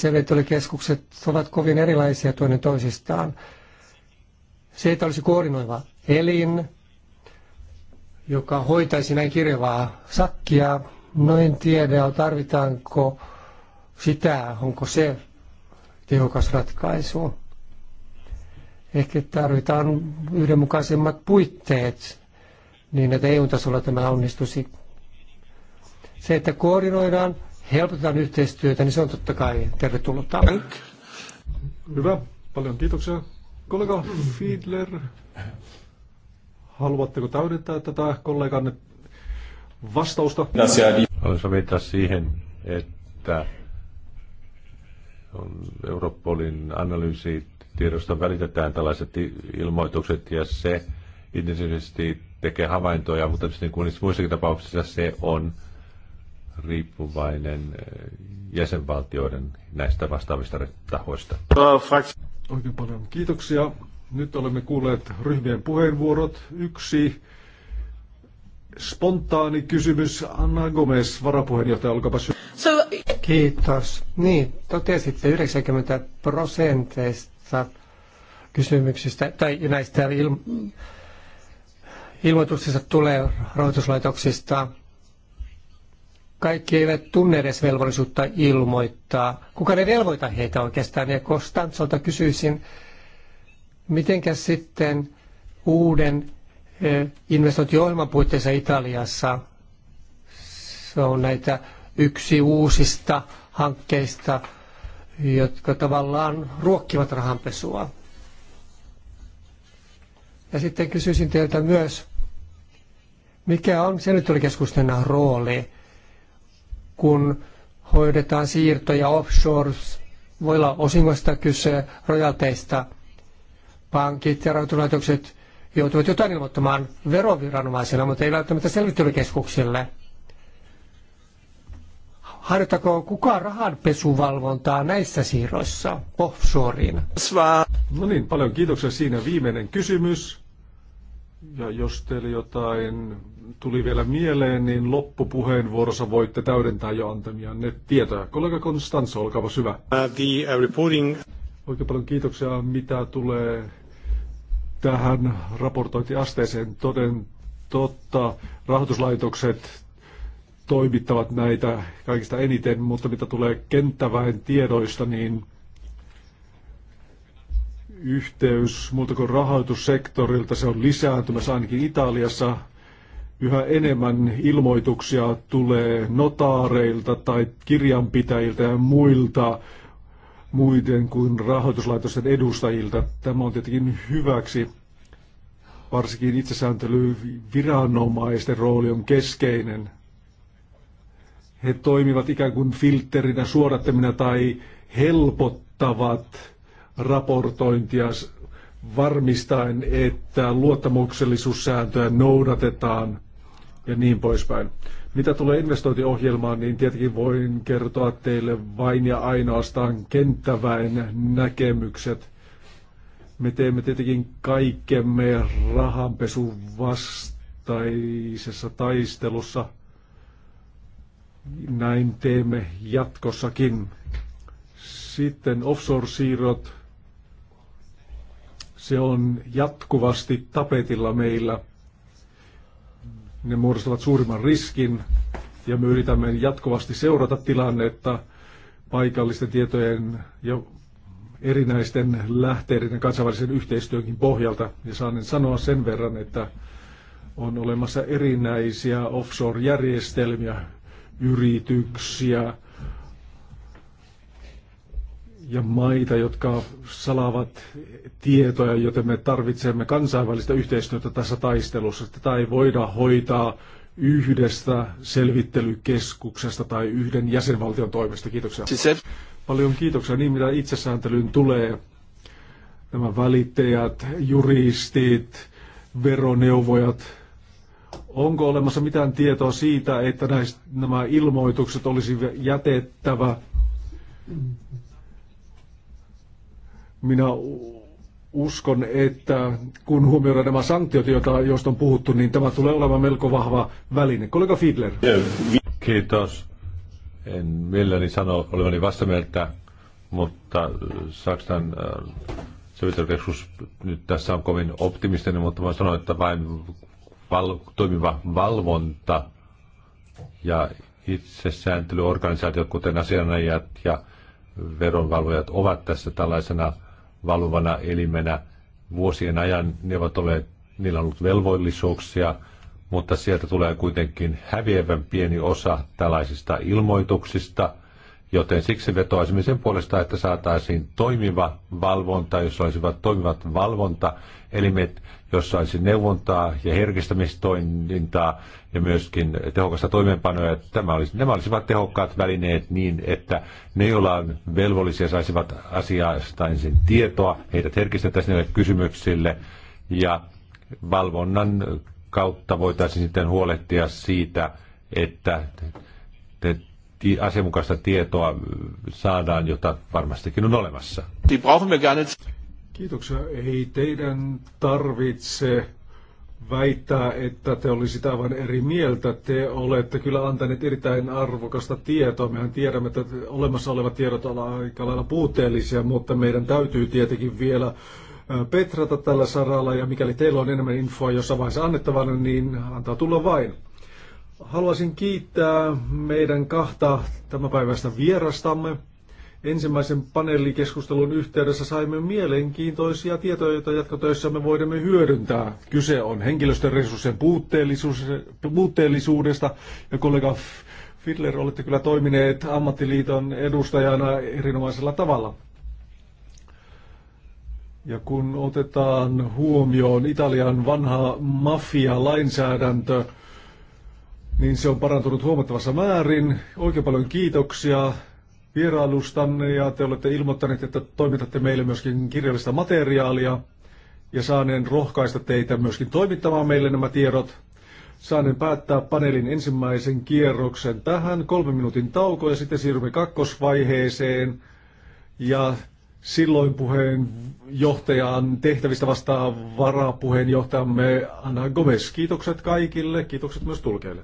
keskukset ovat kovin erilaisia toinen toisistaan. Se, että olisi koordinoiva elin, joka hoitaisi näin kirjavaa sakkia, no en tiedä, tarvitaanko sitä, onko se tehokas ratkaisu. Ehkä tarvitaan yhdenmukaisemmat puitteet, niin että EU-tasolla tämä onnistuisi. Se, että koordinoidaan helpotetaan yhteistyötä, niin se on totta kai tervetullutta. Hyvä, paljon kiitoksia. Kollega Fiedler, haluatteko täydentää tätä kolleganne vastausta? Haluaisin viittaa siihen, että on Europolin tiedosta välitetään tällaiset ilmoitukset ja se intensiivisesti tekee havaintoja, mutta niin kuin muissakin tapauksissa se on riippuvainen eh, jäsenvaltioiden näistä vastaavista tahoista. Äh, Oikein paljon kiitoksia. Nyt olemme kuulleet ryhmien puheenvuorot. Yksi spontaani kysymys. Anna Gomez, varapuheenjohtaja, olkaapa sy- so... Kiitos. Niin, totesitte 90 prosenteista kysymyksistä tai näistä il- ilmoituksista tulee rahoituslaitoksista kaikki eivät tunne edes velvollisuutta ilmoittaa. Kuka ne velvoita heitä oikeastaan? Ja Konstantsolta kysyisin, miten sitten uuden eh, investointiohjelman puitteissa Italiassa, se on näitä yksi uusista hankkeista, jotka tavallaan ruokkivat rahanpesua. Ja sitten kysyisin teiltä myös, mikä on selvittelykeskusten rooli kun hoidetaan siirtoja offshores, voi olla osingoista kyse, rojalteista, pankit ja rahoituslaitokset joutuvat jotain ilmoittamaan veroviranomaisille, mutta ei välttämättä selvittelykeskuksille. Harjoittako kukaan rahanpesuvalvontaa näissä siirroissa offshoreen? No niin, paljon kiitoksia siinä viimeinen kysymys. Ja jos teillä jotain tuli vielä mieleen, niin loppupuheenvuorossa voitte täydentää jo ne tietoja. Kollega Konstantso, olkaa hyvä. Uh, the, uh, reporting... Oikein paljon kiitoksia, mitä tulee tähän raportointiasteeseen. Toden totta, rahoituslaitokset toimittavat näitä kaikista eniten, mutta mitä tulee kenttäväen tiedoista, niin yhteys muuta kuin rahoitussektorilta, se on lisääntymässä ainakin Italiassa. Yhä enemmän ilmoituksia tulee notaareilta tai kirjanpitäjiltä ja muilta muiden kuin rahoituslaitosten edustajilta. Tämä on tietenkin hyväksi. Varsinkin itsesääntely viranomaisten rooli on keskeinen. He toimivat ikään kuin filterinä, suodattamina tai helpottavat raportointia varmistaen, että luottamuksellisuussääntöä noudatetaan ja niin poispäin. Mitä tulee investointiohjelmaan, niin tietenkin voin kertoa teille vain ja ainoastaan kenttäväen näkemykset. Me teemme tietenkin kaikkemme rahanpesun vastaisessa taistelussa. Näin teemme jatkossakin. Sitten offshore-siirrot se on jatkuvasti tapetilla meillä. Ne muodostavat suurimman riskin ja me yritämme jatkuvasti seurata tilannetta paikallisten tietojen ja erinäisten lähteiden ja kansainvälisen yhteistyönkin pohjalta. Ja saan sanoa sen verran, että on olemassa erinäisiä offshore-järjestelmiä, yrityksiä, ja maita, jotka salaavat tietoja, joten me tarvitsemme kansainvälistä yhteistyötä tässä taistelussa. Tätä ei voida hoitaa yhdestä selvittelykeskuksesta tai yhden jäsenvaltion toimesta. Kiitoksia. Paljon kiitoksia. Niin mitä itsesääntelyyn tulee, nämä välittäjät, juristit, veroneuvojat, onko olemassa mitään tietoa siitä, että näistä, nämä ilmoitukset olisi jätettävä minä uskon, että kun huomioidaan nämä sanktiot, joita, joista on puhuttu, niin tämä tulee olemaan melko vahva väline. Kollega Fiedler. Kiitos. En mielelläni sano olevani vasta mieltä, mutta äh, Saksan äh, sovittelukeskus nyt tässä on kovin optimistinen, mutta mä sanon, että vain val, toimiva valvonta ja itsesääntelyorganisaatiot, kuten asianajat ja veronvalvojat, ovat tässä tällaisena – valuvana elimenä vuosien ajan. Ne ovat olleet, niillä on ollut velvollisuuksia, mutta sieltä tulee kuitenkin häviävän pieni osa tällaisista ilmoituksista, joten siksi vetoaisimme sen puolesta, että saataisiin toimiva valvonta, jos olisivat toimivat valvontaelimet, jos saisi neuvontaa ja herkistämistoimintaa ja myöskin tehokasta toimeenpanoa. Tämä olisi, nämä olisivat tehokkaat välineet niin, että ne, joilla on velvollisia, saisivat asiasta ensin tietoa, heidät herkistettäisiin näille kysymyksille ja valvonnan kautta voitaisiin sitten huolehtia siitä, että te asianmukaista tietoa saadaan, jota varmastikin on olemassa. Kiitoksia. Ei teidän tarvitse väittää, että te olisitte aivan eri mieltä. Te olette kyllä antaneet erittäin arvokasta tietoa. Mehän tiedämme, että olemassa olevat tiedot ovat aika lailla puutteellisia, mutta meidän täytyy tietenkin vielä petrata tällä saralla. Ja mikäli teillä on enemmän infoa jossain vaiheessa annettavana, niin antaa tulla vain. Haluaisin kiittää meidän kahta tämänpäiväistä vierastamme. Ensimmäisen paneelikeskustelun yhteydessä saimme mielenkiintoisia tietoja, joita jatkotöissämme voidemme hyödyntää. Kyse on henkilöstöresurssien puutteellisuudesta ja kollega Fidler, olette kyllä toimineet ammattiliiton edustajana erinomaisella tavalla. Ja kun otetaan huomioon Italian vanha mafia-lainsäädäntö, niin se on parantunut huomattavassa määrin. Oikein paljon kiitoksia vierailustanne ja te olette ilmoittaneet, että toimitatte meille myöskin kirjallista materiaalia ja saaneen rohkaista teitä myöskin toimittamaan meille nämä tiedot. Saaneen päättää paneelin ensimmäisen kierroksen tähän, kolme minuutin tauko ja sitten siirrymme kakkosvaiheeseen. Ja silloin puheenjohtajan tehtävistä vastaa varapuheenjohtajamme Anna Gomez. Kiitokset kaikille, kiitokset myös tulkeille.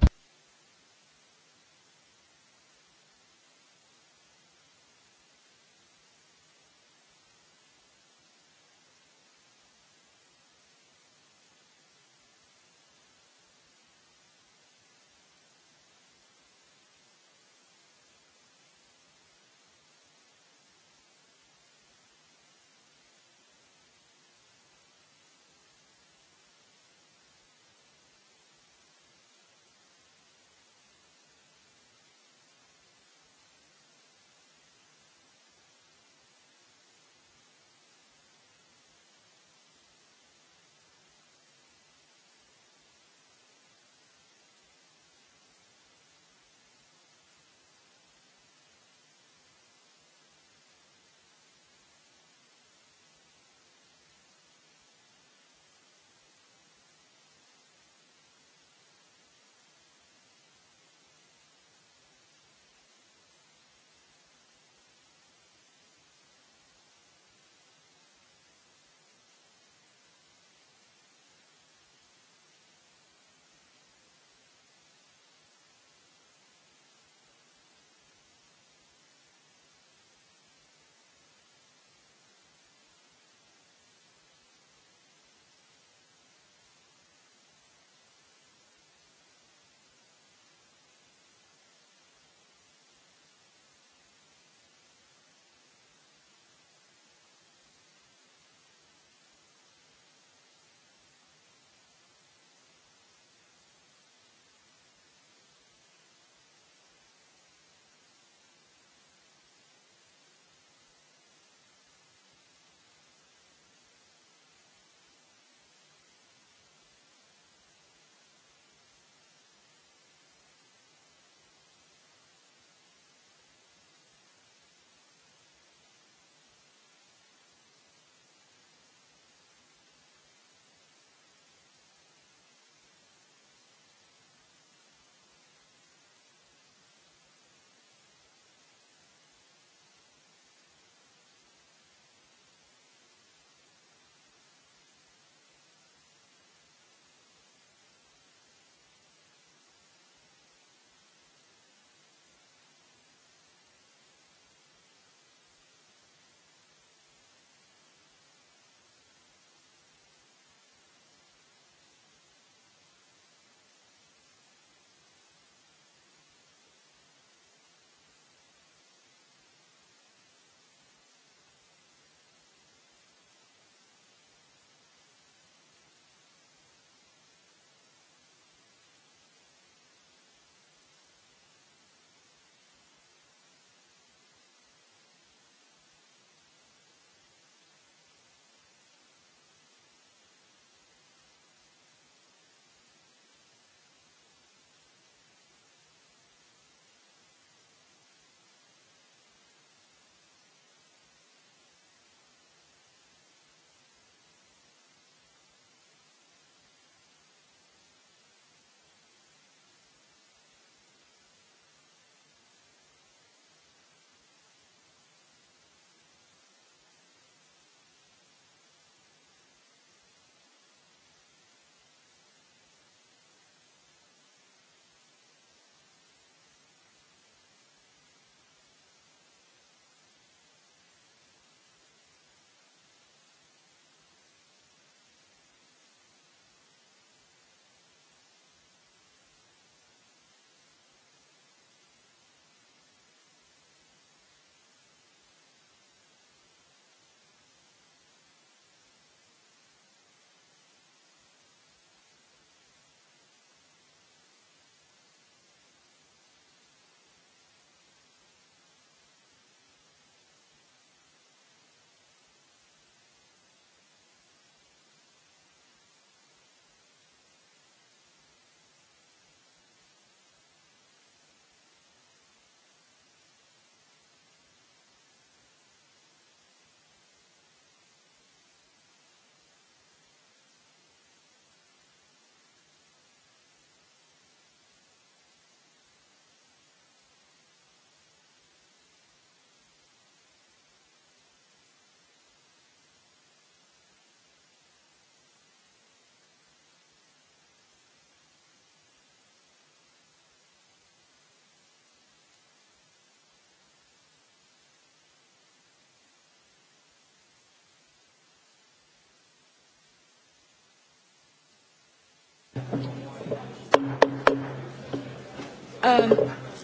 Um,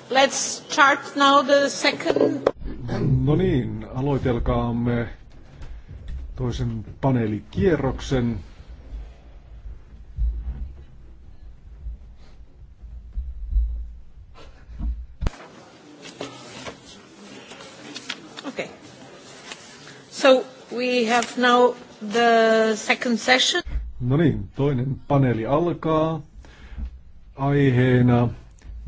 let's start now the second... No niin, aloitelkaamme toisen paneelikierroksen. Okay. So we have now the second session. No niin, toinen paneeli alkaa. Aiheena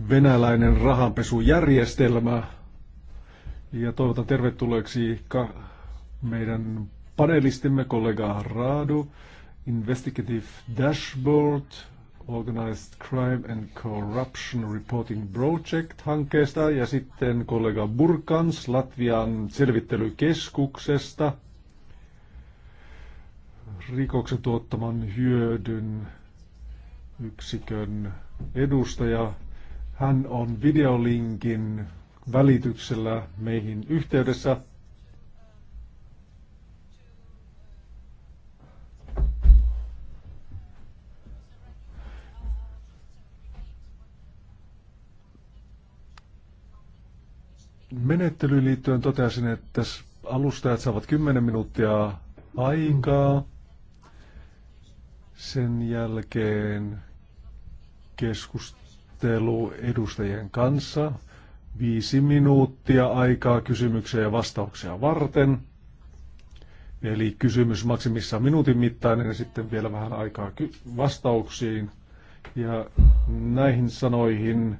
venäläinen rahanpesujärjestelmä. Ja toivotan tervetulleeksi meidän panelistimme kollega Raadu, Investigative Dashboard, Organized Crime and Corruption Reporting Project-hankkeesta ja sitten kollega Burkans Latvian selvittelykeskuksesta rikoksen tuottaman hyödyn yksikön edustaja. Hän on videolinkin välityksellä meihin yhteydessä. Menettelyyn liittyen totesin, että alustajat saavat 10 minuuttia aikaa. Sen jälkeen keskustelu keskustelu edustajien kanssa. Viisi minuuttia aikaa kysymyksiä ja vastauksia varten. Eli kysymys maksimissaan minuutin mittainen ja sitten vielä vähän aikaa vastauksiin. Ja näihin sanoihin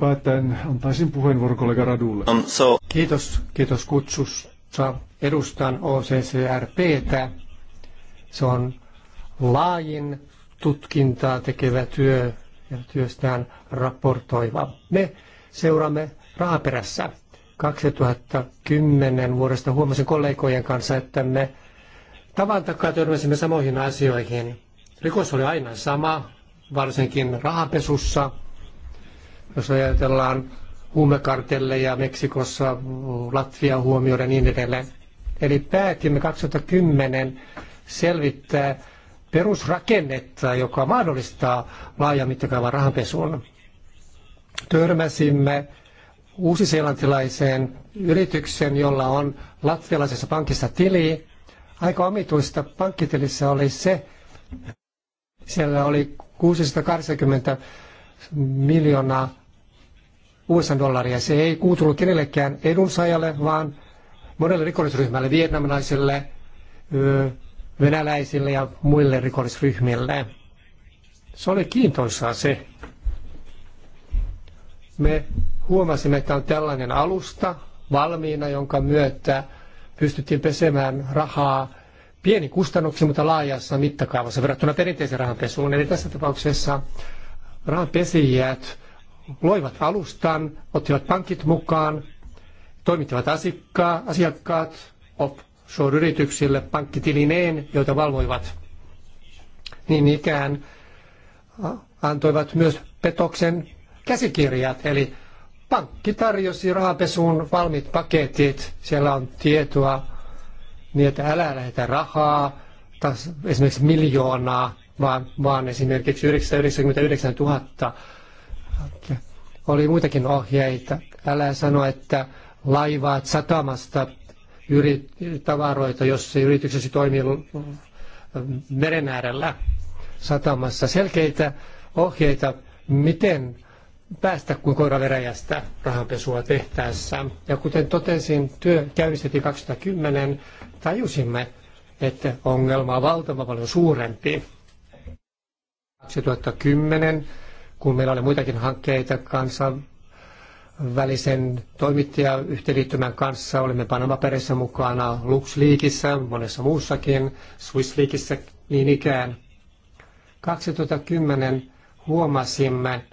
päätän antaisin puheenvuoron kollega Radulle. Um, so... Kiitos, kiitos kutsusta. Edustan OCCRPtä. Se on laajin tutkintaa tekevä työ ja työstään raportoiva. Me seuraamme rahaperässä 2010 vuodesta huomasin kollegojen kanssa, että me tavan takaa törmäsimme samoihin asioihin. Rikos oli aina sama, varsinkin rahapesussa. Jos ajatellaan huumekartelleja Meksikossa, Latvia huomioiden ja niin edelleen. Eli päätimme 2010 selvittää perusrakennetta, joka mahdollistaa laajan mittakaavan rahanpesun. Törmäsimme uusiseelantilaiseen yritykseen, jolla on latvialaisessa pankissa tili. Aika omituista pankkitilissä oli se, siellä oli 680 miljoonaa USA-dollaria. Se ei kuutunut kenellekään edunsaajalle, vaan monelle rikollisryhmälle, vietnamilaisille, venäläisille ja muille rikollisryhmille. Se oli kiintoisaa se. Me huomasimme, että on tällainen alusta valmiina, jonka myötä pystyttiin pesemään rahaa pieni kustannuksi, mutta laajassa mittakaavassa verrattuna perinteiseen rahanpesuun. Eli tässä tapauksessa rahanpesijät loivat alustan, ottivat pankit mukaan, toimittivat asiakkaat, asiakkaat suuryrityksille pankkitilineen, joita valvoivat. Niin ikään antoivat myös petoksen käsikirjat, eli pankki tarjosi rahapesuun valmiit paketit, siellä on tietoa, niin että älä lähetä rahaa, taas esimerkiksi miljoonaa, vaan, vaan esimerkiksi 999 000 oli muitakin ohjeita. Älä sano, että laivaat satamasta tavaroita, jos se yrityksesi toimii meren äärellä satamassa. Selkeitä ohjeita, miten päästä kuin koira veräjästä rahanpesua tehtäessä. Ja kuten totesin, työ käynnistettiin 2010, tajusimme, että ongelma on valtavan paljon suurempi. 2010, kun meillä oli muitakin hankkeita kanssa välisen toimittajayhteenliittymän kanssa. olimme Panama-peressä mukana LuxLeakissä, monessa muussakin, SwissLeakissä niin ikään. 2010 huomasimme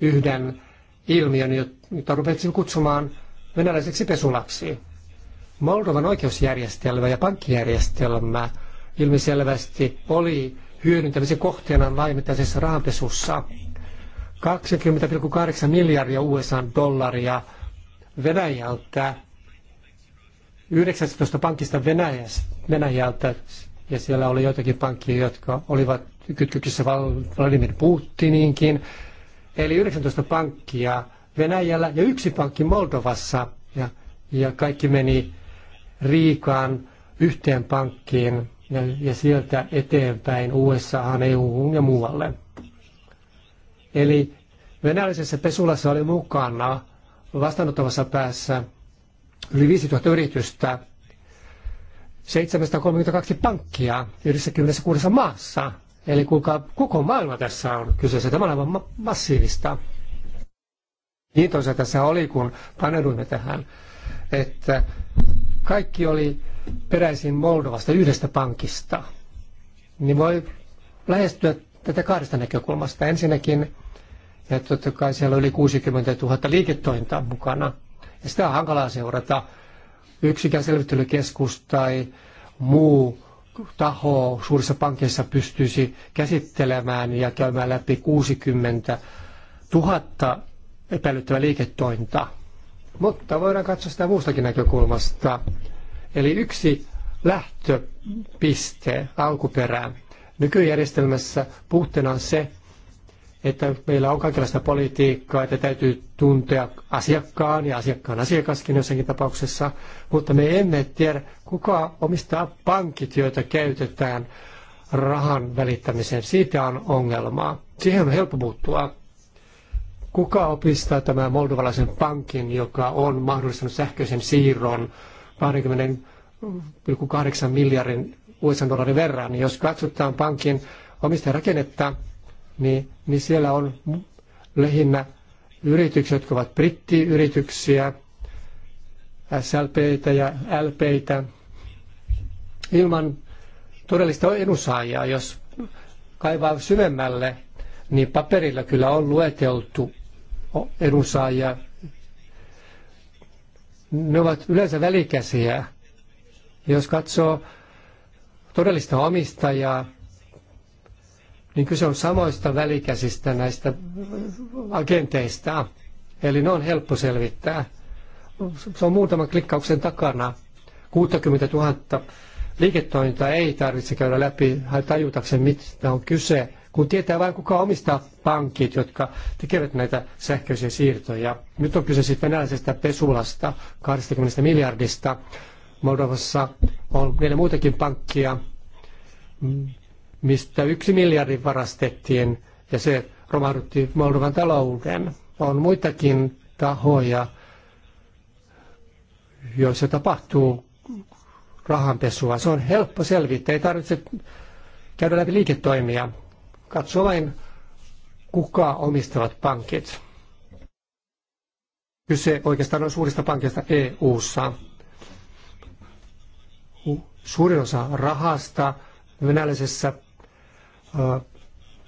yhden ilmiön, jota rupesimme kutsumaan venäläiseksi pesulaksi. Moldovan oikeusjärjestelmä ja pankkijärjestelmä ilmiselvästi oli hyödyntämisen kohteena laajamittaisessa rahanpesussa. 20,8 miljardia USA dollaria Venäjältä, 19 pankista Venäjältä, ja siellä oli joitakin pankkia, jotka olivat kytkyksissä Vladimir Putiniinkin. Eli 19 pankkia Venäjällä ja yksi pankki Moldovassa, ja, ja kaikki meni Riikaan yhteen pankkiin ja, ja sieltä eteenpäin USAhan, EUhun ja muualle. Eli venäläisessä pesulassa oli mukana vastaanottavassa päässä yli 5000 yritystä, 732 pankkia 96 maassa. Eli kuinka koko maailma tässä on kyseessä. Tämä on aivan ma- massiivista. Kiitos, tässä oli, kun paneuduimme tähän, että kaikki oli peräisin Moldovasta yhdestä pankista. Niin voi lähestyä tätä kahdesta näkökulmasta. Ensinnäkin ja totta kai siellä oli 60 000 liiketointaa mukana. Ja sitä on hankalaa seurata. Yksikään selvittelykeskus tai muu taho suurissa pankeissa pystyisi käsittelemään ja käymään läpi 60 000 epäilyttävää liiketointa. Mutta voidaan katsoa sitä muustakin näkökulmasta. Eli yksi lähtöpiste, alkuperä. Nykyjärjestelmässä puutteena on se, että meillä on kaikenlaista politiikkaa, että täytyy tuntea asiakkaan ja asiakkaan asiakaskin jossakin tapauksessa, mutta me emme tiedä, kuka omistaa pankit, joita käytetään rahan välittämiseen. Siitä on ongelmaa. Siihen on helppo muuttua. Kuka opistaa tämän moldovalaisen pankin, joka on mahdollistanut sähköisen siirron 20,8 miljardin USA-dollarin verran? Jos katsotaan pankin omistajarakennetta, rakennetta, niin, niin siellä on lähinnä yritykset, jotka ovat brittiyrityksiä, slp ja LPitä, ilman todellista edunsaajaa, jos kaivaa syvemmälle, niin paperilla kyllä on lueteltu edunsaajia. Ne ovat yleensä välikäsiä. Jos katsoo todellista omistajaa, niin kyse on samoista välikäsistä näistä agenteista. Eli ne on helppo selvittää. Se on muutaman klikkauksen takana. 60 000 liiketointa ei tarvitse käydä läpi tajutakseen, mistä on kyse, kun tietää vain kuka omistaa pankit, jotka tekevät näitä sähköisiä siirtoja. Nyt on kyse sitten venäläisestä pesulasta, 20 miljardista. Moldovassa on vielä muitakin pankkia, mm mistä yksi miljardi varastettiin ja se romahdutti Moldovan talouden. On muitakin tahoja, joissa tapahtuu rahanpesua. Se on helppo selvittää. Ei tarvitse käydä läpi liiketoimia. Katso vain, kuka omistavat pankit. Kyse oikeastaan on suurista pankeista EU-ssa. Suurin osa rahasta venäläisessä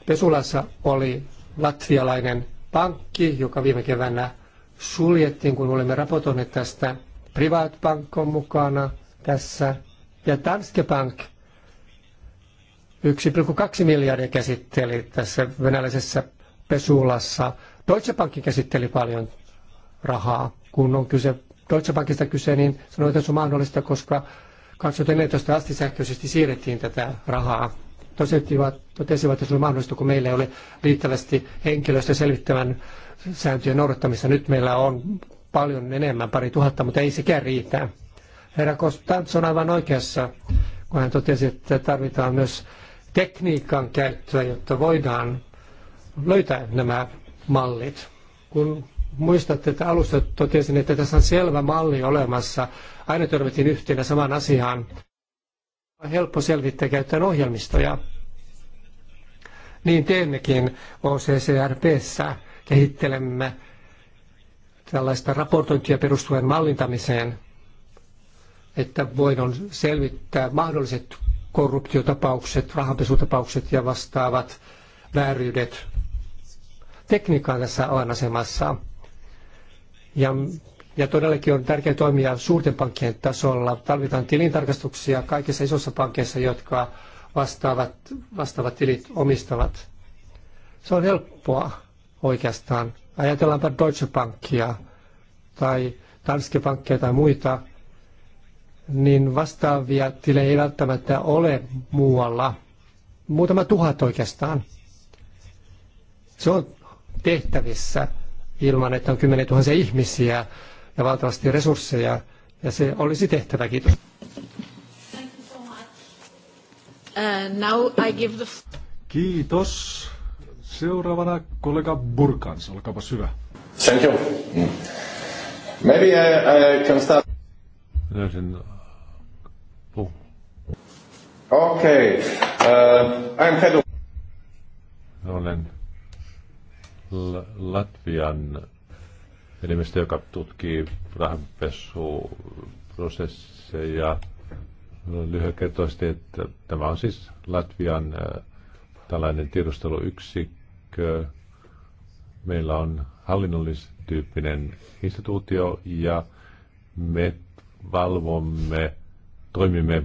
Pesulassa oli latvialainen pankki, joka viime keväänä suljettiin, kun olemme raportoineet tästä. Private Bank on mukana tässä. Ja Danske Bank 1,2 miljardia käsitteli tässä venäläisessä pesulassa. Deutsche Bank käsitteli paljon rahaa. Kun on kyse Deutsche Bankista kyse, niin sanoin, että se on mahdollista, koska 2014 asti sähköisesti siirrettiin tätä rahaa totesivat, totesivat että se oli mahdollista, kun meillä ei ole riittävästi henkilöstä selvittämään sääntöjen noudattamista. Nyt meillä on paljon enemmän, pari tuhatta, mutta ei sekään riitä. Herra Kostantso on aivan oikeassa, kun hän totesi, että tarvitaan myös tekniikan käyttöä, jotta voidaan löytää nämä mallit. Kun muistatte, että alusta totesin, että tässä on selvä malli olemassa, aina törmätin yhteen samaan asiaan, on helppo selvittää käyttäen ohjelmistoja. Niin teemmekin OCCRPssä. Kehittelemme tällaista raportointia perustuen mallintamiseen, että voidaan selvittää mahdolliset korruptiotapaukset, rahanpesutapaukset ja vastaavat vääryydet. Tekniikka tässä avainasemassa. Ja ja todellakin on tärkeää toimia suurten pankkien tasolla. Tarvitaan tilintarkastuksia kaikissa isoissa pankeissa, jotka vastaavat, vastaavat tilit omistavat. Se on helppoa oikeastaan. Ajatellaanpa Deutsche Bankia tai Danske Bankia tai muita, niin vastaavia tilejä ei välttämättä ole muualla. Muutama tuhat oikeastaan. Se on tehtävissä ilman, että on kymmenen tuhansia ihmisiä ja valtavasti resursseja, ja se olisi tehtävä. Kiitos. Uh, Kiitos. Seuraavana kollega Burkans, olkaapa hyvä. Thank you. Mm. Maybe I, I can start. Löysin Okei. Okay. Uh, I'm head of... Olen L- Latvian elimestä, joka tutkii rahanpesuprosesseja lyhykertoisesti, että tämä on siis Latvian äh, tällainen tiedusteluyksikkö. Meillä on hallinnollistyyppinen instituutio ja me valvomme, toimimme äh,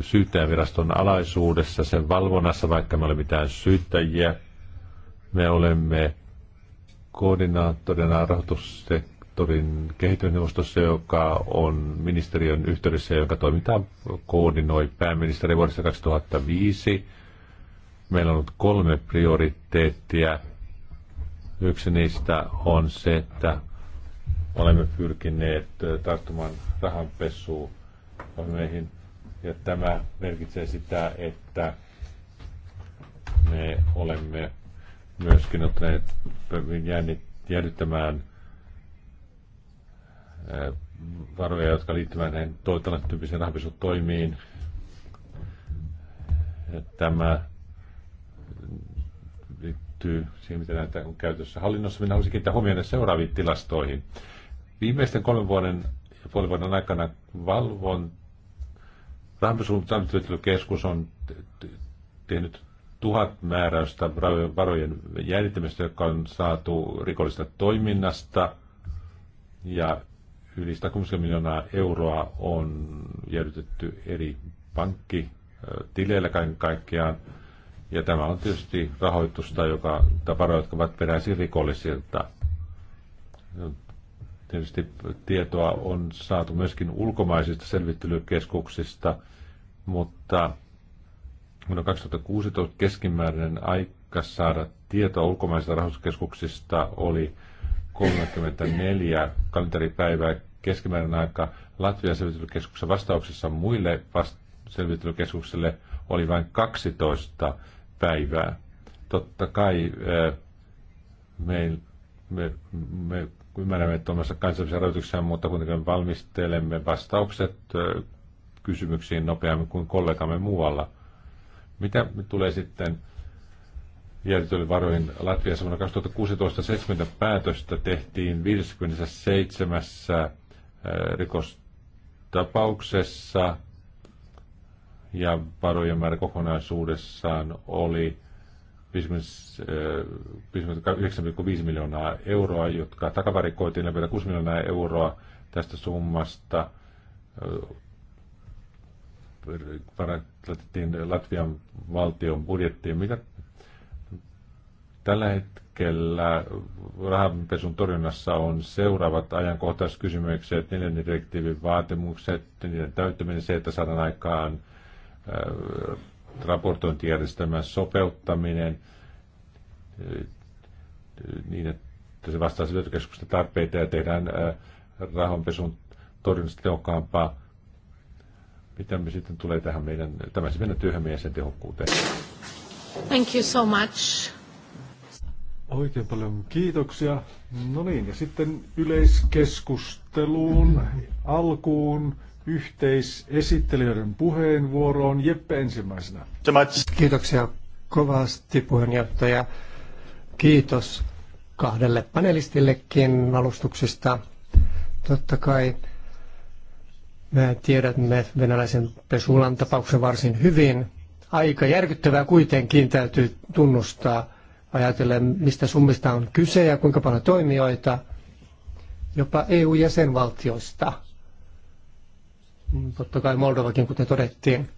syyttäjäviraston alaisuudessa sen valvonnassa, vaikka me ole mitään syyttäjiä. Me olemme koordinaattorina rahoitussektorin kehitysneuvostossa, joka on ministeriön yhteydessä joka jonka toimintaa koordinoi pääministeri vuodesta 2005. Meillä on ollut kolme prioriteettia. Yksi niistä on se, että olemme pyrkineet tarttumaan rahanpesuun meihin. Ja tämä merkitsee sitä, että me olemme myöskin ottaneet jäädyttämään varoja, jotka liittyvät näihin toivottavasti tyyppisiin rahanpesutoimiin. Tämä liittyy siihen, miten näitä on käytössä hallinnossa. Minä haluaisin kiinnittää huomioon seuraaviin tilastoihin. Viimeisten kolmen vuoden ja puolen vuoden aikana valvon rahapesuun keskus on tehnyt tuhat määräystä varojen jäljittämistä, jotka on saatu rikollisesta toiminnasta. Ja yli 160 miljoonaa euroa on jäädytetty eri pankkitileillä kaiken kaikkiaan. Ja tämä on tietysti rahoitusta, joka, tai jotka ovat peräisin rikollisilta. Tietysti tietoa on saatu myöskin ulkomaisista selvittelykeskuksista, mutta vuonna 2016 keskimääräinen aika saada tietoa ulkomaisista rahoituskeskuksista oli 34 kalenteripäivää keskimääräinen aika Latvian selvittelykeskuksen vastauksessa muille vast- selvittelykeskuksille oli vain 12 päivää. Totta kai eh, me, me, me ymmärrämme, että omassa kansallisessa rajoituksessa, mutta kuitenkin valmistelemme vastaukset eh, kysymyksiin nopeammin kuin kollegamme muualla – mitä tulee sitten järjestöjen varoihin Latviassa vuonna 2016-70 päätöstä tehtiin 57 äh, rikostapauksessa ja varojen määrä kokonaisuudessaan oli 59,5 miljoonaa euroa, jotka takavarikoitiin ja vielä 6 miljoonaa euroa tästä summasta äh, parantettiin Latvian valtion budjettiin. Mitä tällä hetkellä rahanpesun torjunnassa on seuraavat ajankohtaiskysymykset, neljännen direktiivin vaatimukset, niiden täyttäminen, se, että saadaan aikaan äh, raportointijärjestelmän sopeuttaminen äh, niin, että se vastaa syötökeskusten tarpeita ja tehdään äh, rahanpesun torjunnasta tehokkaampaa mitä me sitten tulee tähän meidän, tämän siis meidän työhömme ja sen tehokkuuteen. Thank you so much. Oikein paljon kiitoksia. No niin, ja sitten yleiskeskusteluun, alkuun, yhteisesittelijöiden puheenvuoroon. Jeppe ensimmäisenä. Kiitoksia kovasti puheenjohtaja. Kiitos kahdelle panelistillekin alustuksista. Totta kai me tiedämme venäläisen pesulan tapauksen varsin hyvin. Aika järkyttävää kuitenkin täytyy tunnustaa ajatellen, mistä summista on kyse ja kuinka paljon toimijoita, jopa EU-jäsenvaltioista. Totta kai Moldovakin, kuten todettiin.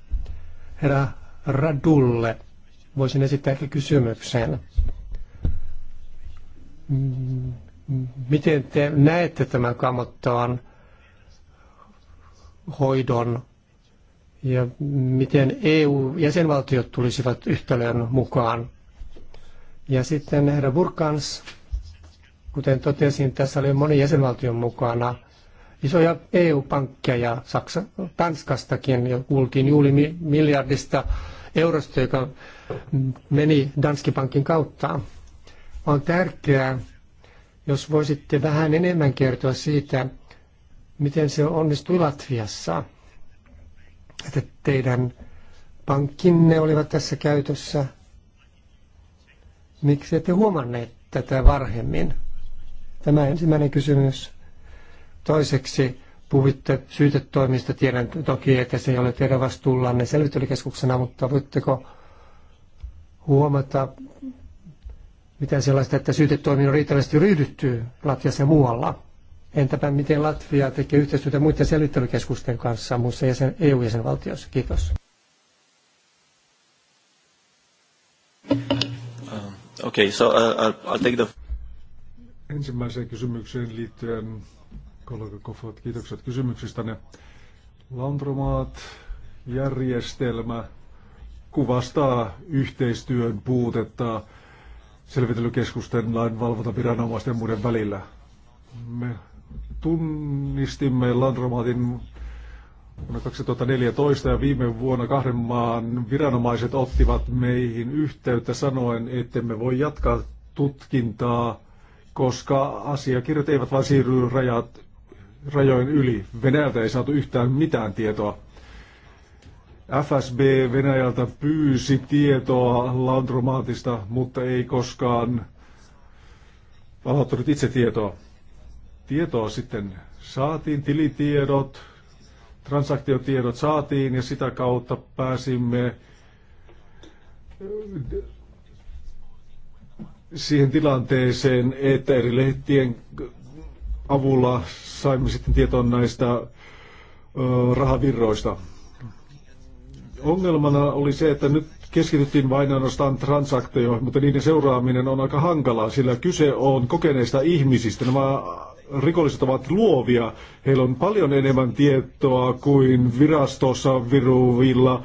Herra Radulle voisin esittää kysymyksen. Mm, miten te näette tämän kamottavan hoidon ja miten EU-jäsenvaltiot tulisivat yhtälöön mukaan. Ja sitten herra Burkans, kuten totesin, tässä oli moni jäsenvaltion mukana. Isoja EU-pankkia ja Saksa, Tanskastakin ja kuultiin juuri miljardista eurosta, joka meni Danske Bankin kautta. On tärkeää, jos voisitte vähän enemmän kertoa siitä, miten se onnistui Latviassa, että teidän pankkinne olivat tässä käytössä. Miksi ette huomanneet tätä varhemmin? Tämä ensimmäinen kysymys. Toiseksi puhuitte syytetoimista. Tiedän toki, että se ei ole teidän vastuullanne selvittelykeskuksena, mutta voitteko huomata mitä sellaista, että syytetoimiin on riittävästi ryhdytty Latviassa ja muualla? Entäpä miten Latvia tekee yhteistyötä muiden selvittelykeskusten kanssa muissa jäsen, EU-jäsenvaltioissa? Kiitos. Uh, okay, so uh, I'll, I'll take the... Ensimmäiseen kysymykseen liittyen, kollega Kofot, kiitokset kysymyksistänne. Landromaat järjestelmä kuvastaa yhteistyön puutetta selvittelykeskusten lainvalvontaviranomaisten ja muiden välillä. Me tunnistimme Landromatin vuonna 2014 ja viime vuonna kahden maan viranomaiset ottivat meihin yhteyttä sanoen, että me voi jatkaa tutkintaa, koska asiakirjat eivät vain siirry rajat, rajojen yli. Venäjältä ei saatu yhtään mitään tietoa. FSB Venäjältä pyysi tietoa Landromaatista, mutta ei koskaan palauttanut itse tietoa tietoa sitten saatiin, tilitiedot, transaktiotiedot saatiin ja sitä kautta pääsimme eh, siihen tilanteeseen, että eri lehtien avulla saimme sitten tietoa näistä eh, rahavirroista. Ongelmana oli se, että nyt keskityttiin vain ainoastaan transaktioihin, mutta niiden seuraaminen on aika hankalaa, sillä kyse on kokeneista ihmisistä. Nämä rikolliset ovat luovia. Heillä on paljon enemmän tietoa kuin virastossa viruvilla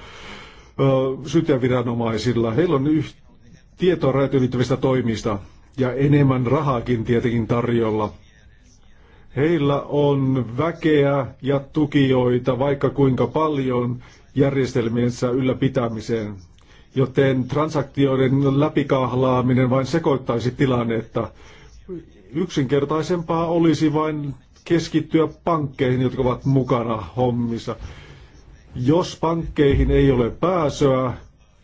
syyttäjäviranomaisilla. Heillä on yh- tietoa rajat toimista ja enemmän rahaakin tietenkin tarjolla. Heillä on väkeä ja tukijoita vaikka kuinka paljon järjestelmiensä ylläpitämiseen, joten transaktioiden läpikahlaaminen vain sekoittaisi tilannetta yksinkertaisempaa olisi vain keskittyä pankkeihin, jotka ovat mukana hommissa. Jos pankkeihin ei ole pääsyä,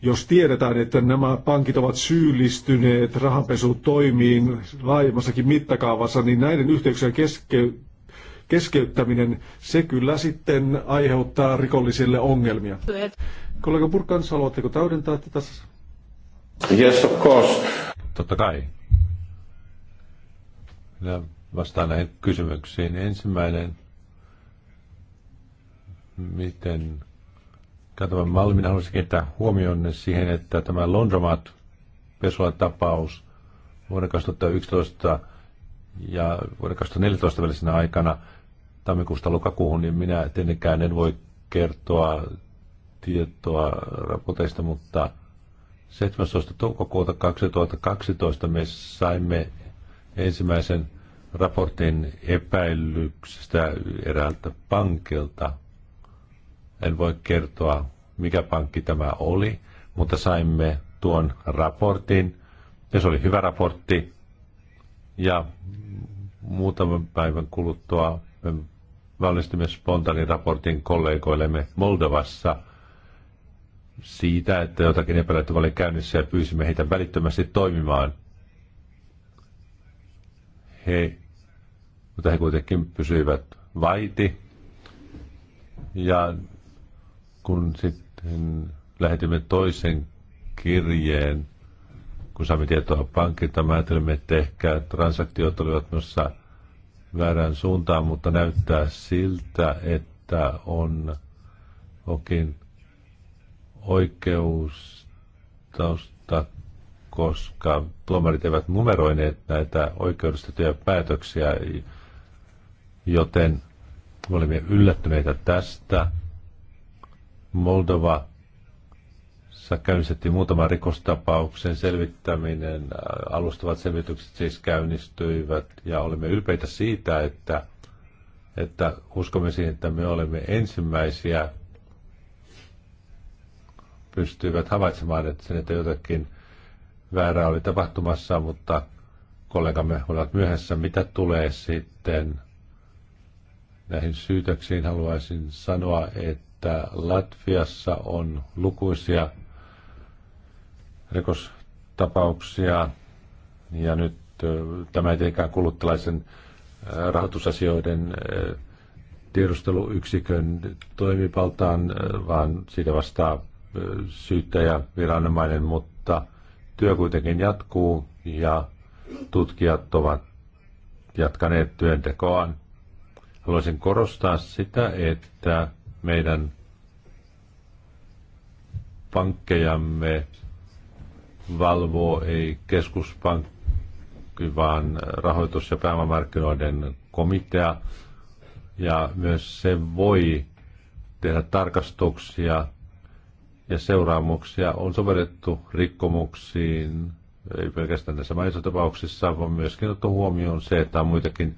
jos tiedetään, että nämä pankit ovat syyllistyneet rahanpesutoimiin laajemmassakin mittakaavassa, niin näiden yhteyksien keske- keskeyttäminen, se kyllä sitten aiheuttaa rikollisille ongelmia. Kollega Burkans, haluatteko täydentää tätä? Yes, of course. Totta kai. Minä vastaan näihin kysymyksiin. Ensimmäinen, miten tämä minä haluaisin kiinnittää huomionne siihen, että tämä Londromat Pesolan tapaus vuoden 2011 ja vuoden 2014 välisenä aikana tammikuusta lokakuuhun, niin minä tietenkään en voi kertoa tietoa raporteista, mutta 17. toukokuuta 2012 me saimme ensimmäisen raportin epäilyksestä eräältä pankilta. En voi kertoa, mikä pankki tämä oli, mutta saimme tuon raportin. Ja se oli hyvä raportti. Ja muutaman päivän kuluttua me valmistimme spontaanin raportin kollegoillemme Moldovassa siitä, että jotakin epäilyttävää oli käynnissä ja pyysimme heitä välittömästi toimimaan. He mutta he kuitenkin pysyivät vaiti. Ja kun sitten lähetimme toisen kirjeen, kun saimme tietoa pankilta, mä ajattelimme, että ehkä transaktiot olivat myös väärään suuntaan, mutta näyttää siltä, että on okin oikeus tausta, koska tuomarit eivät numeroineet näitä oikeudistettuja päätöksiä, joten olimme yllättyneitä tästä. Moldova käynnistettiin muutama rikostapauksen selvittäminen, alustavat selvitykset siis käynnistyivät ja olemme ylpeitä siitä, että, että uskomme siihen, että me olemme ensimmäisiä pystyivät havaitsemaan, että sen, että jotakin väärää oli tapahtumassa, mutta kollegamme olivat myöhässä. Mitä tulee sitten näihin syytöksiin haluaisin sanoa, että Latviassa on lukuisia rikostapauksia ja nyt tämä ei tietenkään kuluttalaisen rahoitusasioiden tiedusteluyksikön toimipaltaan, vaan siitä vastaa syyttäjä viranomainen, mutta työ kuitenkin jatkuu ja tutkijat ovat jatkaneet työntekoaan. Haluaisin korostaa sitä, että meidän pankkejamme valvoo ei keskuspankki, vaan rahoitus- ja pääomamarkkinoiden komitea. Ja myös se voi tehdä tarkastuksia ja seuraamuksia on sovellettu rikkomuksiin, ei pelkästään näissä mainitsuissa tapauksissa, vaan myöskin otettu huomioon se, että on muitakin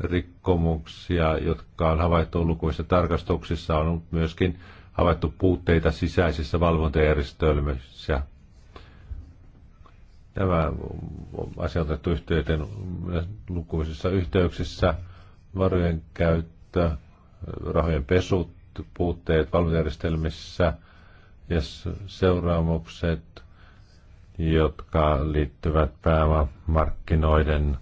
rikkomuksia, jotka on havaittu lukuissa tarkastuksissa, on myöskin havaittu puutteita sisäisissä valvontajärjestelmissä. Tämä asia on otettu yhteyteen lukuisissa yhteyksissä. Varojen käyttö, rahojen pesut, puutteet valvontajärjestelmissä ja seuraamukset, jotka liittyvät pääomamarkkinoiden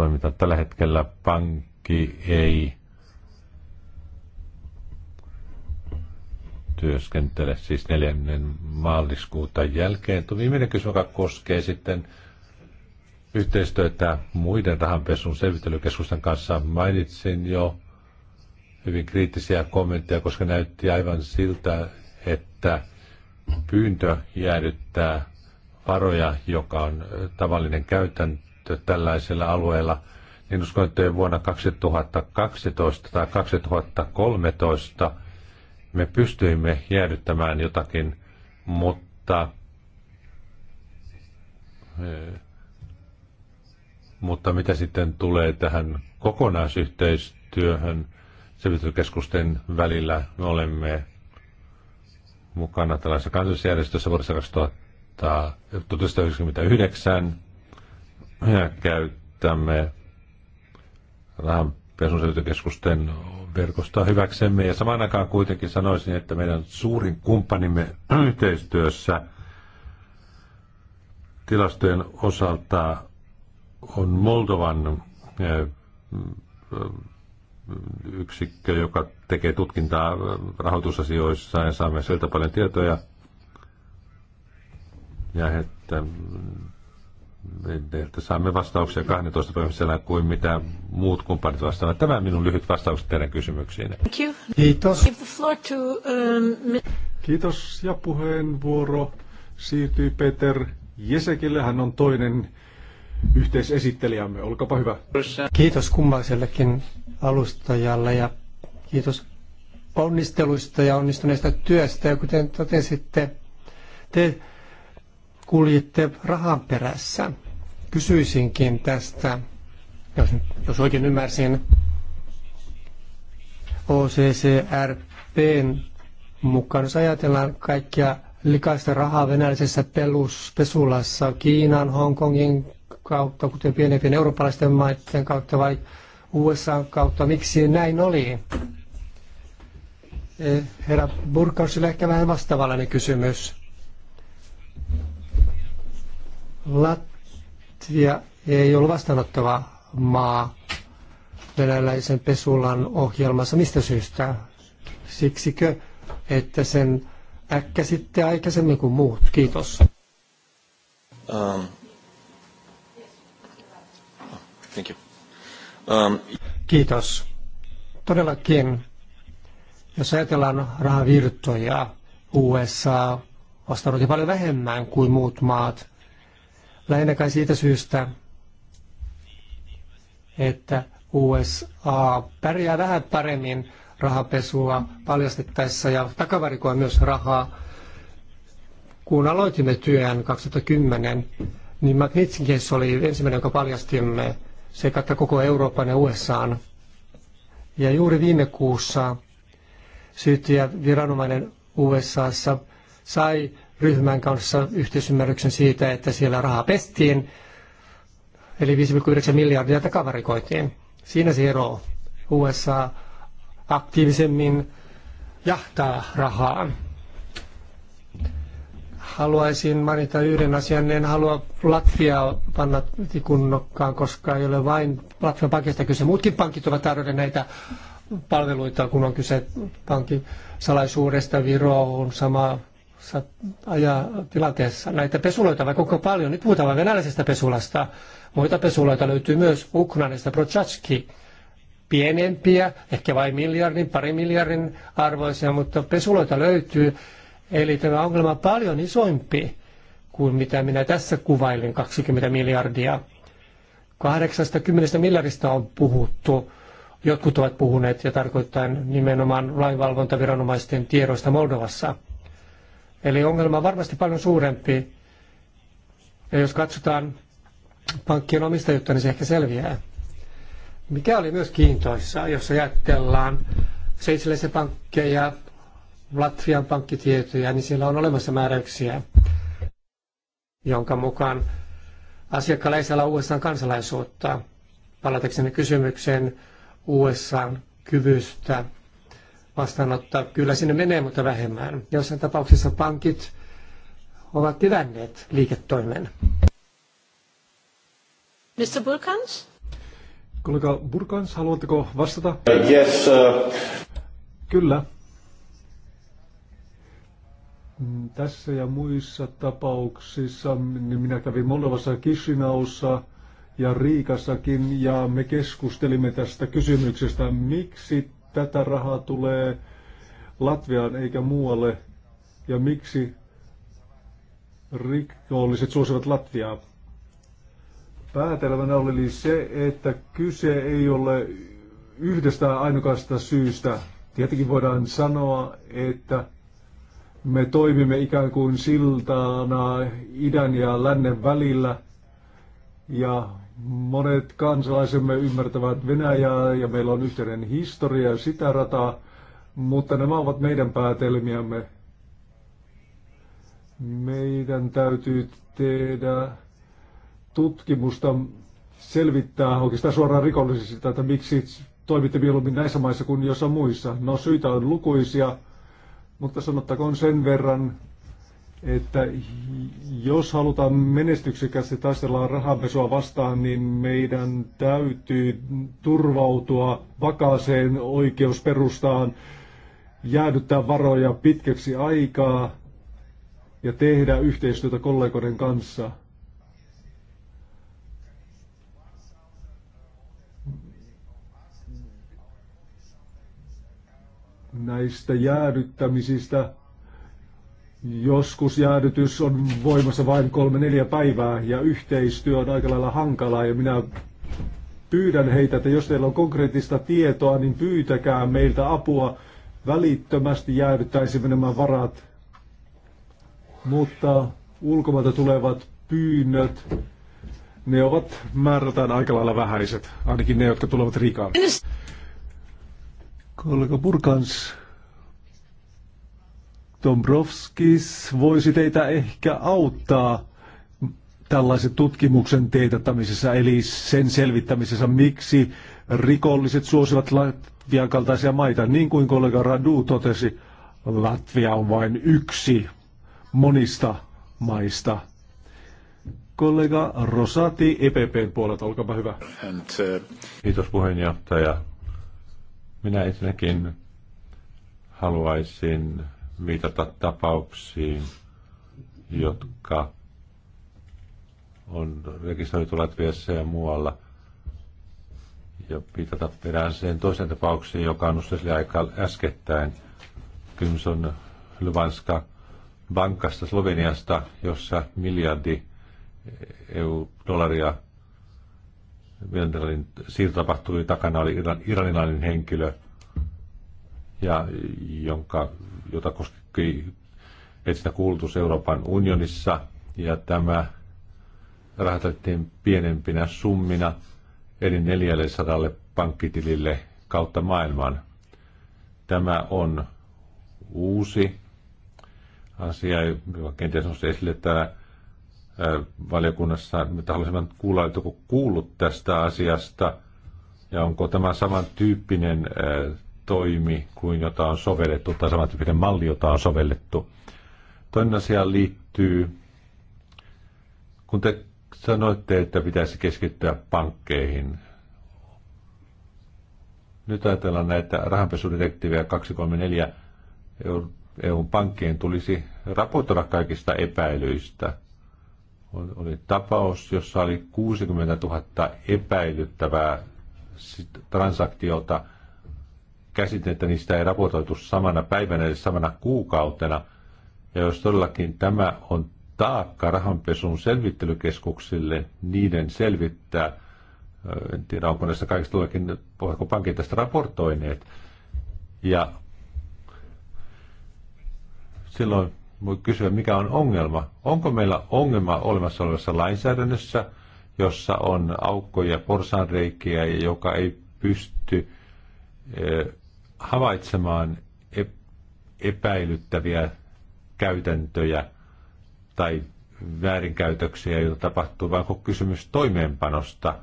toiminta. Tällä hetkellä pankki ei työskentele siis 4. maaliskuuta jälkeen. Tuo viimeinen kysymys, joka koskee sitten yhteistyötä muiden rahanpesun selvittelykeskusten kanssa. Mainitsin jo hyvin kriittisiä kommentteja, koska näytti aivan siltä, että pyyntö jäädyttää varoja, joka on tavallinen käytäntö, käyttö tällaisilla alueilla, niin uskon, että vuonna 2012 tai 2013 me pystyimme jäädyttämään jotakin, mutta, eh, mutta mitä sitten tulee tähän kokonaisyhteistyöhön selvityskeskusten välillä, me olemme mukana tällaisessa kansallisjärjestössä vuodessa 2000 1999 Käyttämme vähän rahanpesuselvityskeskusten verkostoa hyväksemme ja samaan aikaan kuitenkin sanoisin, että meidän suurin kumppanimme yhteistyössä tilastojen osalta on Moldovan eh, eh, yksikkö, joka tekee tutkintaa eh, rahoitusasioissa ja saamme sieltä paljon tietoja. Ja että mm, että saamme vastauksia 12 päivässä kuin mitä muut kumppanit vastaavat. Tämä on minun lyhyt vastaus teidän kysymyksiin. Kiitos. Um, kiitos ja puheenvuoro siirtyy Peter Jesekille. Hän on toinen yhteisesittelijämme. Olkapa hyvä. Kiitos kummallisellekin alustajalle ja kiitos onnisteluista ja onnistuneesta työstä. Ja kuten totesitte, te kuljitte rahan perässä. Kysyisinkin tästä, jos, jos oikein ymmärsin, OCCRPn mukaan, jos ajatellaan kaikkia likaista rahaa venäläisessä pelus, pesulassa Kiinan, Hongkongin kautta, kuten pienempien eurooppalaisten maiden kautta vai USA kautta, miksi näin oli? Eh, herra Burkausille ehkä vähän vastaavallinen kysymys. Latvia ei ollut vastaanottava maa venäläisen pesulan ohjelmassa. Mistä syystä? Siksikö, että sen äkkäsitte aikaisemmin kuin muut? Kiitos. Um. Thank you. Um. Kiitos. Todellakin, jos ajatellaan rahavirtoja, USA vastaanotti paljon vähemmän kuin muut maat. Lähinnä kai siitä syystä, että USA pärjää vähän paremmin rahapesua paljastettaessa ja takavarikoa myös rahaa. Kun aloitimme työn 2010, niin Magnitsinkin oli ensimmäinen, joka paljastimme. sekä koko Euroopan ja USAan. Ja juuri viime kuussa syyttäjä viranomainen USAssa sai ryhmän kanssa yhteisymmärryksen siitä, että siellä rahaa pestiin, eli 5,9 miljardia takavarikoitiin. Siinä se ero. USA aktiivisemmin jahtaa rahaa. Haluaisin mainita yhden asian, en halua latvia panna kunnokkaan, koska ei ole vain Latvian pankista kyse. Muutkin pankit ovat tarjonneet näitä palveluita, kun on kyse pankin salaisuudesta. Viro on sama ajaa tilanteessa. Näitä pesuloita vaikka koko paljon. Nyt niin puhutaan vain venäläisestä pesulasta. Muita pesuloita löytyy myös Ukrainasta, Prochatski. Pienempiä, ehkä vain miljardin, pari miljardin arvoisia, mutta pesuloita löytyy. Eli tämä ongelma on paljon isompi kuin mitä minä tässä kuvailin, 20 miljardia. 80 miljardista on puhuttu. Jotkut ovat puhuneet ja tarkoittaa nimenomaan lainvalvontaviranomaisten tiedoista Moldovassa – Eli ongelma on varmasti paljon suurempi. Ja jos katsotaan pankkien omistajuutta, niin se ehkä selviää. Mikä oli myös kiintoissa, jos ajatellaan sveitsiläisiä pankkeja, Latvian pankkitietoja, niin siellä on olemassa määräyksiä, jonka mukaan asiakkaalla ei saa USA kansalaisuutta. Palatakseni kysymykseen USA kyvystä vastaanottaa. Kyllä sinne menee, mutta vähemmän. Jossain tapauksessa pankit ovat evänneet liiketoimen. Mr. Burkans? Kollega Burkans, haluatteko vastata? Yes. sir. Kyllä. Mm, tässä ja muissa tapauksissa niin minä kävin Moldovassa Kishinaussa ja Riikassakin ja me keskustelimme tästä kysymyksestä, miksi tätä rahaa tulee Latviaan eikä muualle ja miksi rikolliset suosivat Latviaa? Päätelmänä oli siis se, että kyse ei ole yhdestä ainokasta syystä. Tietenkin voidaan sanoa, että me toimimme ikään kuin siltana idän ja lännen välillä ja Monet kansalaisemme ymmärtävät Venäjää ja meillä on yhteinen historia ja sitä rataa, mutta nämä ovat meidän päätelmiämme. Meidän täytyy tehdä tutkimusta, selvittää oikeastaan suoraan rikollisista, että miksi toimitte mieluummin näissä maissa kuin jossain muissa. No syitä on lukuisia, mutta sanottakoon sen verran, että jos halutaan menestyksekästi taistella rahanpesua vastaan, niin meidän täytyy turvautua vakaaseen oikeusperustaan, jäädyttää varoja pitkäksi aikaa ja tehdä yhteistyötä kollegoiden kanssa. Näistä jäädyttämisistä Joskus jäädytys on voimassa vain kolme neljä päivää ja yhteistyö on aika lailla hankalaa ja minä pyydän heitä, että jos teillä on konkreettista tietoa, niin pyytäkää meiltä apua. Välittömästi jäädyttäisimme nämä varat, mutta ulkomailta tulevat pyynnöt, ne ovat määrätään aika lailla vähäiset, ainakin ne, jotka tulevat rikaan. Kollega Burkans Dombrovskis voisi teitä ehkä auttaa tällaisen tutkimuksen teetättämisessä, eli sen selvittämisessä, miksi rikolliset suosivat Latvian kaltaisia maita. Niin kuin kollega Radu totesi, Latvia on vain yksi monista maista. Kollega Rosati EPPn puolelta, olkaapa hyvä. And, uh... Kiitos puheenjohtaja. Minä ensinnäkin haluaisin viitata tapauksiin, jotka on rekisteröity Latviassa ja muualla. Ja viitata sen toisen tapauksiin, joka on usein aika äskettäin. Kysymys on Lvanska bankasta Sloveniasta, jossa miljardi EU-dollaria Vendelin siirto tapahtui takana oli iranilainen henkilö, ja jonka jota koski etsintä kuulutus Euroopan unionissa, ja tämä rahoitettiin pienempinä summina eli 400 pankkitilille kautta maailman. Tämä on uusi asia, joka kenties on esille täällä valiokunnassa, mitä haluaisin kuulla, että kuullut tästä asiasta, ja onko tämä samantyyppinen toimi kuin jota on sovellettu, tai samantyyppinen malli, jota on sovellettu. Toinen asia liittyy, kun te sanoitte, että pitäisi keskittyä pankkeihin. Nyt ajatellaan näitä rahanpesudirektiivejä 234 EUn pankkien tulisi raportoida kaikista epäilyistä. Oli tapaus, jossa oli 60 000 epäilyttävää transaktiota – että niistä ei raportoitu samana päivänä eli samana kuukautena. Ja jos todellakin tämä on taakka rahanpesun selvittelykeskuksille, niiden selvittää, en tiedä onko näistä kaikista todellakin, ovatko pankit tästä raportoineet. Ja silloin voi kysyä, mikä on ongelma. Onko meillä ongelma olemassa olevassa lainsäädännössä, jossa on aukkoja, porsanreikiä, joka ei pysty havaitsemaan e- epäilyttäviä käytäntöjä tai väärinkäytöksiä, joita tapahtuu, vaan kun kysymys toimeenpanosta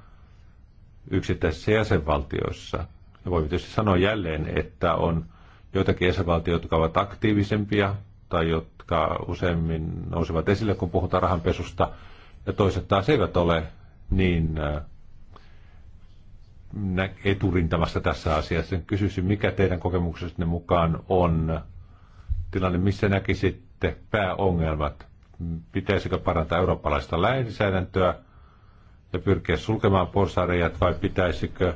yksittäisissä jäsenvaltioissa. Ja voi tietysti sanoa jälleen, että on joitakin jäsenvaltioita, jotka ovat aktiivisempia tai jotka useimmin nousevat esille, kun puhutaan rahanpesusta, ja toiset taas eivät ole niin äh, eturintamassa tässä asiassa. Kysyisin, mikä teidän kokemuksenne mukaan on tilanne, missä näkisitte pääongelmat? Pitäisikö parantaa eurooppalaista lainsäädäntöä ja pyrkiä sulkemaan porsareijat vai pitäisikö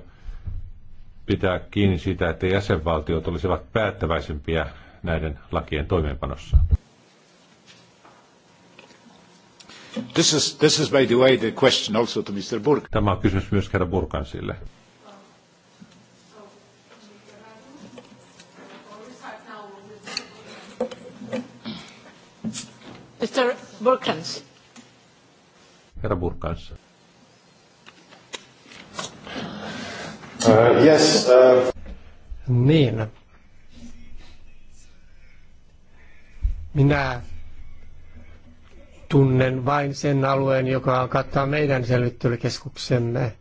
pitää kiinni siitä, että jäsenvaltiot olisivat päättäväisempiä näiden lakien toimeenpanossa? This is, this is by the way the question also to Mr. Burke. Tämä on kysymys myös herra Burkansille. Mr. Herra Burkans. Uh, yes. Uh... Niin. Minä tunnen vain sen alueen, joka kattaa meidän selvittelykeskuksemme.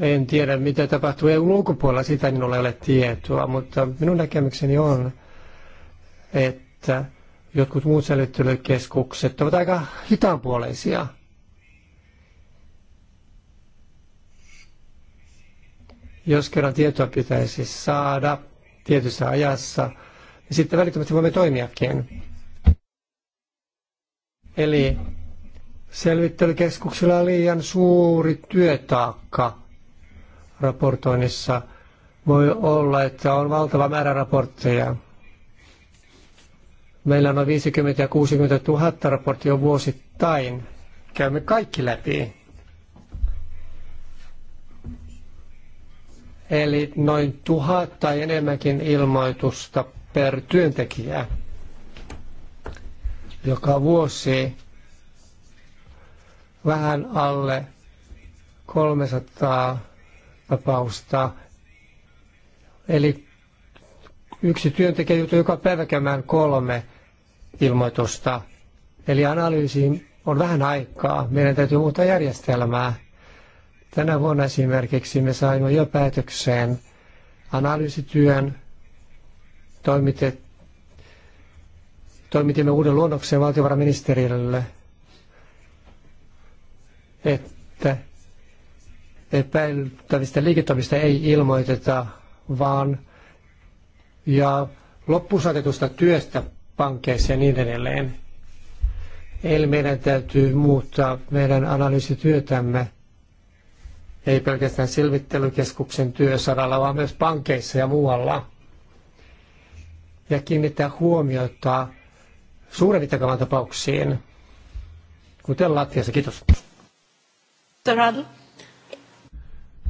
En tiedä, mitä tapahtuu EU ulkopuolella, sitä minulla ei ole tietoa, mutta minun näkemykseni on, että Jotkut muut säilyttelykeskukset ovat aika hitaanpuoleisia. Jos kerran tietoa pitäisi saada tietyssä ajassa, niin sitten välittömästi voimme toimiakin. Eli selvittelykeskuksilla on liian suuri työtaakka raportoinnissa. Voi olla, että on valtava määrä raportteja. Meillä on noin 50 ja 60 000 raporttia vuosittain. Käymme kaikki läpi. Eli noin tuhat tai enemmänkin ilmoitusta per työntekijä joka vuosi vähän alle 300 tapausta. Eli yksi työntekijä joutuu joka päivä käymään kolme ilmoitusta. Eli analyysiin on vähän aikaa. Meidän täytyy muuttaa järjestelmää. Tänä vuonna esimerkiksi me saimme jo päätökseen analyysityön toimitet, toimitimme uuden luonnoksen valtiovarainministeriölle, että epäiltävistä liiketoimista ei ilmoiteta, vaan ja loppusaatetusta työstä pankeissa ja niin edelleen. Eli meidän täytyy muuttaa meidän analyysityötämme, ei pelkästään selvittelykeskuksen työsaralla, vaan myös pankeissa ja muualla. Ja kiinnittää huomiota suuren mittakaavan tapauksiin, kuten Latviassa. Kiitos. Radu.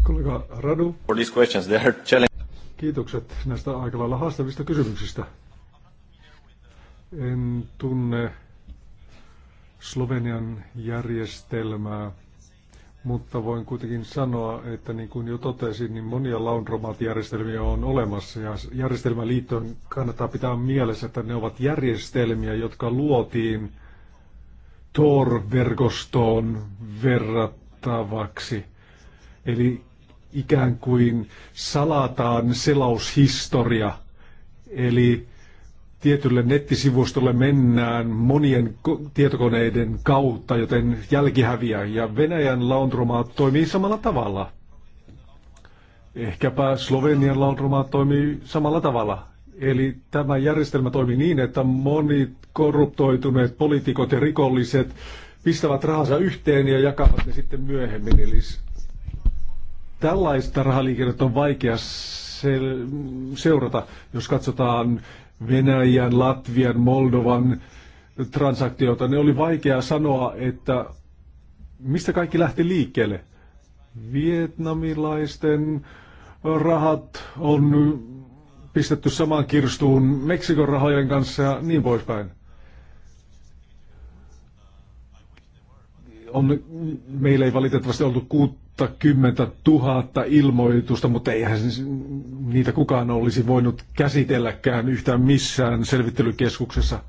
Kollega Radu. For these questions, they are challenging. Kiitokset näistä aika lailla haastavista kysymyksistä. En tunne Slovenian järjestelmää, mutta voin kuitenkin sanoa, että niin kuin jo totesin, niin monia laundromat-järjestelmiä on olemassa ja järjestelmäliittoon kannattaa pitää mielessä, että ne ovat järjestelmiä, jotka luotiin Tor-verkostoon verrattavaksi. Eli ikään kuin salataan selaushistoria, eli tietylle nettisivustolle mennään monien tietokoneiden kautta, joten jälkihäviä. Ja Venäjän laundromaat toimii samalla tavalla. Ehkäpä Slovenian laundromaat toimii samalla tavalla. Eli tämä järjestelmä toimii niin, että monet korruptoituneet poliitikot ja rikolliset pistävät rahansa yhteen ja jakavat ne sitten myöhemmin. Eli Tällaista rahaliikennettä on vaikea seurata, jos katsotaan Venäjän, Latvian, Moldovan transaktioita. Ne oli vaikea sanoa, että mistä kaikki lähti liikkeelle. Vietnamilaisten rahat on pistetty samaan kirstuun Meksikon rahojen kanssa ja niin poispäin. on, meillä ei valitettavasti ollut 60 000 ilmoitusta, mutta eihän niitä kukaan olisi voinut käsitelläkään yhtään missään selvittelykeskuksessa.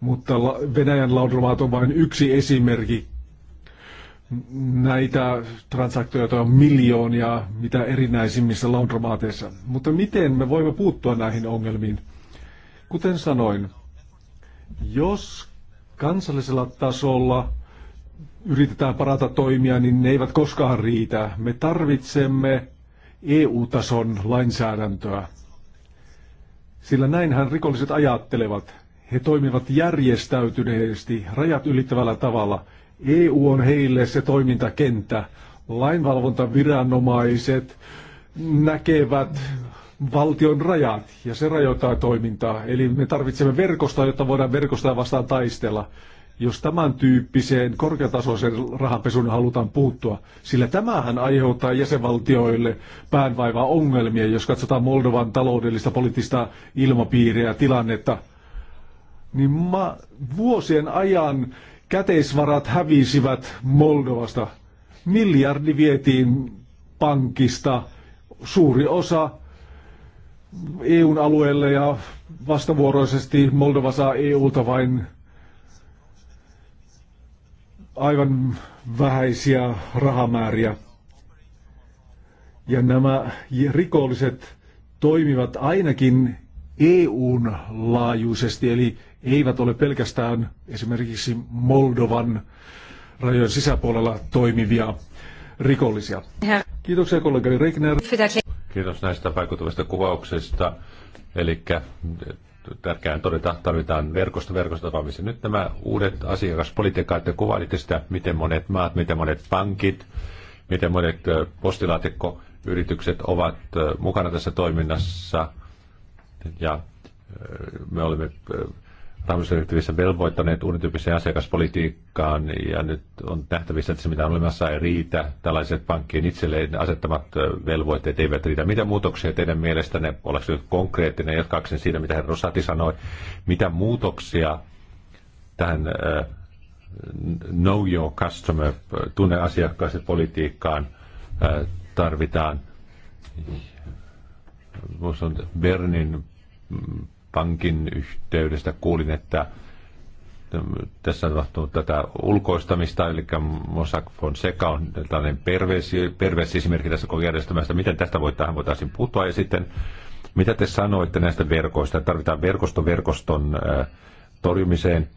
Mutta Venäjän laudromaat on vain yksi esimerkki näitä transaktioita on miljoonia, mitä erinäisimmissä laundromaateissa. Mutta miten me voimme puuttua näihin ongelmiin? Kuten sanoin, jos kansallisella tasolla yritetään parata toimia, niin ne eivät koskaan riitä. Me tarvitsemme EU-tason lainsäädäntöä. Sillä näinhän rikolliset ajattelevat. He toimivat järjestäytyneesti, rajat ylittävällä tavalla. EU on heille se toimintakenttä. Lainvalvontaviranomaiset näkevät valtion rajat ja se rajoittaa toimintaa. Eli me tarvitsemme verkostoa, jotta voidaan verkostoa vastaan taistella jos tämän tyyppiseen korkeatasoiseen rahanpesuun halutaan puuttua, sillä tämähän aiheuttaa jäsenvaltioille päänvaivaa ongelmia, jos katsotaan Moldovan taloudellista poliittista ilmapiiriä ja tilannetta, niin ma- vuosien ajan käteisvarat hävisivät Moldovasta. Miljardi vietiin pankista, suuri osa EUn alueelle ja vastavuoroisesti Moldova saa EUlta vain aivan vähäisiä rahamääriä. Ja nämä rikolliset toimivat ainakin EUn laajuisesti, eli eivät ole pelkästään esimerkiksi Moldovan rajojen sisäpuolella toimivia rikollisia. Kiitoksia kollegani Regner. Kiitos näistä vaikuttavista kuvauksista. Eli tärkeää todeta, tarvitaan verkosto verkostotapaamisia. Nyt nämä uudet asiakaspolitiikat, te kuvailitte sitä, miten monet maat, miten monet pankit, miten monet postilaatikkoyritykset ovat mukana tässä toiminnassa. Ja me olemme rahoitusdirektiivissä velvoittaneet uudentyyppiseen asiakaspolitiikkaan, ja nyt on nähtävissä, että se mitä on olemassa ei riitä. Tällaiset pankkien itselleen asettamat velvoitteet eivät riitä. Mitä muutoksia teidän mielestänne, ollaanko nyt konkreettinen, jatkaakseni siitä, mitä hän Rosati sanoi, mitä muutoksia tähän Know Your Customer, tunne asiakkaasi politiikkaan tarvitaan. Minusta on Bernin mm, pankin yhteydestä kuulin, että tässä on tapahtunut tätä ulkoistamista, eli Mossack Fonseca on tällainen perversi esimerkki tässä koko järjestelmästä. Miten tästä tähän voitaisiin puuttua? Ja sitten, mitä te sanoitte näistä verkoista? Tarvitaan verkosto verkoston äh, torjumiseen.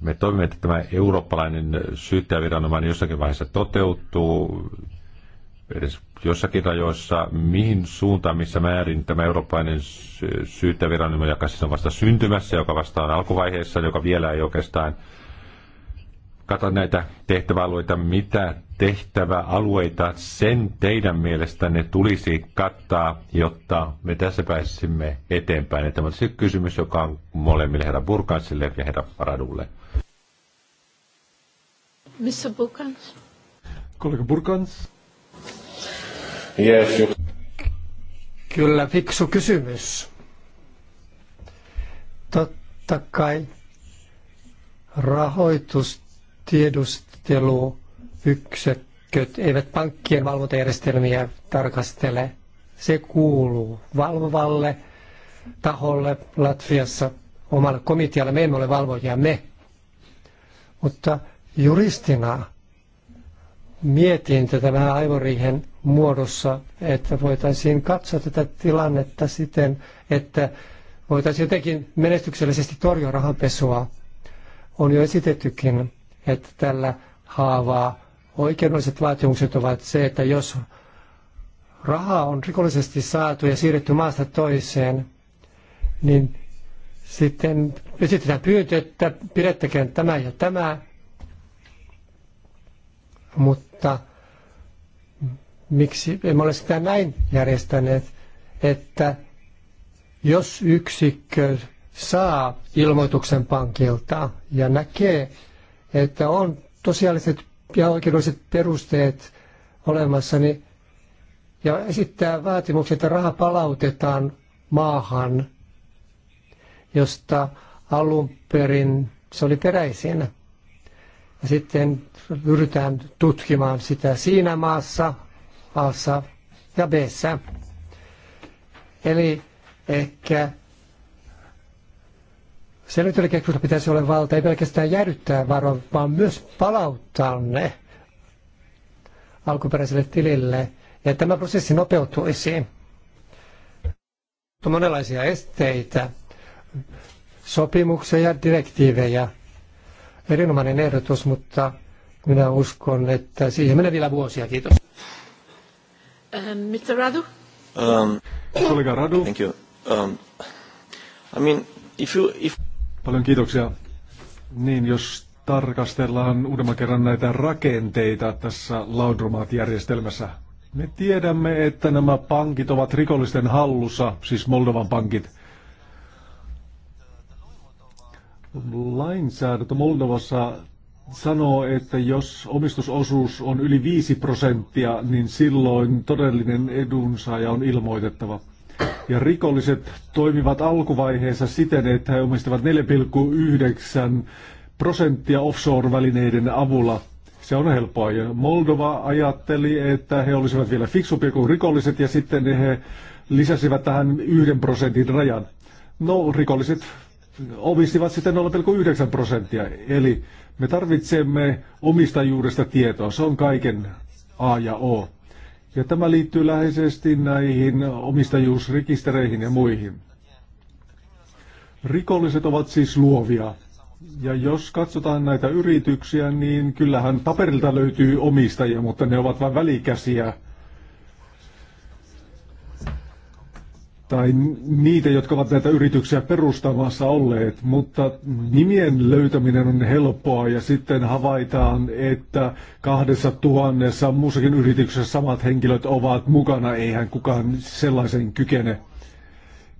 Me toimimme, että tämä eurooppalainen syyttäjäviranomainen jossakin vaiheessa toteutuu edes jossakin rajoissa, mihin suuntaan, missä määrin tämä eurooppainen syyttäviranomainen, joka siis on vasta syntymässä, joka vasta on alkuvaiheessa, joka vielä ei oikeastaan kata näitä tehtäväalueita, mitä tehtäväalueita sen teidän mielestänne tulisi kattaa, jotta me tässä pääsisimme eteenpäin. Ja tämä on se kysymys, joka on molemmille herra Burkansille ja herra Paradulle. Missä Burkans? Kollega Burkans. Yes, you... Kyllä, fiksu kysymys. Totta kai yksiköt eivät pankkien valvontajärjestelmiä tarkastele. Se kuuluu valvovalle taholle Latviassa omalle komitealle. Me emme ole valvojia me. Mutta juristina mietintö tämän aivoriihen muodossa, että voitaisiin katsoa tätä tilannetta siten, että voitaisiin jotenkin menestyksellisesti torjua rahanpesua. On jo esitettykin, että tällä haavaa oikeudelliset vaatimukset ovat se, että jos rahaa on rikollisesti saatu ja siirretty maasta toiseen, niin sitten esitetään pyyntö, että pidettäkään tämä ja tämä mutta miksi emme ole sitä näin järjestäneet, että jos yksikkö saa ilmoituksen pankilta ja näkee, että on tosiaaliset ja oikeudelliset perusteet olemassa, niin ja esittää vaatimuksia, että raha palautetaan maahan, josta alun perin se oli peräisin. Ja sitten pyritään tutkimaan sitä siinä maassa, maassa ja b -sä. Eli ehkä selvittelykeskuksella pitäisi olla valta ei pelkästään jäädyttää varoja, vaan myös palauttaa ne alkuperäiselle tilille. Ja tämä prosessi nopeutuisi. On monenlaisia esteitä, sopimuksia ja direktiivejä, erinomainen ehdotus, mutta minä uskon, että siihen menee vielä vuosia. Kiitos. Um, ähm, Mr. Radu? Um, Kollega Radu. Thank you. Um, I mean, if you, if... Paljon kiitoksia. Niin, jos tarkastellaan uudemman kerran näitä rakenteita tässä laudromaat-järjestelmässä. Me tiedämme, että nämä pankit ovat rikollisten hallussa, siis Moldovan pankit. Lainsäädäntö Moldovassa sanoo, että jos omistusosuus on yli 5 prosenttia, niin silloin todellinen edunsaaja on ilmoitettava. Ja rikolliset toimivat alkuvaiheessa siten, että he omistavat 4,9 prosenttia offshore-välineiden avulla. Se on helppoa. Ja Moldova ajatteli, että he olisivat vielä fiksumpia kuin rikolliset ja sitten he lisäsivät tähän yhden prosentin rajan. No, rikolliset omistivat sitten 0,9 prosenttia. Eli me tarvitsemme omistajuudesta tietoa. Se on kaiken A ja O. Ja tämä liittyy läheisesti näihin omistajuusrekistereihin ja muihin. Rikolliset ovat siis luovia. Ja jos katsotaan näitä yrityksiä, niin kyllähän paperilta löytyy omistajia, mutta ne ovat vain välikäsiä tai niitä, jotka ovat näitä yrityksiä perustamassa olleet, mutta nimien löytäminen on helppoa ja sitten havaitaan, että kahdessa tuhannessa muussakin yrityksessä samat henkilöt ovat mukana, eihän kukaan sellaisen kykene.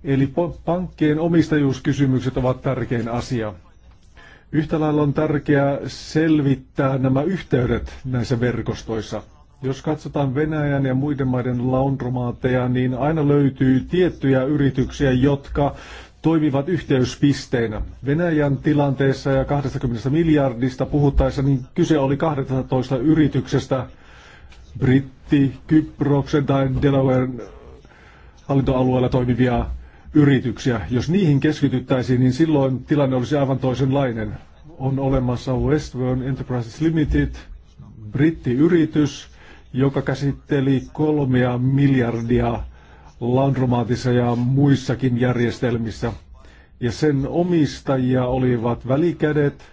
Eli pankkien omistajuuskysymykset ovat tärkein asia. Yhtä lailla on tärkeää selvittää nämä yhteydet näissä verkostoissa – jos katsotaan Venäjän ja muiden maiden laundromaatteja, niin aina löytyy tiettyjä yrityksiä, jotka toimivat yhteyspisteinä. Venäjän tilanteessa ja 20 miljardista puhuttaessa, niin kyse oli 12 yrityksestä, britti, Kyproksen tai Delawaren hallintoalueella toimivia yrityksiä. Jos niihin keskityttäisiin, niin silloin tilanne olisi aivan toisenlainen. On olemassa Westbourne Enterprises Limited, brittiyritys, joka käsitteli kolmea miljardia laundromaatissa ja muissakin järjestelmissä. Ja sen omistajia olivat välikädet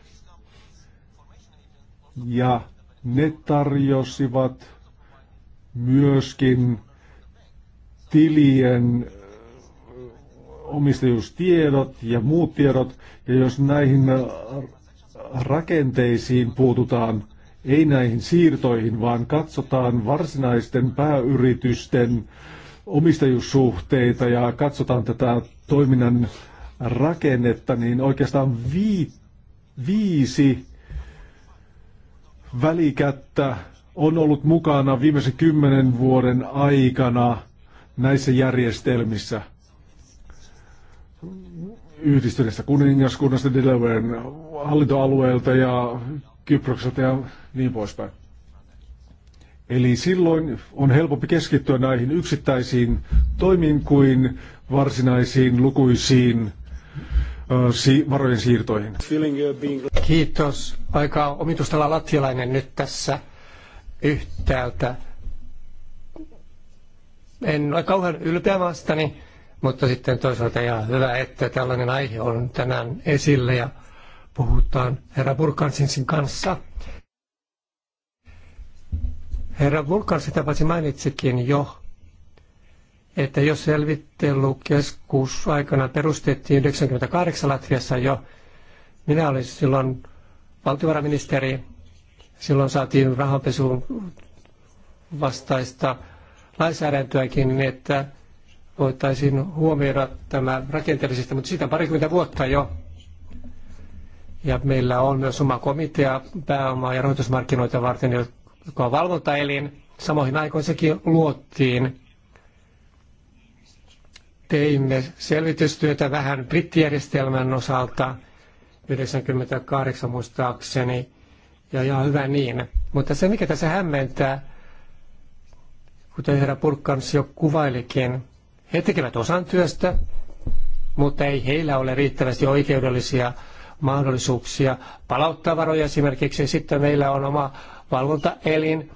ja ne tarjosivat myöskin tilien omistajuustiedot ja muut tiedot, ja jos näihin rakenteisiin puututaan, ei näihin siirtoihin, vaan katsotaan varsinaisten pääyritysten omistajuussuhteita ja katsotaan tätä toiminnan rakennetta, niin oikeastaan vi, viisi välikättä on ollut mukana viimeisen kymmenen vuoden aikana näissä järjestelmissä. Yhdistyneestä kuningaskunnasta, Delawaren hallintoalueelta ja Kyprokselta ja niin poispäin. Eli silloin on helpompi keskittyä näihin yksittäisiin toimiin kuin varsinaisiin lukuisiin varojen siirtoihin. Kiitos. Aika omitustella latvialainen nyt tässä yhtäältä. En ole kauhean ylpeä vastani, mutta sitten toisaalta ihan hyvä, että tällainen aihe on tänään esillä ja puhutaan herra Vulkansinsin kanssa. Herra Vulkansi tapasi mainitsikin jo, että jos selvittelukeskus aikana perustettiin 98 Latviassa jo, minä olin silloin valtiovarainministeri, silloin saatiin rahanpesun vastaista lainsäädäntöäkin, niin että voitaisiin huomioida tämä rakenteellisesti, mutta siitä parikymmentä vuotta jo ja meillä on myös oma komitea pääomaa ja rahoitusmarkkinoita varten, joka on valvontaelin. Samoihin aikoihin sekin luottiin. Teimme selvitystyötä vähän brittijärjestelmän osalta, 98 muistaakseni, ja ja hyvä niin. Mutta se, mikä tässä hämmentää, kuten herra Purkkans jo kuvailikin, he tekevät osan työstä, mutta ei heillä ole riittävästi oikeudellisia mahdollisuuksia palauttaa varoja esimerkiksi. Sitten meillä on oma valvontaelin,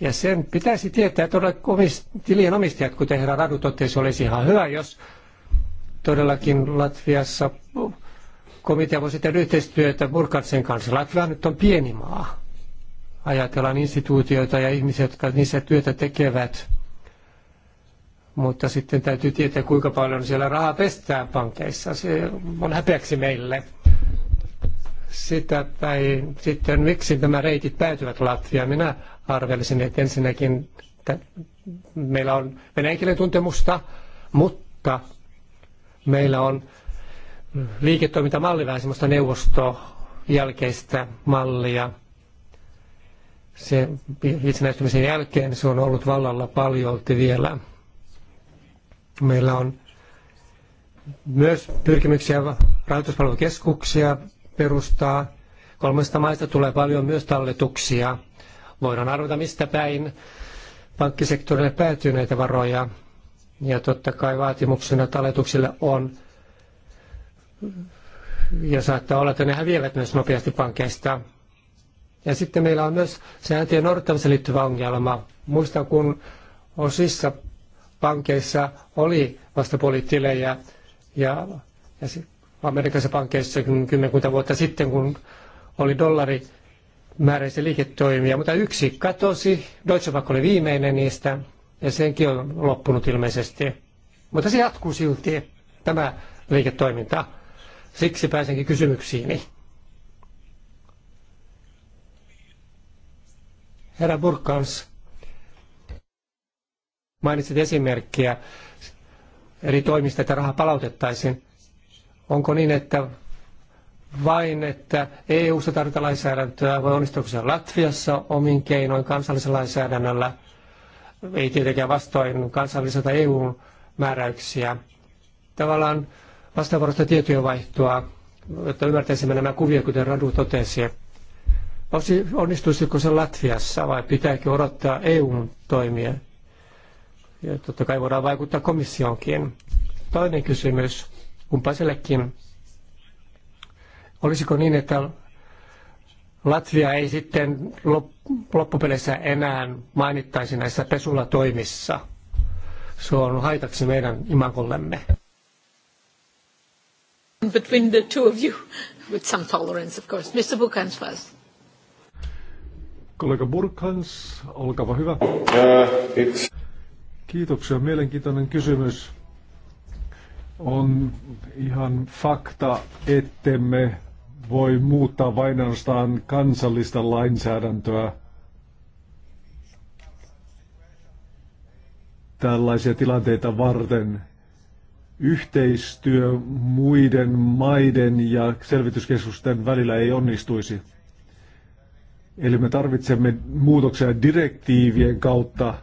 ja sen pitäisi tietää, että omist, tilien omistajat, kuten herra Radu totesi, olisi ihan hyvä, jos todellakin Latviassa komitea voisi tehdä yhteistyötä Burkardsen kanssa. Latvia nyt on pieni maa. Ajatellaan instituutioita ja ihmisiä, jotka niissä työtä tekevät mutta sitten täytyy tietää, kuinka paljon siellä rahaa pestää pankeissa. Se on häpeäksi meille. Sitä tai sitten, miksi nämä reitit päätyvät Latviaan. Minä arvelisin, että ensinnäkin että meillä on venäjän kielen tuntemusta, mutta meillä on liiketoimintamalli vähän semmoista neuvostojälkeistä mallia. Se itsenäistymisen jälkeen se on ollut vallalla paljolti vielä. Meillä on myös pyrkimyksiä rahoituspalvelukeskuksia perustaa. Kolmesta maista tulee paljon myös talletuksia. Voidaan arvata mistä päin pankkisektorille päätyy näitä varoja. Ja totta kai vaatimuksena talletuksille on, ja saattaa olla, että ne häviävät myös nopeasti pankeista. Ja sitten meillä on myös sääntöjen noudattamiseen liittyvä ongelma. Muistan, kun osissa pankeissa oli vastapuolitilejä ja, ja amerikkalaisissa pankeissa kymmenkunta vuotta sitten, kun oli dollari määräisiä liiketoimia, mutta yksi katosi. Deutsche Bank oli viimeinen niistä ja senkin on loppunut ilmeisesti. Mutta se jatkuu silti, tämä liiketoiminta. Siksi pääsenkin kysymyksiini. Herra Burkans, Mainitsit esimerkkiä eri toimista, että raha palautettaisiin. Onko niin, että vain, että EU-sta tarvitaan lainsäädäntöä vai onnistuuko se Latviassa omin keinoin kansallisella lainsäädännöllä? Ei tietenkään vastoin kansallisilta EU-määräyksiä. Tavallaan vastavuorosta tietojen vaihtoa, että ymmärtäisimme nämä kuvia, kuten Radu totesi. Onnistuisiko se Latviassa vai pitääkö odottaa eu toimia? Ja totta kai voidaan vaikuttaa komissioonkin. Toinen kysymys kumpaisellekin. Olisiko niin, että Latvia ei sitten loppupeleissä enää mainittaisi näissä pesulatoimissa? Se on haitaksi meidän imakollemme. Between the two of you, with some tolerance of course. Mr. Bukans first. Kollega Burkhans, olkaa hyvä. Uh, it's... Kiitoksia. Mielenkiintoinen kysymys. On ihan fakta, ettemme voi muuttaa vain ainoastaan kansallista lainsäädäntöä. tällaisia tilanteita varten. Yhteistyö muiden maiden ja selvityskeskusten välillä ei onnistuisi. Eli me tarvitsemme muutoksia direktiivien kautta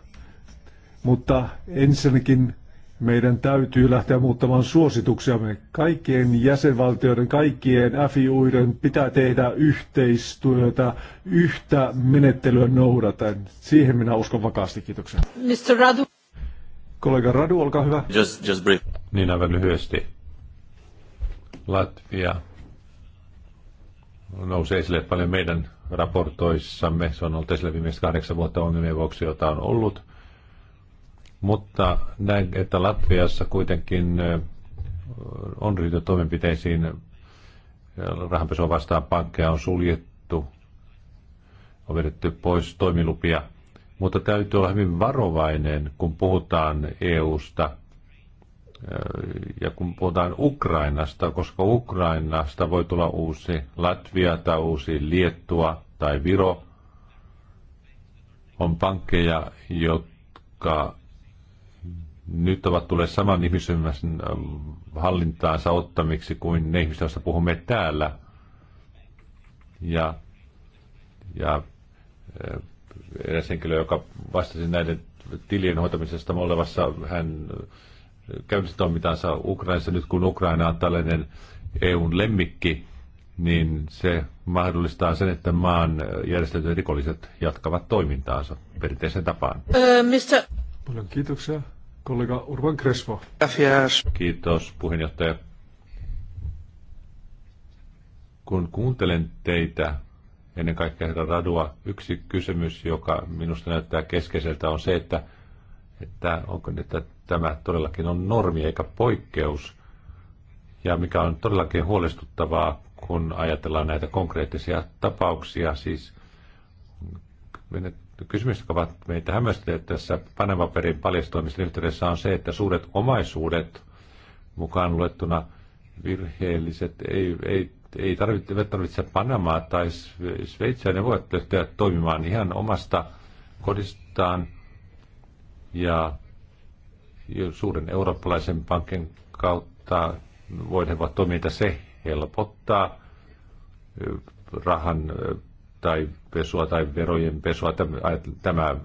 mutta ensinnäkin meidän täytyy lähteä muuttamaan suosituksiamme. Kaikkien jäsenvaltioiden, kaikkien FIUiden pitää tehdä yhteistyötä yhtä menettelyä noudaten. Siihen minä uskon vakaasti. Kiitoksia. Mr. Radu. Kollega Radu, olkaa hyvä. Just, just brief. Niin aivan lyhyesti. Latvia nousee esille paljon meidän raportoissamme. Se on ollut esille viimeiset kahdeksan vuotta ongelmien vuoksi, jota on ollut – mutta näin, että Latviassa kuitenkin on ryhdytty toimenpiteisiin. Rahanpesua vastaan pankkeja on suljettu, on vedetty pois toimilupia. Mutta täytyy olla hyvin varovainen, kun puhutaan EUsta ja kun puhutaan Ukrainasta, koska Ukrainasta voi tulla uusi Latvia tai uusi Liettua tai Viro. On pankkeja, jotka nyt ovat tulleet saman ihmisryhmän äh, hallintaansa ottamiksi kuin ne ihmiset, joista puhumme täällä. Ja, ja äh, eräs henkilö, joka vastasi näiden tilien hoitamisesta Moldovassa, hän äh, käynnisti toimintaansa Ukrainassa. Nyt kun Ukraina on tällainen EUn lemmikki, niin se mahdollistaa sen, että maan järjestetyt rikolliset jatkavat toimintaansa perinteisen tapaan. Öö, mistä? Paljon kiitoksia kollega Urban Crespo. Kiitos puheenjohtaja. Kun kuuntelen teitä, ennen kaikkea herra Radua, yksi kysymys, joka minusta näyttää keskeiseltä, on se, että, että onko niin, että tämä todellakin on normi eikä poikkeus. Ja mikä on todellakin huolestuttavaa, kun ajatellaan näitä konkreettisia tapauksia, siis kysymys, jotka ovat meitä hämmästyneet tässä panama paljastoimisen yhteydessä, on se, että suuret omaisuudet mukaan luettuna virheelliset ei, ei, ei tarvitse, tarvitse Panamaa tai Sveitsiä, ne voivat lähteä toimimaan ihan omasta kodistaan ja suuren eurooppalaisen pankin kautta voivat toimia, se helpottaa rahan tai pesua tai verojen pesua. Tämä äh,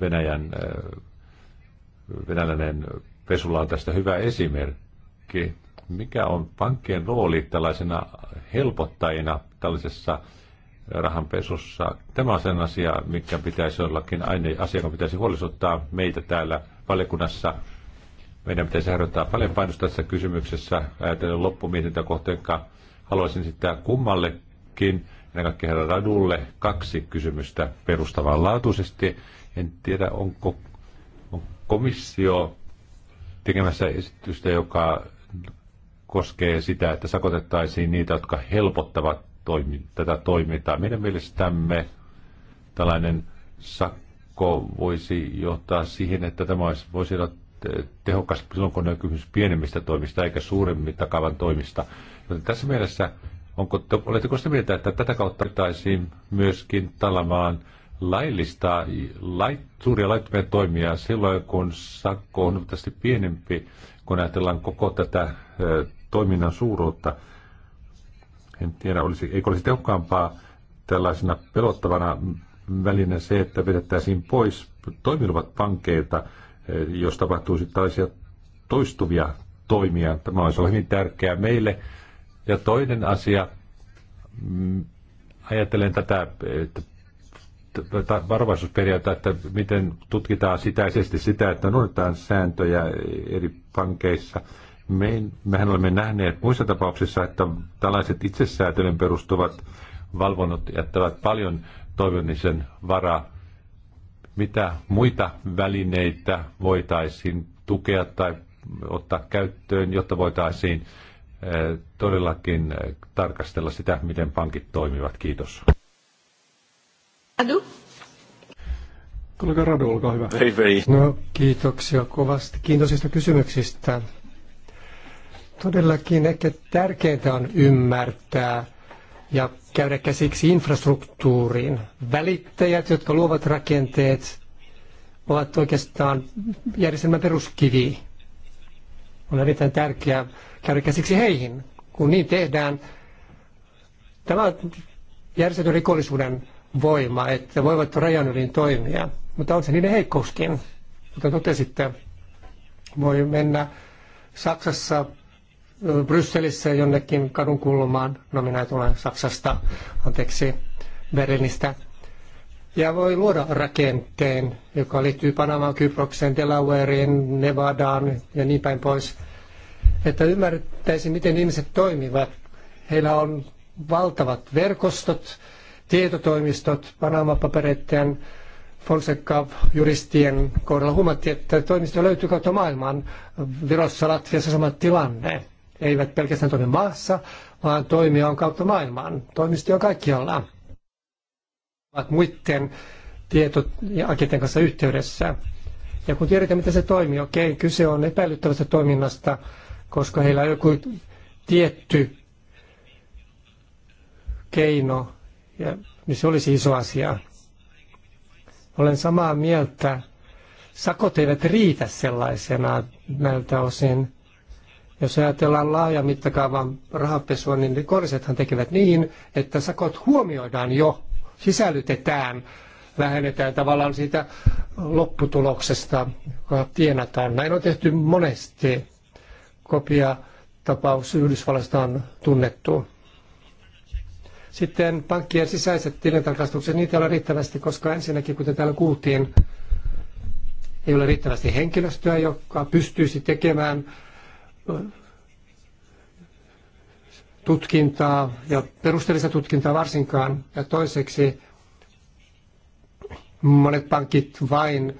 Venäjän, äh, venäläinen pesula on tästä hyvä esimerkki. Mikä on pankkien rooli tällaisena helpottajina tällaisessa rahanpesussa? Tämä on sen asia, mikä pitäisi ollakin aina, asia, joka pitäisi huolestuttaa meitä täällä valiokunnassa. Meidän pitäisi harjoittaa paljon painosta tässä kysymyksessä. Ajatellen loppumietintä kohta, jonka haluaisin sitten kummallekin ennen kaikkea herra Radulle kaksi kysymystä perustavanlaatuisesti. En tiedä, onko, onko komissio tekemässä esitystä, joka koskee sitä, että sakotettaisiin niitä, jotka helpottavat toimi, tätä toimintaa. Meidän mielestämme tällainen sakko voisi johtaa siihen, että tämä olisi, voisi olla tehokas silloin, kun on kysymys pienemmistä toimista eikä suuremmin takavan toimista. Joten tässä mielessä Onko, oletteko sitä mieltä, että tätä kautta voitaisiin myöskin talamaan laillista, lait, suuria laittomia toimia silloin, kun sakko on huomattavasti pienempi, kun ajatellaan koko tätä ö, toiminnan suuruutta. En tiedä, olisi, eikö olisi tehokkaampaa tällaisena pelottavana välinä se, että vedettäisiin pois toimiluvat pankeilta, jos tapahtuisi tällaisia toistuvia toimia. Tämä olisi hyvin tärkeää meille ja toinen asia, mm, ajattelen tätä että varovaisuusperiaatetta, että miten tutkitaan sitä esimerkiksi sitä, että noudatetaan sääntöjä eri pankeissa. Me, mehän olemme nähneet muissa tapauksissa, että tällaiset itsesäätelyn perustuvat valvonnot jättävät paljon toivomisen varaa. Mitä muita välineitä voitaisiin tukea tai ottaa käyttöön, jotta voitaisiin Eh, todellakin eh, tarkastella sitä, miten pankit toimivat. Kiitos. Adu? Kollega Radu, olkaa hyvä. Hei, hei. No, kiitoksia kovasti. Kiintoisista kysymyksistä. Todellakin ehkä tärkeintä on ymmärtää ja käydä käsiksi infrastruktuuriin. Välittäjät, jotka luovat rakenteet, ovat oikeastaan järjestelmän peruskivi. On erittäin tärkeää käydä käsiksi heihin. Kun niin tehdään, tämä on järjestetyn rikollisuuden voima, että voivat rajan ylin toimia. Mutta on se niiden heikkouskin. Kuten totesitte, voi mennä Saksassa, Brysselissä jonnekin kadun kulmaan. No minä tulen Saksasta, anteeksi, Berlinistä, ja voi luoda rakenteen, joka liittyy Panamaan, Kyproksen, Delawareen, Nevadaan ja niin päin pois, että ymmärrettäisiin, miten ihmiset toimivat. Heillä on valtavat verkostot, tietotoimistot, Panama-papereiden, Fonseca-juristien kohdalla huomattiin, että toimisto löytyy kautta maailman. Virossa, Latviassa sama tilanne. Eivät pelkästään toimi maassa, vaan toimia on kautta maailman. Toimisto on kaikkialla ovat muiden tietoagenttien kanssa yhteydessä. Ja kun tiedetään, miten se toimii, okei, kyse on epäilyttävästä toiminnasta, koska heillä on joku tietty keino, ja, niin se olisi iso asia. Olen samaa mieltä. Sakot eivät riitä sellaisena näiltä osin. Jos ajatellaan laaja mittakaavan rahapesua, niin rikollisethan tekevät niin, että sakot huomioidaan jo sisällytetään, vähennetään tavallaan siitä lopputuloksesta, joka tienataan. Näin on tehty monesti. Kopia tapaus Yhdysvalloista on tunnettu. Sitten pankkien sisäiset tilintarkastukset, niitä ei ole riittävästi, koska ensinnäkin, kuten täällä kuultiin, ei ole riittävästi henkilöstöä, joka pystyisi tekemään tutkintaa ja perusteellista tutkintaa varsinkaan. Ja toiseksi monet pankit vain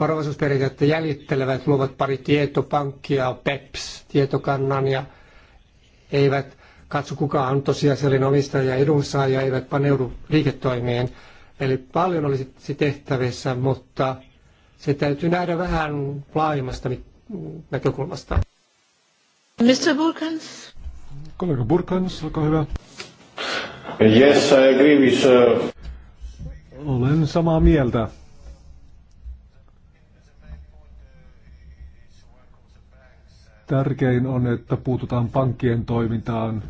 varovaisuusperiaatteita jäljittelevät, luovat pari tietopankkia, PEPS, tietokannan ja eivät katso kuka on tosiasiallinen omistaja ja edunsaaja, eivät paneudu liiketoimiin. Eli paljon olisi tehtävissä, mutta se täytyy nähdä vähän laajemmasta näkökulmasta. Mr. Burkans? Kollega Burkan, olkaa hyvä. Yes, I agree with... Uh... Olen samaa mieltä. Tärkein on, että puututaan pankkien toimintaan.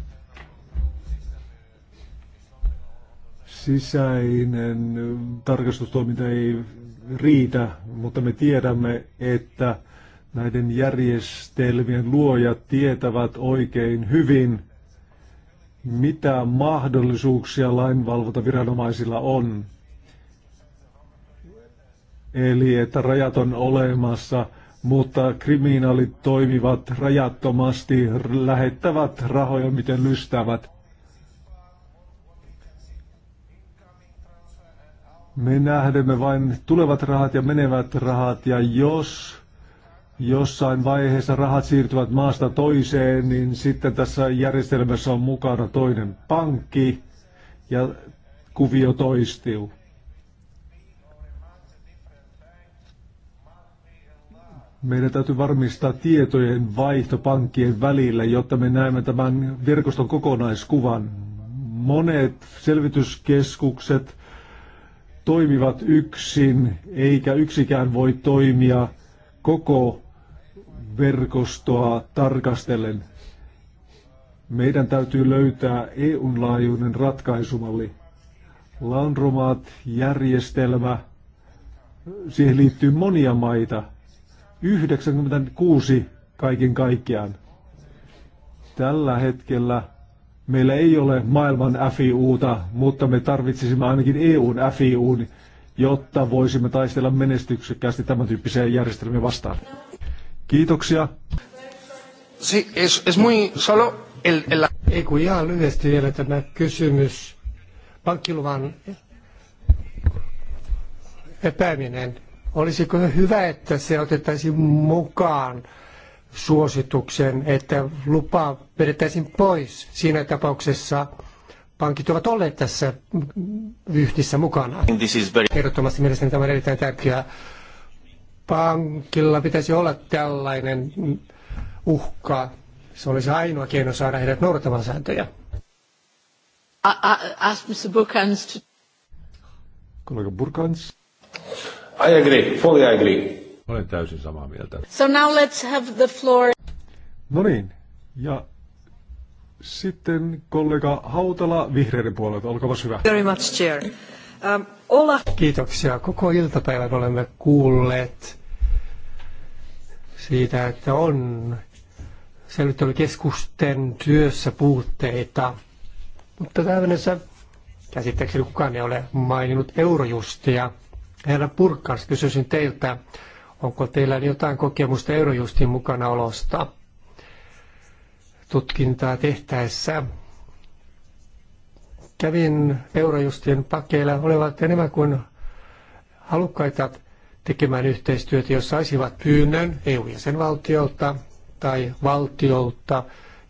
Sisäinen tarkastustoiminta ei riitä, mutta me tiedämme, että näiden järjestelmien luojat tietävät oikein hyvin, mitä mahdollisuuksia lainvalvontaviranomaisilla on. Eli että rajat on olemassa, mutta kriminaalit toimivat rajattomasti, lähettävät rahoja miten lystävät. Me nähdemme vain tulevat rahat ja menevät rahat, ja jos jossain vaiheessa rahat siirtyvät maasta toiseen, niin sitten tässä järjestelmässä on mukana toinen pankki ja kuvio toistuu. Meidän täytyy varmistaa tietojen vaihto pankkien välillä, jotta me näemme tämän verkoston kokonaiskuvan. Monet selvityskeskukset toimivat yksin, eikä yksikään voi toimia koko verkostoa tarkastellen. Meidän täytyy löytää EUn laajuinen ratkaisumalli. Landromat, järjestelmä siihen liittyy monia maita. 96 kaiken kaikkiaan. Tällä hetkellä meillä ei ole maailman FIUta, mutta me tarvitsisimme ainakin EUn FIUn, jotta voisimme taistella menestyksekkäästi tämän tyyppisiä järjestelmiä vastaan. Kiitoksia. Sí, es, es muy solo el, el... Ei kun ihan lyhyesti vielä tämä kysymys. Pankkiluvan epääminen. Olisiko hyvä, että se otettaisiin mukaan suosituksen, että lupa vedettäisiin pois siinä tapauksessa, pankit ovat olleet tässä vyhtissä mukana. Very... Ehdottomasti mielestäni tämä on erittäin tärkeää pankilla pitäisi olla tällainen uhka. Se olisi ainoa keino saada heidät noudattamaan sääntöjä. Kollega Burkans. I agree, fully agree. Olen täysin samaa mieltä. So now let's have the floor. No niin, ja sitten kollega Hautala vihreiden puolelta, olkaa hyvä. Very much, chair. Um, olla. Kiitoksia. Koko iltapäivän olemme kuulleet siitä, että on selvittelykeskusten työssä puutteita. Mutta tähän mennessä käsittääkseni kukaan ei ole maininnut eurojustia. Herra Purkkans, kysyisin teiltä, onko teillä jotain kokemusta eurojustin mukanaolosta tutkintaa tehtäessä? kävin Eurojustin pakkeilla, olivat enemmän kuin halukkaita tekemään yhteistyötä, jos saisivat pyynnön EU-jäsenvaltiolta tai valtiolta,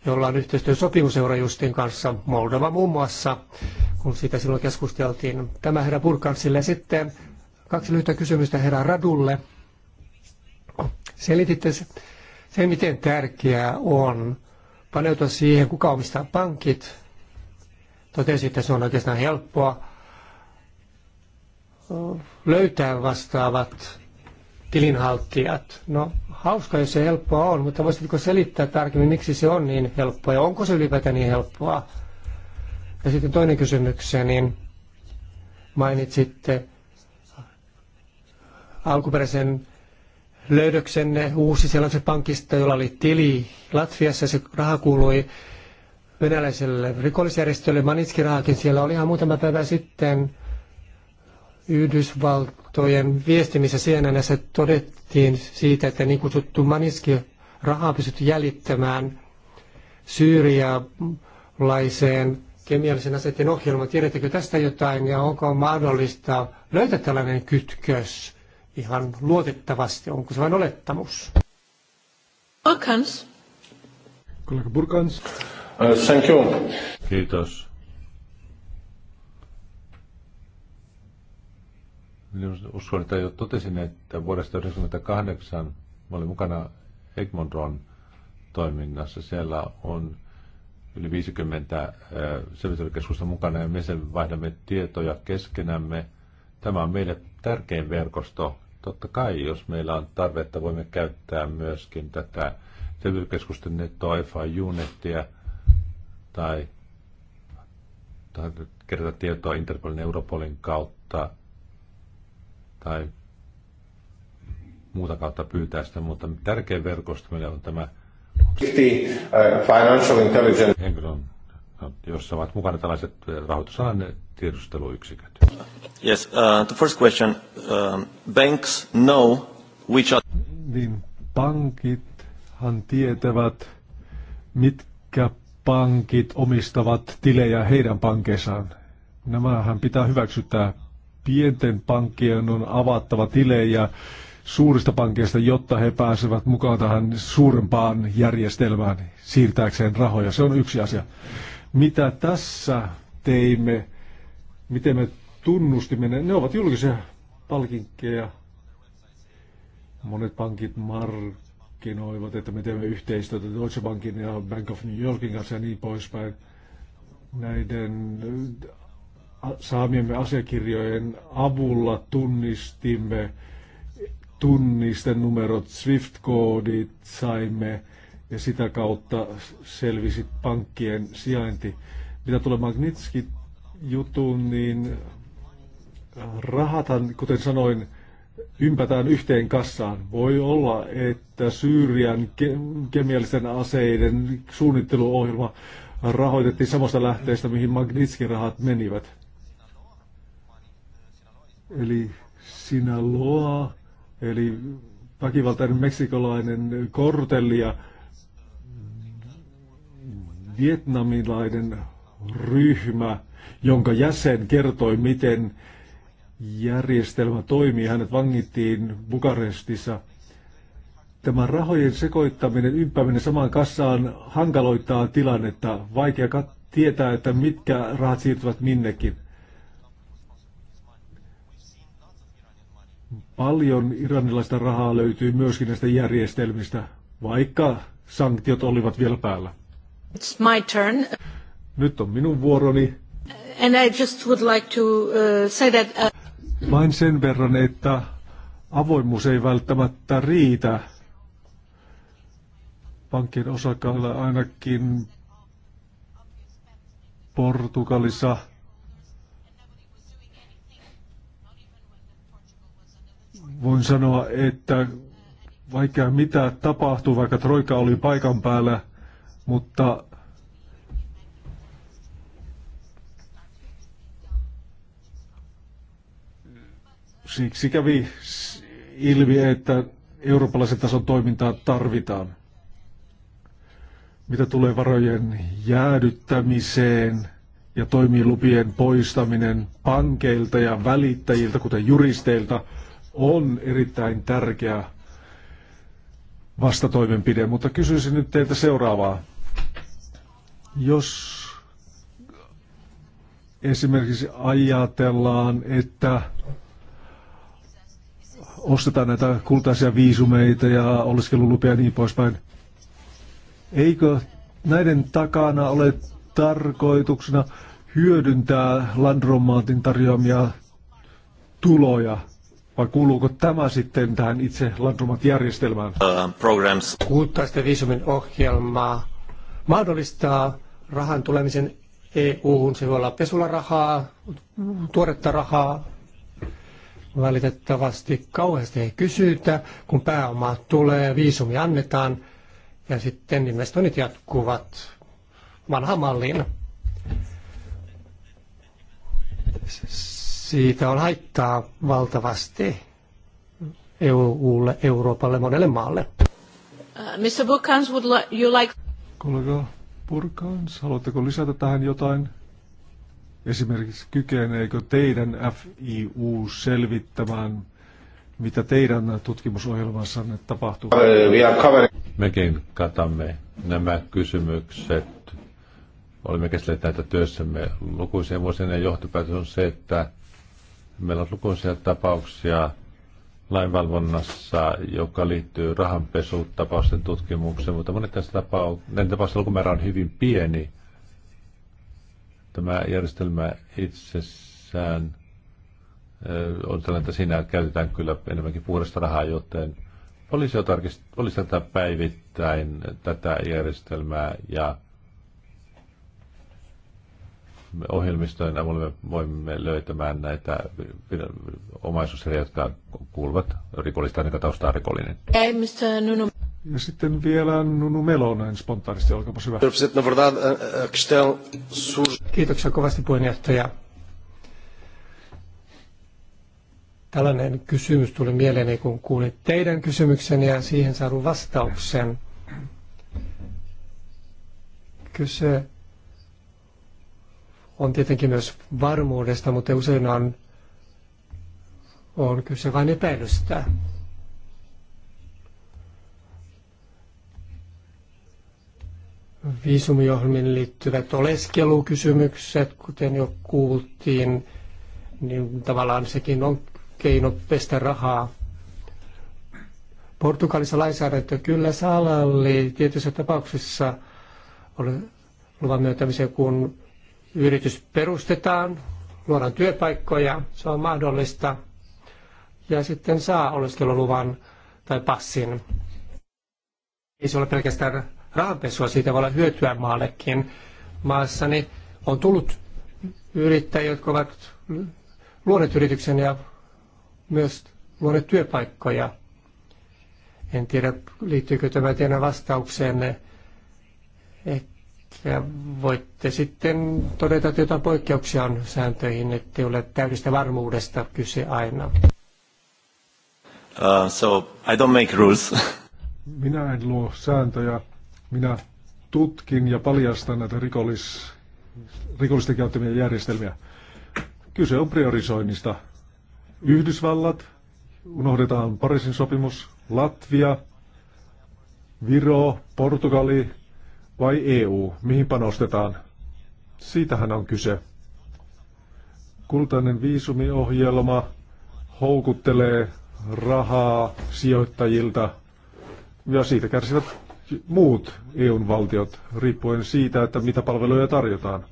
jolla on yhteistyösopimus Eurojustin kanssa, Moldova muun muassa, kun siitä silloin keskusteltiin. Tämä herra Burkansille sitten kaksi lyhyttä kysymystä herra Radulle. Selititte se miten tärkeää on paneutua siihen, kuka omistaa pankit, totesi, että se on oikeastaan helppoa löytää vastaavat tilinhaltijat. No, hauska, jos se helppoa on, mutta voisitko selittää tarkemmin, miksi se on niin helppoa ja onko se ylipäätään niin helppoa? Ja sitten toinen kysymykseni, niin mainitsitte alkuperäisen löydöksenne uusi sellaisen pankista, jolla oli tili Latviassa, se raha kuului venäläiselle rikollisjärjestölle Manitskiraakin. Siellä oli ihan muutama päivä sitten Yhdysvaltojen viestimissä CNNssä todettiin siitä, että niin kutsuttu Manitski rahaa pystytty jäljittämään syyrialaiseen kemiallisen aseiden ohjelmaan. Tiedättekö tästä jotain ja onko mahdollista löytää tällainen kytkös ihan luotettavasti? Onko se vain olettamus? Burkans. Kollega Burkans. Uh, thank you. Kiitos. Uskon, että jo totesin, että vuodesta 1998 olin mukana Egmonron toiminnassa. Siellä on yli 50 äh, selvityskeskusta mukana ja me sen vaihdamme tietoja keskenämme. Tämä on meille tärkein verkosto. Totta kai, jos meillä on tarvetta, voimme käyttää myöskin tätä selvityskeskusten nettoa, FIU-nettiä, tai, tai kerätä tietoa Interpolin Europolin kautta tai muuta kautta pyytää sitä, mutta tärkein verkosto meillä on tämä uh, Financial Intelligence. jossa ovat mukana tällaiset eh, rahoitusalan tiedusteluyksiköt. Yes, uh, the first question. Uh, banks know which are... Niin, pankithan tietävät, mitkä pankit omistavat tilejä heidän pankeissaan. Nämähän pitää hyväksyttää. Pienten pankkien on avattava tilejä suurista pankeista, jotta he pääsevät mukaan tähän suurempaan järjestelmään siirtääkseen rahoja. Se on yksi asia. Mitä tässä teimme, miten me tunnustimme, ne, ne ovat julkisia palkinkkeja. Monet pankit mar- markkinoivat, että me teemme yhteistyötä Deutsche Bankin ja Bank of New Yorkin kanssa ja niin poispäin. Näiden äh, saamiemme asiakirjojen avulla tunnistimme tunnisten numerot, SWIFT-koodit saimme ja sitä kautta selvisi pankkien sijainti. Mitä tulee Magnitski-jutuun, niin rahathan, kuten sanoin, ympätään yhteen kassaan. Voi olla, että Syyrian ke- kemiallisten aseiden suunnitteluohjelma rahoitettiin samasta lähteestä, mihin Magnitskin rahat menivät. Eli Sinaloa, eli väkivaltainen meksikolainen kortelli ja vietnamilainen ryhmä, jonka jäsen kertoi, miten järjestelmä toimii. Hänet vangittiin Bukarestissa. Tämä rahojen sekoittaminen, ympääminen samaan kassaan hankaloittaa tilannetta. Vaikea tietää, että mitkä rahat siirtyvät minnekin. Paljon iranilaista rahaa löytyy myöskin näistä järjestelmistä, vaikka sanktiot olivat vielä päällä. It's my turn. Nyt on minun vuoroni. And I just would like to uh, say that... Uh, vain sen verran, että avoimuus ei välttämättä riitä. Pankkien osakkailla ainakin Portugalissa voin sanoa, että vaikka mitä tapahtuu, vaikka Troika oli paikan päällä, mutta siksi kävi ilmi, että eurooppalaisen tason toimintaa tarvitaan. Mitä tulee varojen jäädyttämiseen ja toimilupien poistaminen pankeilta ja välittäjiltä, kuten juristeilta, on erittäin tärkeä vastatoimenpide. Mutta kysyisin nyt teiltä seuraavaa. Jos esimerkiksi ajatellaan, että ostetaan näitä kultaisia viisumeita ja oleskelulupia ja niin poispäin. Eikö näiden takana ole tarkoituksena hyödyntää Landromaatin tarjoamia tuloja? Vai kuuluuko tämä sitten tähän itse Landromat-järjestelmään? Uh, Kultaisten viisumin ohjelmaa mahdollistaa rahan tulemisen EU-hun. Se voi olla pesularahaa, tuoretta rahaa, Valitettavasti kauheasti ei kysytä, kun pääoma tulee, viisumi annetaan ja sitten investoinnit jatkuvat vanhaan malliin. Siitä on haittaa valtavasti EUlle, Euroopalle, monelle maalle. Uh, Mr. Burkans, would you like... Kollega Burkans, haluatteko lisätä tähän jotain? Esimerkiksi kykeneekö teidän FIU selvittämään, mitä teidän tutkimusohjelmassanne tapahtuu? Mekin katamme nämä kysymykset. Olemme käsitelleet näitä työssämme lukuisia vuosien ja johtopäätös on se, että meillä on lukuisia tapauksia lainvalvonnassa, joka liittyy rahanpesutapausten tutkimukseen, mutta monet näistä näiden tapausten lukumäärä on hyvin pieni – Tämä järjestelmä itsessään on tällainen, että siinä käytetään kyllä enemmänkin puhdasta rahaa, joten poliisi tarkistaa päivittäin tätä järjestelmää ja me ohjelmistojen avulla me voimme löytämään näitä omaisuuseriä, jotka kuuluvat rikollista, ainakaan taustaa rikollinen. Ja sitten vielä Nunu Melonen spontaanisti, olkaapa hyvä. Kiitoksia kovasti puheenjohtaja. Tällainen kysymys tuli mieleen, kun kuulin teidän kysymyksen ja siihen saadun vastauksen. Kyse on tietenkin myös varmuudesta, mutta usein on, on kyse vain epäilystä viisumiohjelmiin liittyvät oleskelukysymykset, kuten jo kuultiin, niin tavallaan sekin on keino pestä rahaa. Portugalissa lainsäädäntö kyllä sallii tietyissä tapauksissa luvan myöntämiseen, kun yritys perustetaan, luodaan työpaikkoja, se on mahdollista, ja sitten saa oleskeluluvan tai passin. Ei se ole pelkästään rahanpesua, siitä voi olla hyötyä maallekin. Maassani on tullut yrittäjiä, jotka ovat luoneet yrityksen ja myös luoneet työpaikkoja. En tiedä, liittyykö tämä teidän vastaukseenne. Ehkä voitte sitten todeta, että jotain poikkeuksia on sääntöihin, ettei ole täydestä varmuudesta kyse aina. Uh, so I don't make rules. Minä en luo sääntöjä. Minä tutkin ja paljastan näitä rikollis, rikollisten käyttämiä järjestelmiä. Kyse on priorisoinnista. Yhdysvallat, unohdetaan Pariisin sopimus, Latvia, Viro, Portugali vai EU, mihin panostetaan? Siitähän on kyse. Kultainen viisumiohjelma houkuttelee rahaa sijoittajilta ja siitä kärsivät muut eu valtiot, riippuen siitä, että mitä palveluja tarjotaan.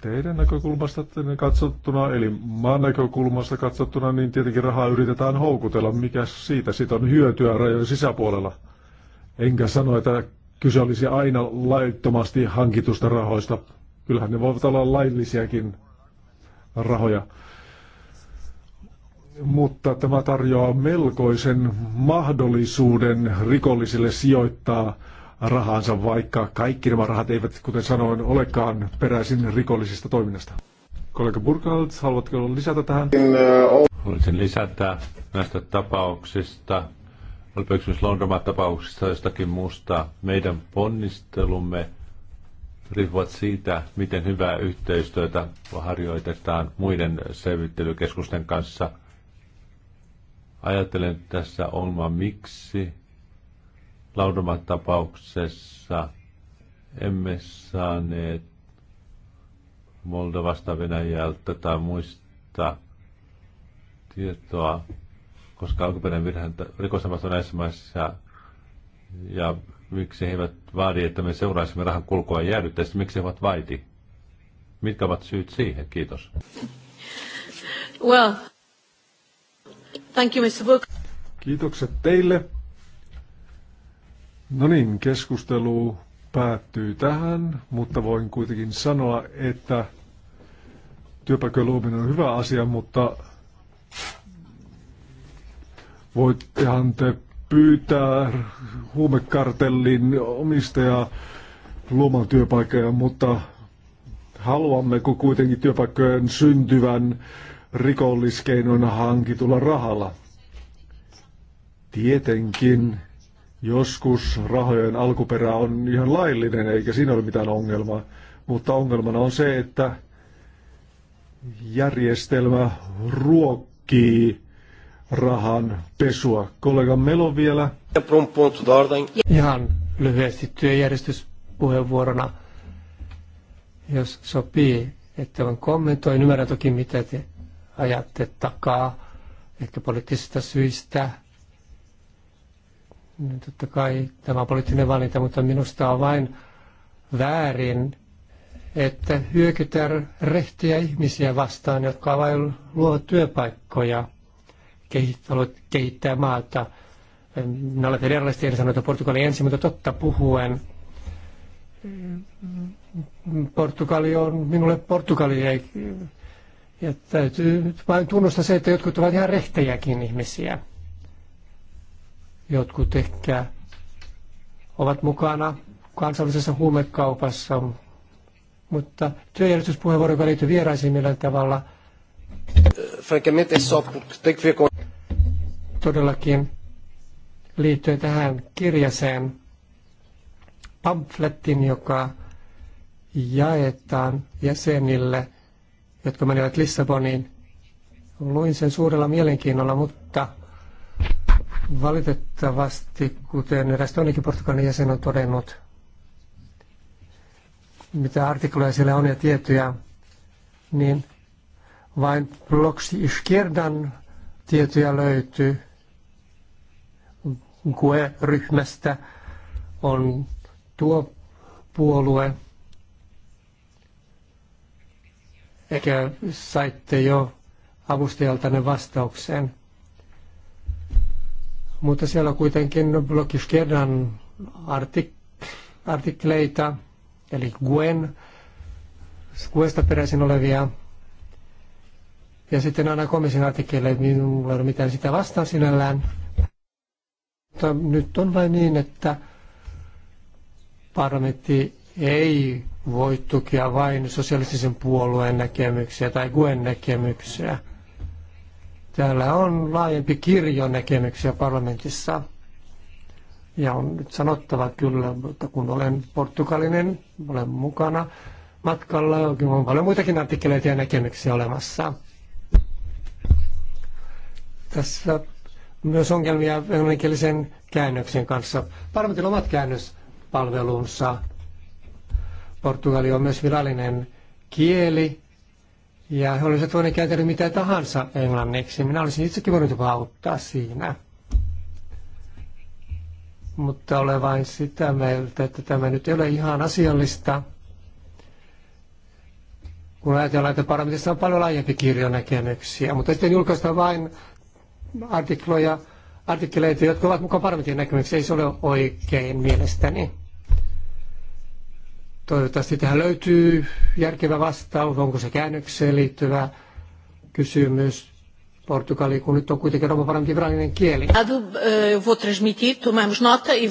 Teidän näkökulmasta katsottuna, eli maan näkökulmasta katsottuna, niin tietenkin rahaa yritetään houkutella. Mikä siitä? Siitä on hyötyä rajojen sisäpuolella. Enkä sano, että kyse olisi aina laittomasti hankitusta rahoista. Kyllähän ne voivat olla laillisiakin rahoja mutta tämä tarjoaa melkoisen mahdollisuuden rikollisille sijoittaa rahansa, vaikka kaikki nämä rahat eivät, kuten sanoin, olekaan peräisin rikollisista toiminnasta. Kollega Burkholz, haluatko lisätä tähän? Haluaisin lisätä näistä tapauksista, olipa kysymys Londoman tapauksista jostakin muusta. Meidän ponnistelumme riippuvat siitä, miten hyvää yhteistyötä harjoitetaan muiden selvittelykeskusten kanssa – Ajattelen tässä ongelmaa, miksi laudomat tapauksessa emme saaneet Moldovasta Venäjältä tai muista tietoa, koska alkuperäinen virhe rikosamassa näissä maissa ja miksi he eivät vaadi, että me seuraisimme rahan kulkua ja jäädyttäisimme, miksi he ovat vaiti? Mitkä ovat syyt siihen? Kiitos. Well, Thank you, Mr. Book. Kiitokset teille. No niin, keskustelu päättyy tähän, mutta voin kuitenkin sanoa, että työpaikkojen luominen on hyvä asia, mutta voittehan te pyytää huumekartellin omistaja luomaan työpaikkoja, mutta haluammeko kuitenkin työpaikkojen syntyvän rikolliskeinoina hankitulla rahalla. Tietenkin joskus rahojen alkuperä on ihan laillinen, eikä siinä ole mitään ongelmaa, mutta ongelmana on se, että järjestelmä ruokkii rahan pesua. Kollega Melo vielä. Um ihan lyhyesti työjärjestyspuheenvuorona, jos sopii, että on kommentoin. Ymmärrän toki, mitä te ajatte takaa, ehkä poliittisista syistä. No, totta kai tämä on poliittinen valinta, mutta minusta on vain väärin, että hyökytään rehtiä ihmisiä vastaan, jotka vain luo työpaikkoja, haluavat kehittää maata. Minä olen federalisti, en sano, että Portugali ensin, mutta totta puhuen. Mm, Portugali on minulle Portugali, ei ja täytyy nyt vain tunnustaa se, että jotkut ovat ihan rehtejäkin ihmisiä. Jotkut ehkä ovat mukana kansallisessa huumekaupassa, mutta työjärjestyspuheenvuoro, joka liittyy vieraisiin millään tavalla, todellakin liittyen tähän kirjaseen pamflettiin, joka jaetaan jäsenille jotka menivät Lissaboniin. Luin sen suurella mielenkiinnolla, mutta valitettavasti, kuten eräs toinenkin Portugalin jäsen on todennut, mitä artikloja siellä on ja tietoja, niin vain bloksi Iskerdan tietoja löytyy. GUE-ryhmästä on tuo puolue, Ehkä saitte jo avustajaltanne vastauksen. Mutta siellä on kuitenkin blogiskerran artik- artikleita, eli Gwen, Guesta peräisin olevia. Ja sitten aina komission artikkeleita, minulla ei ole mitään sitä vastaan sinällään. Mutta nyt on vain niin, että parlamentti ei voi tukea vain sosialistisen puolueen näkemyksiä tai Guen näkemyksiä. Täällä on laajempi kirjo näkemyksiä parlamentissa. Ja on nyt sanottava kyllä, että kun olen portugalinen, olen mukana matkalla, on paljon muitakin artikkeleita ja näkemyksiä olemassa. Tässä myös ongelmia englanninkielisen käännöksen kanssa. Parlamentilla omat käännöspalvelunsa Portugali on myös virallinen kieli, ja he olisivat voineet käyttää mitä tahansa englanniksi. Minä olisin itsekin voinut jopa auttaa siinä. Mutta olen vain sitä mieltä, että tämä nyt ei ole ihan asiallista. Kun ajatellaan, että parametissa on paljon laajempi kirjo näkemyksiä, mutta sitten julkaistaan vain artikloja, artikkeleita, jotka ovat mukaan parametin näkemyksiä. Ei se ole oikein mielestäni. Toivottavasti tähän löytyy järkevä vastaus, onko se käännökseen liittyvä kysymys. Portugali, kun nyt on kuitenkin Rooman parempi virallinen kieli. Eh, e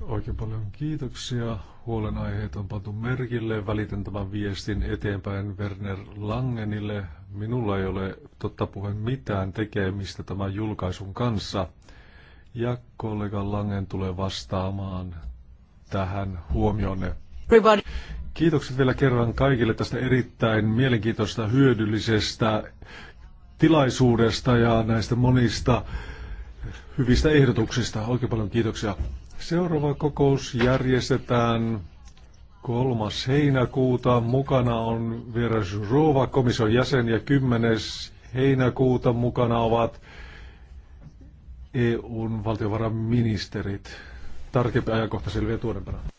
Oikein paljon kiitoksia. Huolenaiheet on pantu merkille. Välitän tämän viestin eteenpäin Werner Langenille. Minulla ei ole totta puheen mitään tekemistä tämän julkaisun kanssa. Ja kollega Langen tulee vastaamaan tähän huomioon everybody. Kiitokset vielä kerran kaikille tästä erittäin mielenkiintoista, hyödyllisestä tilaisuudesta ja näistä monista hyvistä ehdotuksista. Oikein paljon kiitoksia. Seuraava kokous järjestetään 3. heinäkuuta. Mukana on vieras Rova komission jäsen, ja 10. heinäkuuta mukana ovat EUn valtiovarainministerit. Tarkempi ajankohta selviää tuonempana.